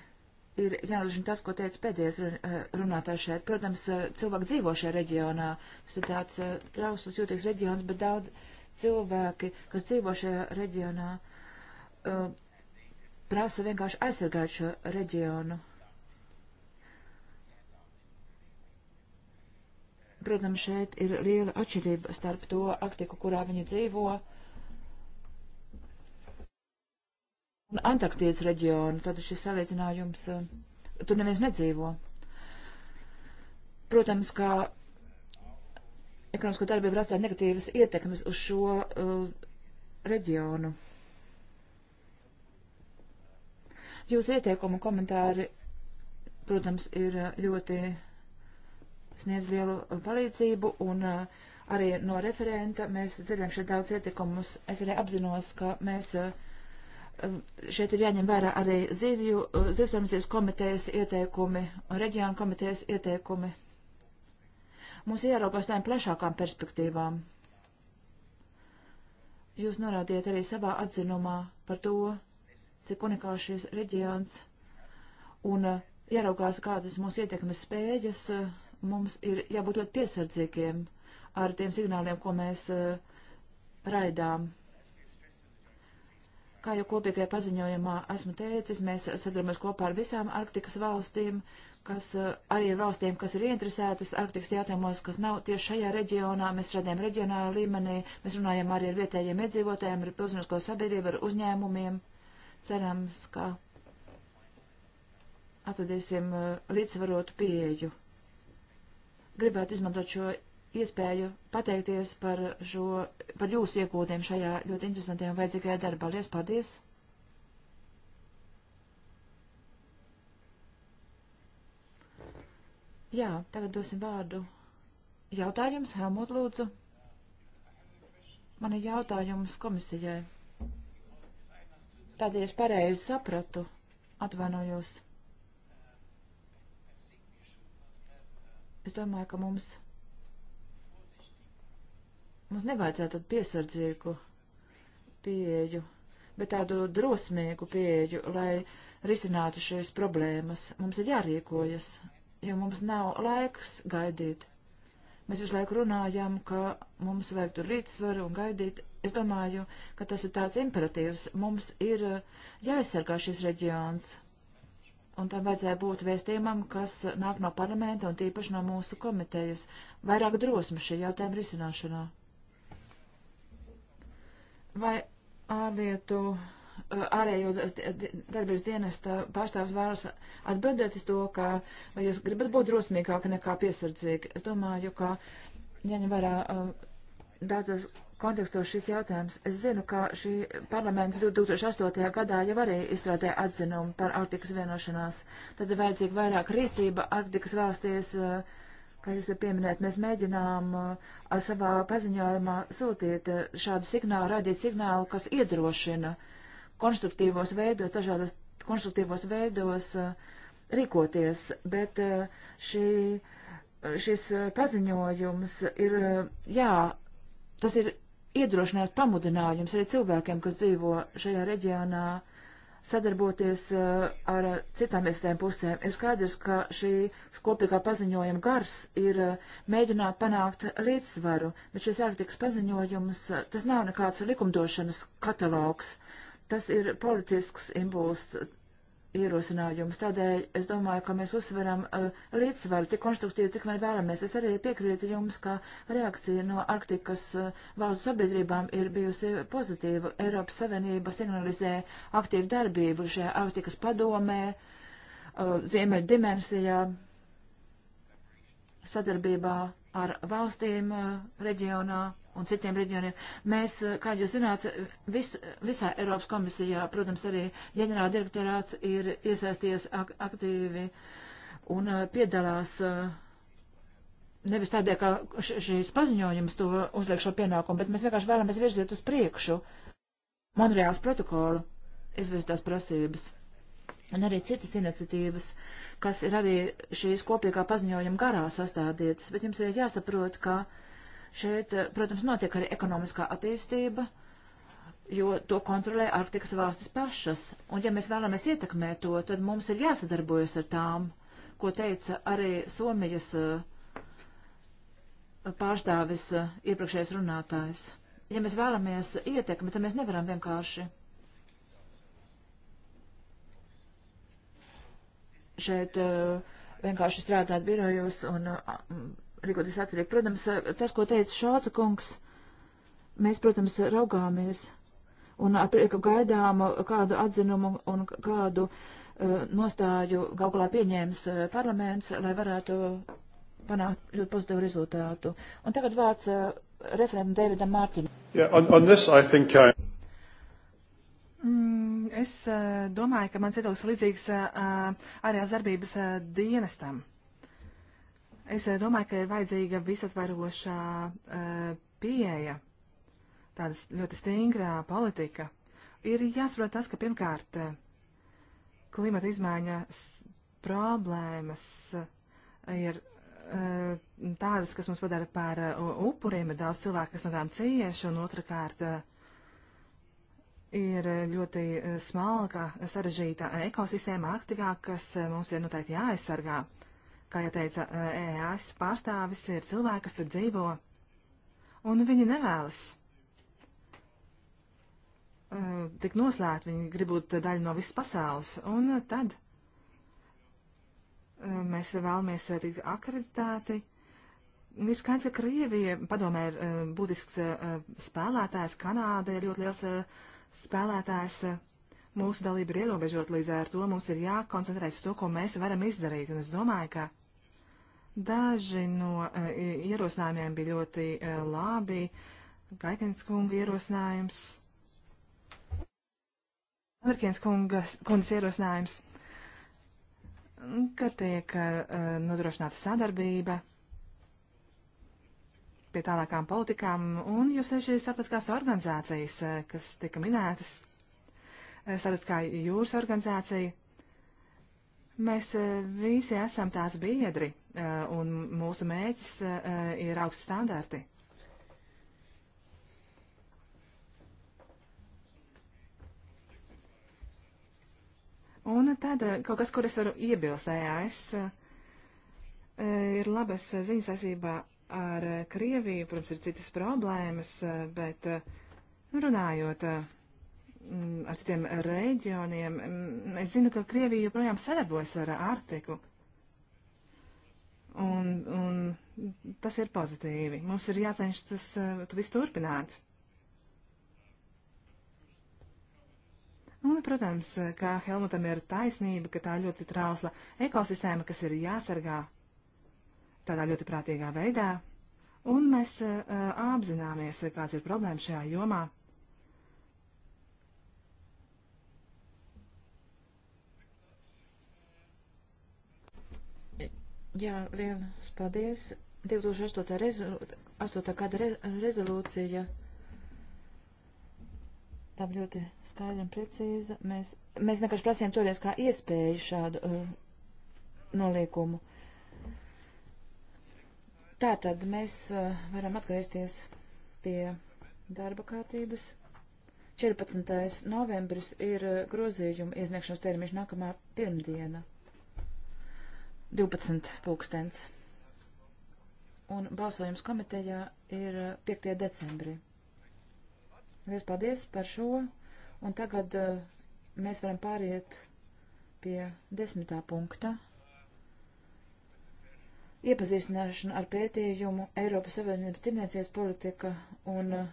ir jānodrošina tas, ko teica pēdējais eh, runātājs šeit. Protams, eh, cilvēki dzīvo šajā reģionā. Tas ir tāds eh, trausls, jūtīgs reģions, bet daudz cilvēki, kas dzīvo šajā reģionā, prasa vienkārši aizsargāt šo reģionu. Protams, šeit ir liela atšķirība starp to Arktiku, kurā viņi dzīvo un Antarktīdas reģionu, tad šis salīdzinājums, um, tur neviens nedzīvo. Protams, ka ekonomisko darbību rastā negatīvas ietekmes uz šo uh, reģionu. Jūsu ieteikumu komentāri, protams, ir uh, ļoti sniedz lielu uh, palīdzību un uh, arī no referenta mēs dzirdam šeit daudz ieteikumus. Es arī apzinos, ka mēs uh, šeit ir jāņem vērā arī zivju, zivsarmacības komitejas ieteikumi un reģionu komitejas ieteikumi. Mums jāraugās tādām plašākām perspektīvām. Jūs norādījat arī savā atzinumā par to, cik unikāls šis reģions un uh, jāraugās, kādas mūsu ietekmes spējas. Uh, mums ir jābūt ļoti piesardzīgiem ar tiem signāliem, ko mēs uh, raidām Kā jau kopīgajā paziņojumā esmu teicis, mēs sadarbojamies kopā ar visām Arktikas valstīm, kas eh, arī ir valstīm, kas ir ieinteresētas Arktikas jautājumos, kas nav tieši šajā reģionā. Mēs strādājam reģionālā līmenī, mēs runājam arī ar vietējiem iedzīvotājiem, ar pilsonisko sabiedrību, ar uzņēmumiem. Cerams, ka atradīsim eh, līdzsvarotu pieeju. Gribētu izmantot šo iespēju pateikties par, šo, par jūsu iegūtiem šajā ļoti interesantajā un vajadzīgajā darbā. Lies, paldies! Jā, tagad dosim vārdu. Jautājums, Helmut, lūdzu. Man ir jautājums komisijai. Tādēļ es pareizi sapratu. Atvainojos. Es domāju, ka mums Mums nevajadzētu tādu piesardzīgu pieeju, bet tādu drosmīgu pieeju, lai risinātu šīs problēmas. Mums ir jārīkojas, jo mums nav laiks gaidīt. Mēs visu laiku runājam, ka mums vajag tur līdzsvaru un gaidīt. Es domāju, ka tas ir tāds imperatīvs. Mums ir uh, jāaizsargā šis reģions. Un tam vajadzēja būt vēstījumam, kas nāk no parlamenta un tīpaši no mūsu komitejas. Vairāk drosmes šī jautājuma risināšanā. Vai ārlietu ārējo darbības dienesta pārstāvs vēlas atbildēt uz to, ka vai jūs gribat būt drosmīgāki nekā piesardzīgi. Es domāju, ka ņem vērā daudzos kontekstos šis jautājums. Es zinu, ka šī parlaments 2008. gadā jau arī izstrādāja atzinumu par Arktikas vienošanās. Tad ir vajadzīga vairāk rīcība Arktikas valstīs. Uh, kā jūs pieminējat, mēs mēģinām uh, ar savā paziņojumā sūtīt uh, šādu signālu, radīt signālu, kas iedrošina konstruktīvos veidos, dažādos konstruktīvos veidos uh, rīkoties, bet šī, šis paziņojums ir, jā, tas ir iedrošināt pamudinājums arī cilvēkiem, kas dzīvo šajā reģionā sadarboties eh, ar citām iestādēm pusēm. Ir skaidrs, ka šī kopīgā paziņojuma gars ir eh, mēģināt panākt līdzsvaru, bet šis ārkārtīgs paziņojums, eh, tas nav nekāds likumdošanas katalogs. Tas ir politisks impulss, ierosinājumus. Tādēļ es domāju, ka mēs uzsveram uh, līdzsvaru tik konstruktīvi, cik vien vēlamies. Es arī piekrītu jums, ka reakcija no Arktikas uh, valstu sabiedrībām ir bijusi pozitīva. Eiropas Savienība signalizē aktīvu darbību šajā Arktikas padomē, uh, ziemeļu dimensijā, sadarbībā ar valstīm reģionā un citiem reģioniem. Mēs, kā jūs zināt, vis, visā Eiropas komisijā, protams, arī ģenerāla direktorāts ir iesaisties ak aktīvi un piedalās nevis tādēļ, ka šīs paziņojums to uzliek šo pienākumu, bet mēs vienkārši vēlamies virzīt uz priekšu Monreāls protokolu izvirstās prasības un arī citas iniciatīvas, kas ir arī šīs kopīgā paziņojuma garā sastādītas, bet jums ir jāsaprot, ka šeit, protams, notiek arī ekonomiskā attīstība, jo to kontrolē Arktikas valstis pašas, un ja mēs vēlamies ietekmēt to, tad mums ir jāsadarbojas ar tām, ko teica arī Somijas eh, pārstāvis eh, iepriekšējais runātājs. Ja mēs vēlamies ietekmi, tad mēs nevaram vienkārši šeit eh, vienkārši strādāt birojos un eh, rīkoties atturīgi. Protams, eh, tas, ko teica Šāca kungs, mēs, protams, raugāmies un ar prieku gaidām kādu atzinumu un kādu uh, nostāju galvā pieņēmis uh, parlaments, lai varētu panākt ļoti pozitīvu rezultātu. Un tagad vārds uh, referendam Davidam Mārķim. Yeah, on, on this, I think, I... Uh, Mm, es eh, domāju, ka mans viedoklis līdzīgs eh, eh, ārējās darbības dienestam. Es domāju, ka ir vajadzīga visatvarošā pieeja, tāda ļoti stingrā politika. Ir jāsaprot tas, ka pirmkārt klimata izmaiņas problēmas ir tādas, kas mums padara par upuriem, ir daudz cilvēku, kas no tām cieši, un otrkārt. Uh, ir eh, ļoti eh, smalka, sarežģīta ekosistēma aktīvā, kas eh, mums ir noteikti jāaizsargā. Kā jau teica EAS e pārstāvis, ir cilvēki, kas tur dzīvo, un viņi nevēlas tik noslēgti, viņi grib būt daļa no visas pasaules, un tad mēs vēlamies tikt akreditēti. Ir skaidrs, ka Krievija padomē ir būtisks spēlētājs, Kanāda ir ļoti liels uh, spēlētājs eh, mūsu dalība ir ierobežot, līdz ar to mums ir jākoncentrēties to, ko mēs varam izdarīt. Un es domāju, ka daži no eh, ierosinājumiem bija ļoti eh, labi. Gaitins kunga ierosinājums, Andrikienas kundas ierosinājums, ka tiek nodrošināta sadarbība pie tālākām politikām, un jo sevišķi starptautiskās organizācijas, eh, kas tika minētas, eh, starptautiskā jūras organizācija, mēs eh, visi esam tās biedri, un mūsu mēģis ir augsts standarti. Un tad kaut kas, kur es varu iebilst EAS, ir labas ziņas saistībā ar eh, Krieviju. Protams, ir citas problēmas, eh, bet eh, runājot mm, ar citiem reģioniem, mm, es zinu, ka Krievija joprojām sadarbojas ar Arktiku. Un, un tas ir pozitīvi. Mums ir jācenšas tas tu visu turpināt. Un, protams, kā Helmutam ir taisnība, ka tā ļoti trausla ekosistēma, kas ir jāsargā tādā ļoti prātīgā veidā, un mēs eh, apzināmies, kāds ir problēma šajā jomā. Jā, liels paldies. 2008. Rezo, 8. gada re, rezolūcija. Tā bija ļoti skaidra un precīza. Mēs, mēs vienkārši prasījām toreiz kā iespēju šādu uh, noliekumu. Tātad mēs eh, varam atgriezties pie darba kārtības. 14. novembris ir eh, grozījuma iesniegšanas termiņš nākamā pirmdiena. 12. pulkstens. Un balsojums komitejā ir 5. Eh, decembrī. Liels paldies par šo. Un tagad mēs varam pāriet pie desmitā punkta iepazīstināšanu ar pētījumu Eiropas Savienības tirniecības politika un uh,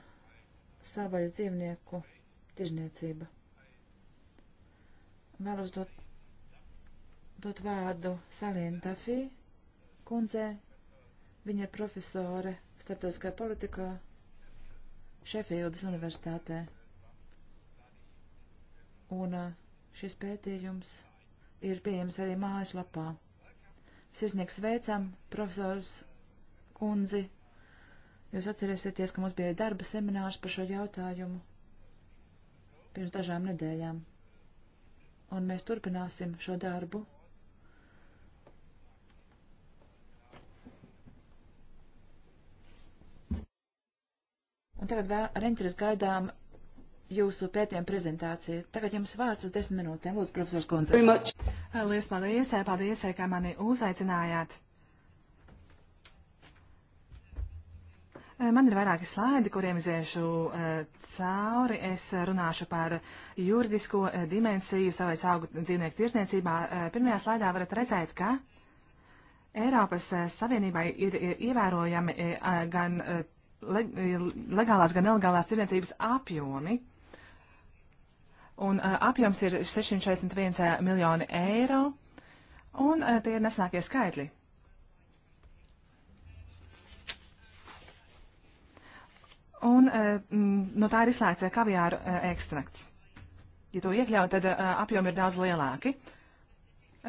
savvaļas dzīvnieku tirniecība. Vēlos dot, dot vārdu Salīna Tafī kundzē. Viņa ir profesore starptautiskajā politikā Šefīldas universitātē. Un uh, šis pētījums ir pieejams arī mājaslapā. lapā Sirsnieks sveicam, profesors Kunzi. Jūs atcerēsieties, ka mums bija darba seminārs par šo jautājumu pirms dažām nedēļām. Un mēs turpināsim šo darbu. Un tagad vēl ar interesi gaidām jūsu pētījuma prezentāciju. Tagad jums vārds uz desmit minūtēm. Lūdzu, profesors Konze. Uh, Lielas paldies, uh, paldies, uh, ka mani uzaicinājāt. Man ir vairāki slaidi, kuriem iziešu cauri. Es runāšu par juridisko dimensiju savai augu dzīvnieku tirsniecībā. Pirmajā slaidā varat redzēt, ka Eiropas Savienībai ir ievērojami gan legālās, gan nelegālās tirsniecības apjomi un eh, apjoms ir 641 eh, miljoni eiro, un eh, tie ir nesenākie skaitļi. Un no tā ir izslēgts kaviāru ekstrakts. Ja to iekļaut, tad apjomi ir daudz lielāki.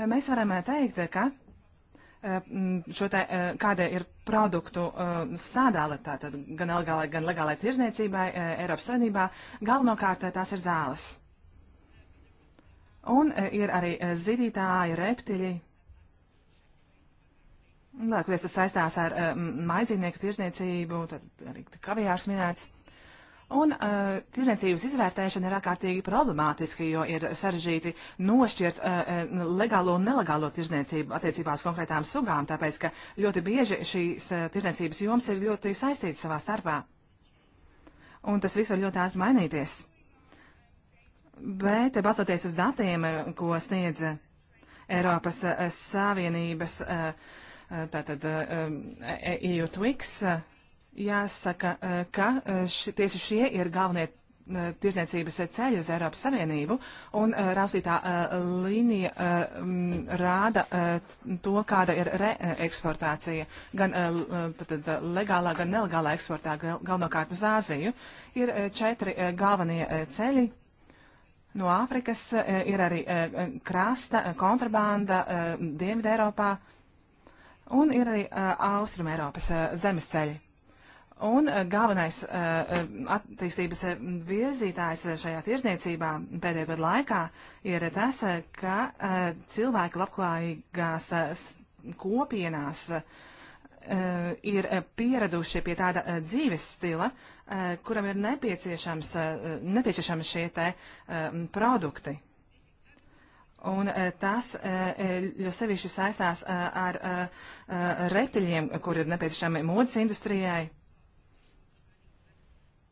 Mēs varam teikt, ka šo te, kāda ir produktu sādāle, tātad gan legālai, gan legālai tirzniecībai Eiropas Savienībā, galvenokārt tās ir zāles. Un e, ir arī e, zidītāji, reptiļi. Lēk, tas saistās ar e, maizīnieku tirzniecību, tad arī kavijārs minēts. Un uh, tirdzniecības izvērtēšana ir ārkārtīgi problemātiska, jo ir sarežģīti nošķirt uh, legālo un nelegālo tirdzniecību attiecībās konkrētām sugām, tāpēc ka ļoti bieži šīs uh, tirdzniecības joms ir ļoti saistītas savā starpā. Un tas viss var ļoti ātri mainīties bet balstoties uz datiem, ko sniedz Eiropas eh, Savienības eh, eh, tātad EU e Twix, jāsaka, ka ši, tieši šie ir galvenie tirsniecības ceļu uz Eiropas Savienību, un raustītā līnija m, rāda to, kāda ir reeksportācija, gan tad, legālā, gan nelegālā eksportā, galvenokārt uz Āziju. Ir četri galvenie ceļi no Āfrikas, eh, ir arī eh, eh, krasta kontrabanda Dienvidē Eiropā un ir arī Austrum Eiropas zemesceļi. Un galvenais attīstības virzītājs šajā tirzniecībā pēdējo gadu laikā ir tas, ka cilvēki labklājīgās kopienās ir pieraduši pie tāda dzīves stila, E, kuram ir nepieciešams, e, nepieciešami šie te e, produkti. Un tas jo sevišķi saistās ar reptiļiem, kur ir nepieciešami modas industrijai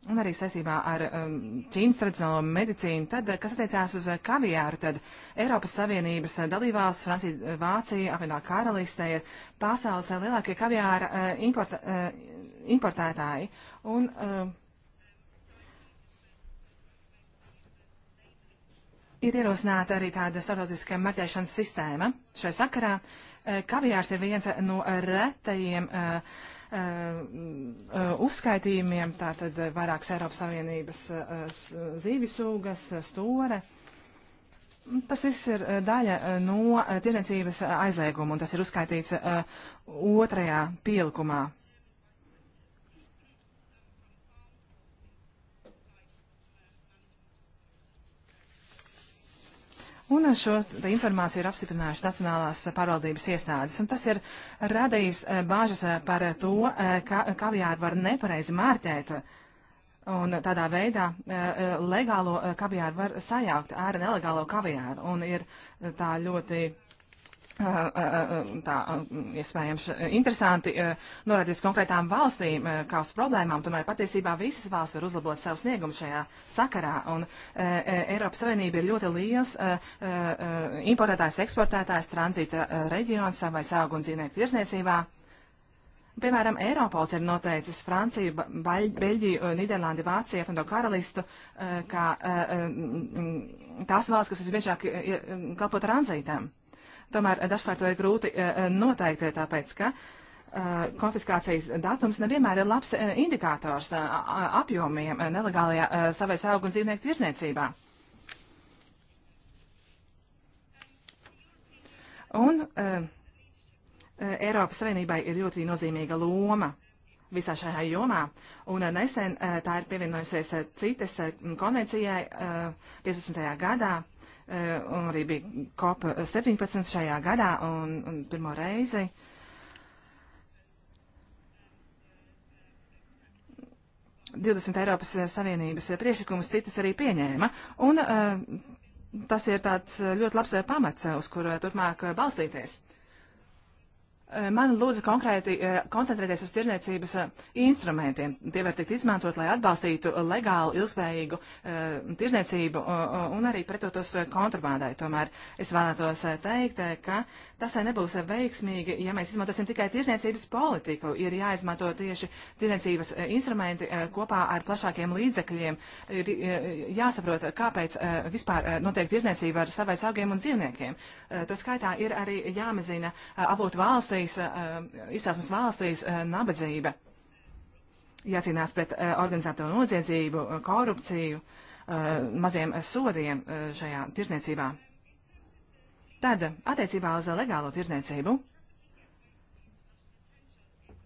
un arī saistībā ar um, Ķīnas tradicionālo medicīnu, tad, kas attiecās uz uh, kaviāru, tad Eiropas Savienības uh, dalībvalsts, Francija, uh, Vācija, apvienotā karalistē ir pasaules lielākie kaviāra uh, importa, uh, importētāji. Un, uh, ir ierosināta arī tāda starptautiska marķēšanas sistēma. Šai sakarā uh, kaviārs ir viens no retajiem uh, Uh, uh, uzskaitījumiem, tātad uh, vairākas Eiropas Savienības zīvi sugas, stūre. Tas viss ir daļa no tirdzniecības aizlieguma, un tas ir uzskaitīts otrajā pielikumā. Un šo informāciju ir apstiprinājuši Nacionālās pārvaldības iestādes. Un tas ir radījis eh, bāžas eh, par to, eh, ka kaviāri var nepareizi mārķēt. Un tādā veidā legālo kaviāru var sajaukt ar nelegālo kaviāru. Un ir tā ļoti Eh, eh, eh, tā iespējams interesanti norādīts konkrētām valstīm kā uz problēmām, tomēr patiesībā visas valsts var uzlabot savu sniegumu šajā sakarā. Un Eiropas Savienība ir ļoti liels importētājs, eksportētājs, tranzīta reģions vai sāgu un dzīvnieku tirsniecībā. Piemēram, Eiropols ir noteicis Franciju, Baļ, Beļģiju, Nīderlandi, Vāciju, Apvienoto karalistu, kā tās valsts, kas visbiežāk kalpo tranzītām. Tomēr dažkārt to ir grūti eh, eh, noteikt, eh, tāpēc ka konfiskācijas datums nevienmēr ir labs indikators apjomiem nelegālajā savai augu un dzīvnieku tirzniecībā. Un Eiropas Savienībai ir ļoti nozīmīga loma visā šajā jomā, un nesen tā ir pievienojusies citas konvencijai 15. gadā Eh, un arī bija COP17 šajā gadā un, un pirmo reizi. Divdesmit Eiropas Savienības priešlikumus citas arī pieņēma, un eh, tas ir tāds ļoti labs pamats, uz kuru turpmāk balstīties. Eh, man lūdza konkrēti eh, koncentrēties uz tirniecības eh, instrumentiem. Tie var tikt izmantot, lai atbalstītu legālu, ilgspējīgu tirniecību un arī pretotos kontrabandai. Tomēr es vēlētos teikt, ka tas nebūs veiksmīgi, ja mēs izmantosim tikai tirniecības politiku. Ir jāizmanto tieši tirniecības instrumenti kopā ar plašākiem līdzekļiem. Ir jāsaprot, kāpēc vispār notiek tirniecība ar savais augiem un dzīvniekiem. Tas skaitā ir arī jāmazina avotu valsts valstīs, eh, izcelsmes valstīs eh, nabadzība. Jācīnās pret eh, organizēto noziedzību, korupciju, maziem sodiem šajā tirsniecībā. Tad attiecībā uz legālo tirsniecību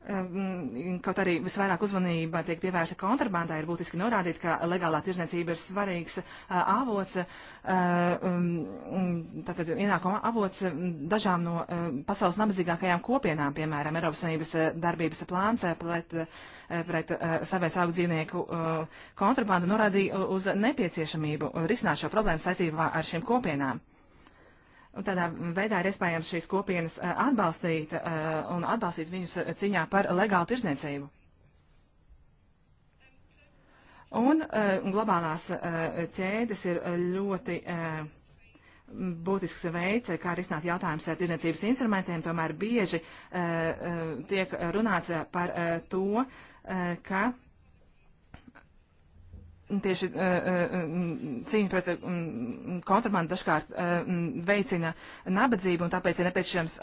Ehm, kaut arī visvairāk uzmanība tiek pievērsta kontrabandai, ir būtiski norādīt, ka legālā tirzniecība ir svarīgs eh, avots, eh, um, tātad ienākuma avots eh, dažām no pasaules nabadzīgākajām kopienām, piemēram, Eiropas Savienības darbības plāns pret, pret savēs augu dzīvnieku kontrabandu norādīja uz nepieciešamību risināt šo problēmu saistībā ar šīm kopienām. Un tādā veidā ir iespējams šīs kopienas eh, atbalstīt eh, un atbalstīt viņus cīņā par legālu tirzniecību. Un eh, globālās ķēdes ir ļoti būtisks veids, kā risināt jautājums ar tirdzniecības instrumentiem, tomēr bieži tiek runāts par to, ka tieši eh, eh, mm, cīņa pret eh, mm, kontrabandu dažkārt mm, veicina nabadzību, un tāpēc ir nepieciešams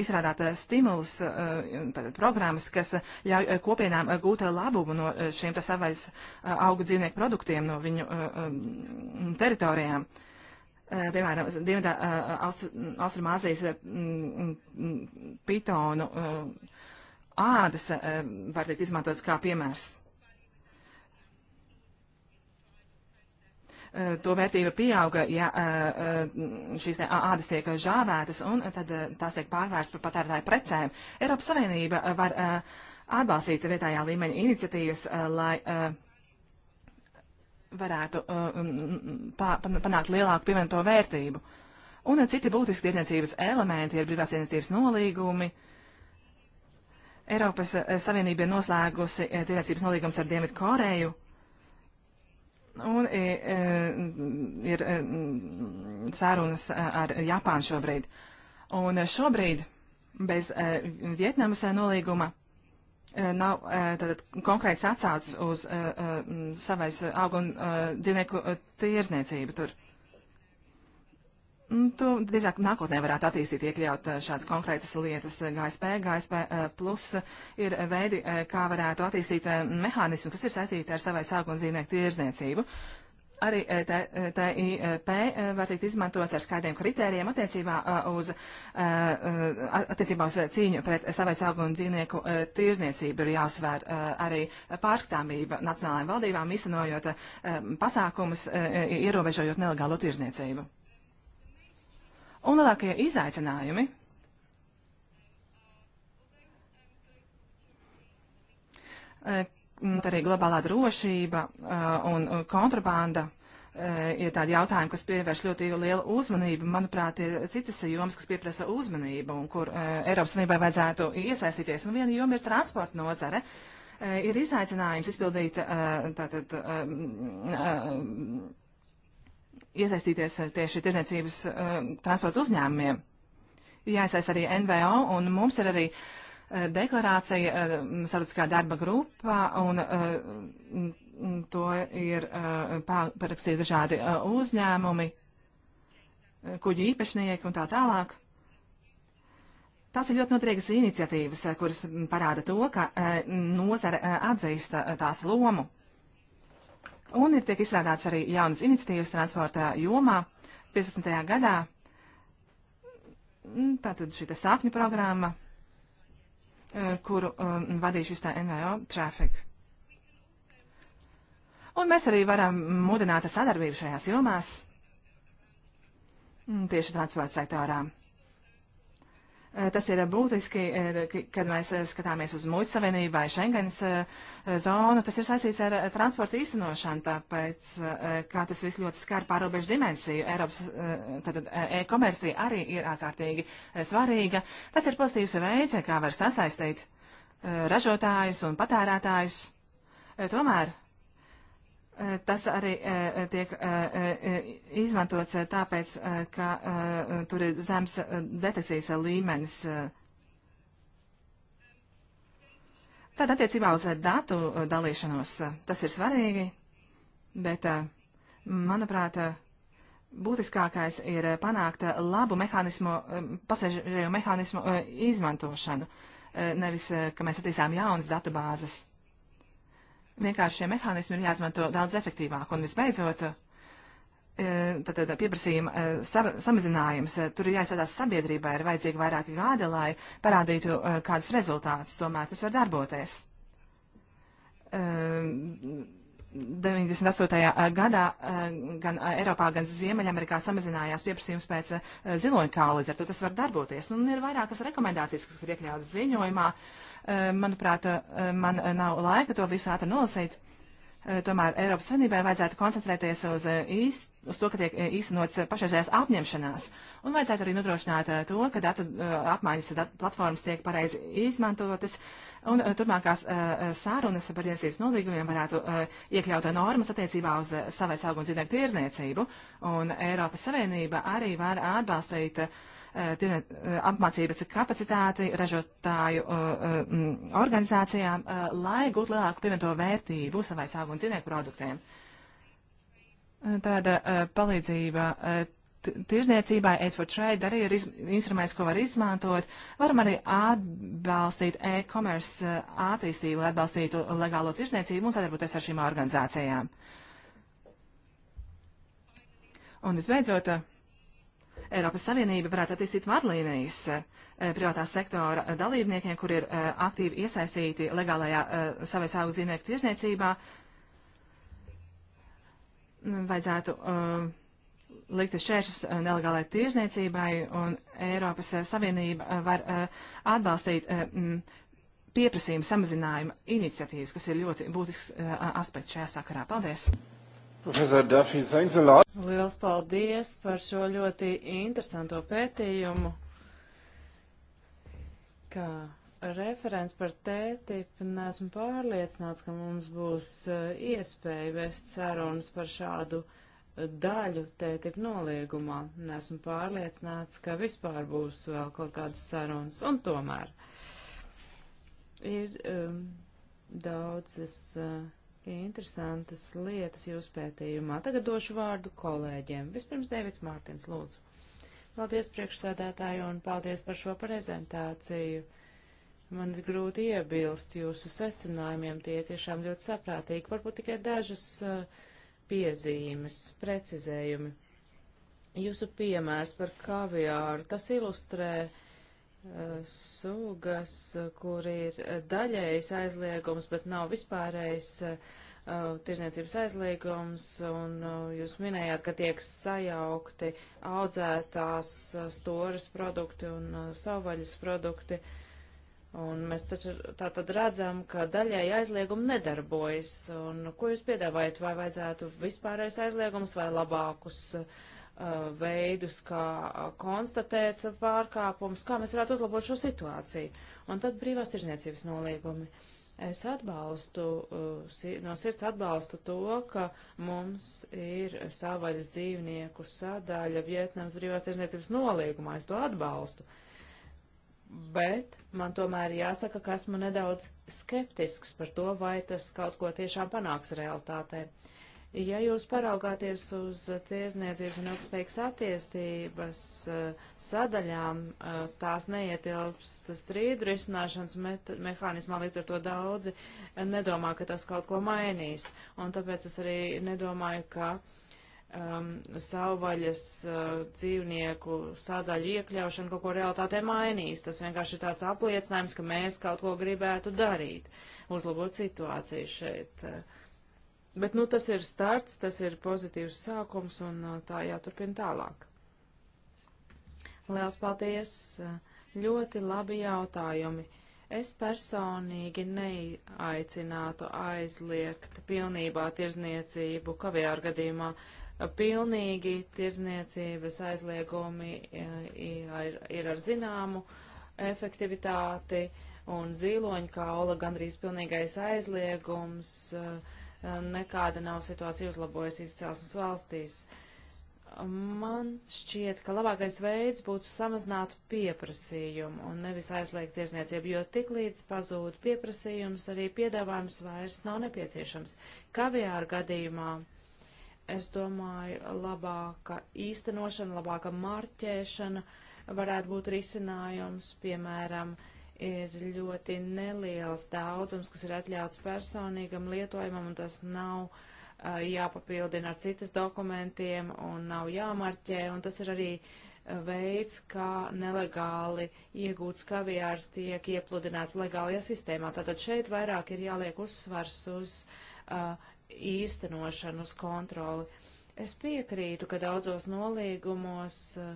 izrādāt stimulus, programmas, kas ļauj kopienām gūt labumu no šiem savais augu dzīvnieku produktiem, no viņu teritorijām. Piemēram, Dienvidā Austrumāzijas pitonu ādas var tikt izmantotas kā piemērs. to vērtība pieauga, ja eh, eh, šīs ādas tiek žāvētas un tad eh, tās tiek pārvērstas par patērētāju precēm. Eiropas Savienība var atbalstīt vietējā līmeņa iniciatīvas, lai varētu panākt lielāku pievienoto vērtību. Un citi būtiski tirdzniecības elementi ir brīvās iniciatīvas nolīgumi. Eiropas Savienība ir noslēgusi tirdzniecības nolīgums ar Dienvidu Koreju Un e, e, ir e, sārunas ar Japānu šobrīd. Un šobrīd bez Vietnamas nolīguma nav tātad, konkrēts atsācis uz savais augu un dzīvnieku tirzniecību tur. Tu nu, drīzāk nākotnē varētu attīstīt, iekļaut eh, šādas konkrētas lietas eh, GSP. GSP eh, plus ir veidi, kā varētu attīstīt mehānismu, kas ir saistīti ar savai sākuma zīmnieku tirzniecību. Arī TIP var tikt izmantots ar skaidriem kritērijiem attiecībā uz, attiecībā uz cīņu pret savai sākuma dzīvnieku tirzniecību. Ir jāsvēr arī pārskatāmība nacionālajām valdībām, izsanojot pasākumus, ierobežojot nelegālo tirzniecību un lielākie izaicinājumi. E, arī globālā drošība e, un kontrabanda e, ir tādi jautājumi, kas pievērš ļoti lielu uzmanību. Manuprāt, ir citas jomas, kas pieprasa uzmanību un kur Eiropas Savienībai vajadzētu iesaistīties. Un viena joma ir transporta nozare. Ir izaicinājums izpildīt tātad. Tā, tā, iesaistīties eh, tieši tirdzniecības eh, transporta uzņēmumiem. Jāiesaist arī NVO, un mums ir arī eh, deklarācija sarudiskā darba grupā, un to ir parakstīti dažādi uzņēmumi, kuģi īpašnieki un tā tālāk. Tās ir ļoti noturīgas iniciatīvas, kuras parāda to, ka nozara atzīst tās lomu Un ir tiek izstrādāts arī jaunas iniciatīvas transporta jomā 15. gadā. Mm, tātad šī sāpņu programma, e, kuru um, vadīja šis tā NVO Traffic. Un mēs arī varam mudināt sadarbību šajās jomās, mm, tieši transporta sektorā. Eh, tas ir būtiski, eh, kad mēs eh, skatāmies uz muitas savienību vai Schengens zonu. Tas ir saistīts ar transporta īstenošanu, tāpēc, kā tas viss ļoti skar pārobežu dimensiju, Eiropas e-komercija arī ir ārkārtīgi svarīga. Tas ir pozitīvs veids, kā var sasaistīt ražotājus un patērētājus. Tomēr Tas arī e, e, tiek e, izmantots tāpēc, ka tur ir zems detekcijas līmenis. Tad attiecībā uz datu dalīšanos tas ir svarīgi, bet, manuprāt, būtiskākais ir panākt labu mehānismu, pasažieru mehānismu izmantošanu, nevis, ka mēs attīstām jaunas datubāzes. bāzes vienkārši šie mehānismi ir jāizmanto daudz efektīvāk. Un visbeidzot, tātad e, pieprasījuma e, sab, samazinājums, e, tur ir jāizstādās sabiedrībai, ir vajadzīgi vairāki gadi, lai parādītu kādus rezultātus, tomēr tas var darboties. 98. gadā gan Eiropā, gan Ziemeļamerikā samazinājās pieprasījums pēc ziloņkāla, līdz ar to tas var darboties. Un ir vairākas rekomendācijas, kas ir iekļautas ziņojumā, uh, Eh, manuprāt, eh, man eh, nav laika to visu ātri nolasīt. Tomēr Eiropas Savienībai vajadzētu koncentrēties uz, īs, uz to, ka tiek īstenots pašreizējās apņemšanās. Un vajadzētu arī nodrošināt to, ka datu apmaiņas dat platformas tiek pareizi izmantotas. Un turpmākās sārunas par tiesības nolīgumiem varētu iekļaut normas attiecībā uz savai augu un dzīvnieku tirzniecību. Un Eiropas Savienība arī var atbalstīt uh, Eh, apmācības kapacitāti ražotāju eh, eh, organizācijām, lai gūtu lielāku pievienoto vērtību savai sāgu un zinēju produktiem. Tāda palīdzība tirzniecībai, aid for trade, arī ir instruments, ko var izmantot. Varam arī atbalstīt e-commerce attīstību, lai atbalstītu legālo tirzniecību un sadarboties ar šīm organizācijām. Un visbeidzot, uh, Eiropas Savienība varētu attīstīt vadlīnijas eh, privātā sektora dalībniekiem, kur ir eh, aktīvi iesaistīti legālajā eh, savai augu zīmēku tirzniecībā. Mm, vajadzētu liktas šķēršus nelegālai tirzniecībai, un Eiropas Savienība var atbalstīt mm, pieprasījuma samazinājuma iniciatīvas, kas ir ļoti būtisks aspekts šajā sakarā. Paldies! Profesor Duffy, thanks a lot. Liels paldies par šo ļoti interesanto pētījumu. Kā referents par TTIP, nesmu pārliecināts, ka mums būs eh, iespēja vēst sarunas par šādu daļu TTIP noliegumā. Nesmu pārliecināts, ka vispār būs vēl kaut kādas sarunas. Un tomēr ir um, daudzas. Uh, interesantas lietas jūsu pētījumā. Tagad došu vārdu kolēģiem. Vispirms Dēvids Mārtins, lūdzu. Paldies priekšsēdētāju un paldies par šo prezentāciju. Man ir grūti iebilst jūsu secinājumiem, tie tiešām ļoti saprātīgi, varbūt tikai dažas uh, piezīmes, precizējumi. Jūsu piemērs par kaviāru, tas ilustrē uh, Eh, sugas, eh, kur ir eh, daļējs aizliegums, bet nav vispārējs uh, tirzniecības aizliegums, un uh, jūs minējāt, ka tiek sajaukti audzētās uh, stūras produkti un savvaļas produkti, un mēs taču tā tad redzam, ka daļēji aizliegumi nedarbojas, un ko jūs piedāvājat, vai vajadzētu vispārējais aizliegums vai labākus uh, Uh, veidus, kā uh, konstatēt pārkāpumus, kā mēs varētu uzlabot šo situāciju. Un tad brīvās tirzniecības nolīgumi. Es atbalstu, uh, no sirds atbalstu to, ka mums ir savvaļas dzīvnieku sadaļa Vietnams brīvās tirzniecības nolīgumā. Es to atbalstu. Bet man tomēr jāsaka, ka esmu nedaudz skeptisks par to, vai tas kaut ko tiešām panāks realitātei. Uh, Ja jūs paraugāties uz tiesniedzības un ilgspējīgas attiestības eh, sadaļām, eh, tās neietilpst strīdu risināšanas mehānismā, līdz ar to daudzi nedomā, ka tas kaut ko mainīs. Un tāpēc es arī nedomāju, ka um, savvaļas uh, dzīvnieku sadaļu iekļaušana kaut ko realitātē mainīs. Tas vienkārši ir tāds apliecinājums, ka mēs kaut ko gribētu darīt, uzlabot situāciju šeit. Uh, Bet, nu, tas ir starts, tas ir pozitīvs sākums un uh, tā jāturpina tālāk. Liels paldies! Uh, ļoti labi jautājumi. Es personīgi neaicinātu aizliegt pilnībā tirzniecību kaviāru gadījumā. Uh, pilnīgi tirzniecības aizliegumi ir, ir ar zināmu efektivitāti un zīloņkaula gandrīz pilnīgais aizliegums. Uh, nekāda nav situācija uzlabojas izcelsmes valstīs. Man šķiet, ka labākais veids būtu samazināt pieprasījumu un nevis aizliegt tiesniecību, jo tik līdz pazūd pieprasījums, arī piedāvājums vairs nav nepieciešams. Kaviāra gadījumā, es domāju, labāka īstenošana, labāka marķēšana varētu būt risinājums, piemēram, uh, ir ļoti neliels daudzums, kas ir atļauts personīgam lietojumam, un tas nav uh, jāpapildina ar citas dokumentiem un nav jāmarķē, un tas ir arī uh, veids, kā nelegāli iegūts kaviārs tiek iepludināts legālajā sistēmā. Tātad šeit vairāk ir jāliek uzsvars uz uh, īstenošanu, uz kontroli. Es piekrītu, ka daudzos nolīgumos uh,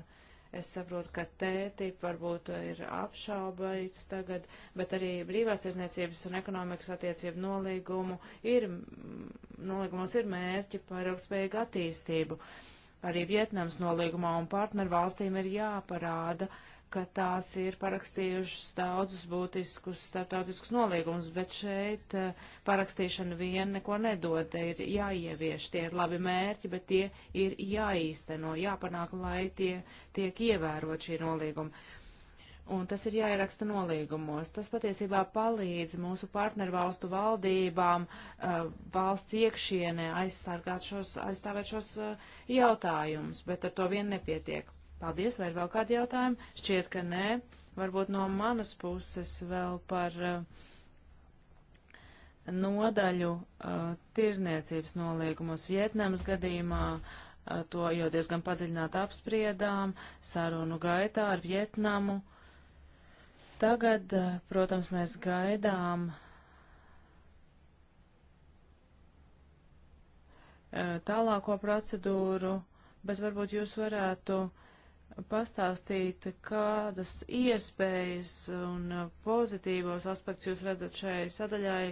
Es saprotu, ka tētība varbūt ir apšaubīts tagad, bet arī brīvās tirzniecības un ekonomikas attiecību nolīgumu ir, nolīgumos ir mērķi par ilgspējīgu attīstību. Arī Vietnams nolīgumā un partnervalstīm ir jāparāda, uh, ka tās ir parakstījušas daudzus būtiskus starptautiskus noliegumus, bet šeit eh, parakstīšana vien neko nedod, ir jāievieš, tie ir labi mērķi, bet tie ir jāīsteno, jāpanāk, lai tie tiek ievērot šī nolieguma. Un tas ir jāieraksta nolīgumos. Tas patiesībā palīdz mūsu partnervalstu valdībām eh, valsts iekšienē aizsargāt šos, aizstāvēt šos eh, jautājumus, bet ar to vien nepietiek Paldies, vai ir vēl kādi jautājumi? Šķiet, ka nē. Varbūt no manas puses vēl par uh, nodaļu uh, tirzniecības noliegumus Vietnamas gadījumā. Uh, to jau diezgan padziļināti apspriedām sarunu gaitā ar Vietnamu. Tagad, protams, mēs gaidām tālāko procedūru, bet varbūt jūs varētu uh, pastāstīt, kādas iespējas un uh, pozitīvos aspektus jūs redzat šai sadaļai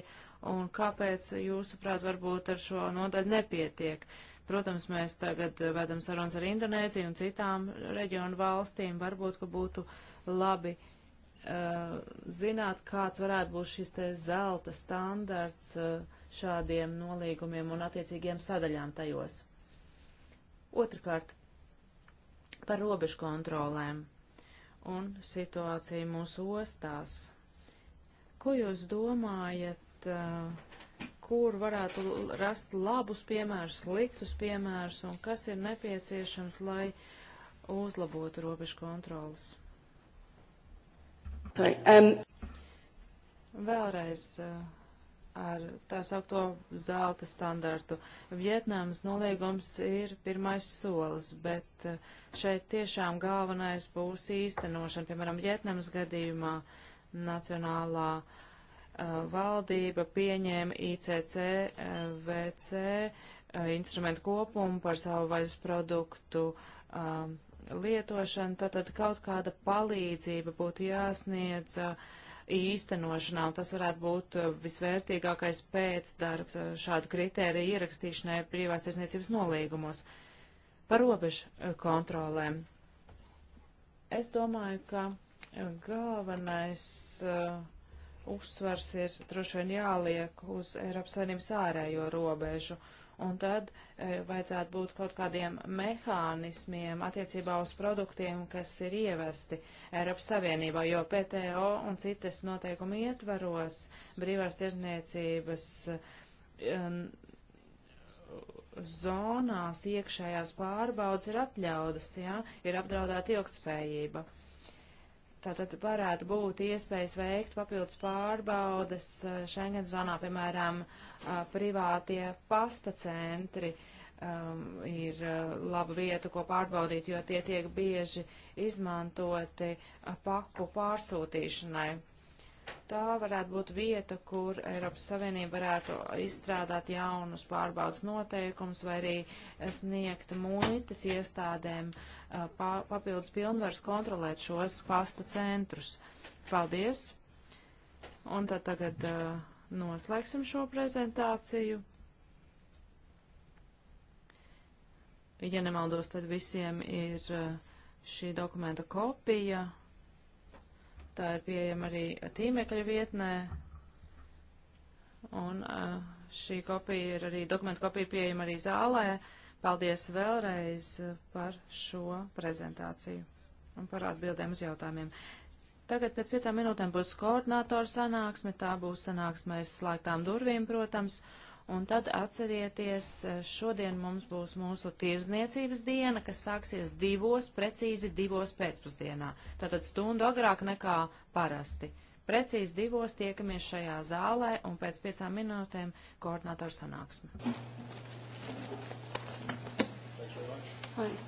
un kāpēc jūsuprāt varbūt ar šo nodaļu nepietiek. Protams, mēs tagad vedam sarunas ar Indonēziju un citām reģionu valstīm. Varbūt, ka būtu labi uh, zināt, kāds varētu būt šis te zelta standarts uh, šādiem nolīgumiem un attiecīgiem sadaļām tajos. Otrakārt, par robežu kontrolēm un situāciju mūsu ostās. Ko jūs domājat, eh, kur varētu rast labus piemērus, sliktus piemērus un kas ir nepieciešams, lai uzlabotu robežu kontrolas? Sorry, um... Vēlreiz uh, ar tā saukto zelta standartu. Vietnamas noliegums ir pirmais solis, bet eh, šeit tiešām galvenais būs īstenošana. Piemēram, Vietnamas gadījumā Nacionālā uh, valdība pieņēma ICCVC uh, eh, instrumentu kopumu par savu vaļas produktu uh, lietošanu, tad, tad kaut kāda palīdzība būtu jāsniedz uh, īstenošanā, un tas varētu būt uh, visvērtīgākais pēcdarbs uh, šādu kritēriju ierakstīšanai privās tiesniecības nolīgumos par robežu uh, kontrolēm. Es domāju, ka galvenais uh, uzsvars ir droši vien jāliek uz Eiropas Savienības ārējo robežu. Uh, un tad e, vajadzētu būt kaut kādiem mehānismiem attiecībā uz produktiem, kas ir ievesti Eiropas Savienībā, jo PTO un citas noteikumi ietvaros brīvās tirzniecības e, zonās iekšējās pārbaudas ir atļaudas, ja, ir apdraudēta ilgtspējība. Tātad varētu būt iespējas veikt papildus pārbaudas e, Schengen zonā, piemēram, uh, privātie pasta centri um, ir laba vieta, ko pārbaudīt, jo tie tiek bieži izmantoti paku pārsūtīšanai. Tā varētu būt vieta, kur Eiropas Savienība varētu izstrādāt jaunus pārbaudas noteikumus vai arī sniegt muitas iestādēm pa, papildus pilnvars kontrolēt šos pasta centrus. Paldies! Un tad tagad uh, noslēgsim šo prezentāciju. Ja nemaldos, tad visiem ir eh, šī dokumenta kopija. Tā ir pieejama arī tīmekļa vietnē. Un eh, šī kopija ir arī, dokumenta kopija pieejama arī zālē. Paldies vēlreiz eh, par šo prezentāciju un par atbildēm uz jautājumiem. Tagad pēc piecām minūtēm būs koordinātora sanāksme, tā būs sanāksme aiz slēgtām durvīm, protams, un tad atcerieties, šodien mums būs mūsu tirzniecības diena, kas sāksies divos, precīzi divos pēcpusdienā, tātad stundu agrāk nekā parasti. Precīzi divos tiekamies šajā zālē un pēc piecām minūtēm koordinātoru sanāksme. Hi.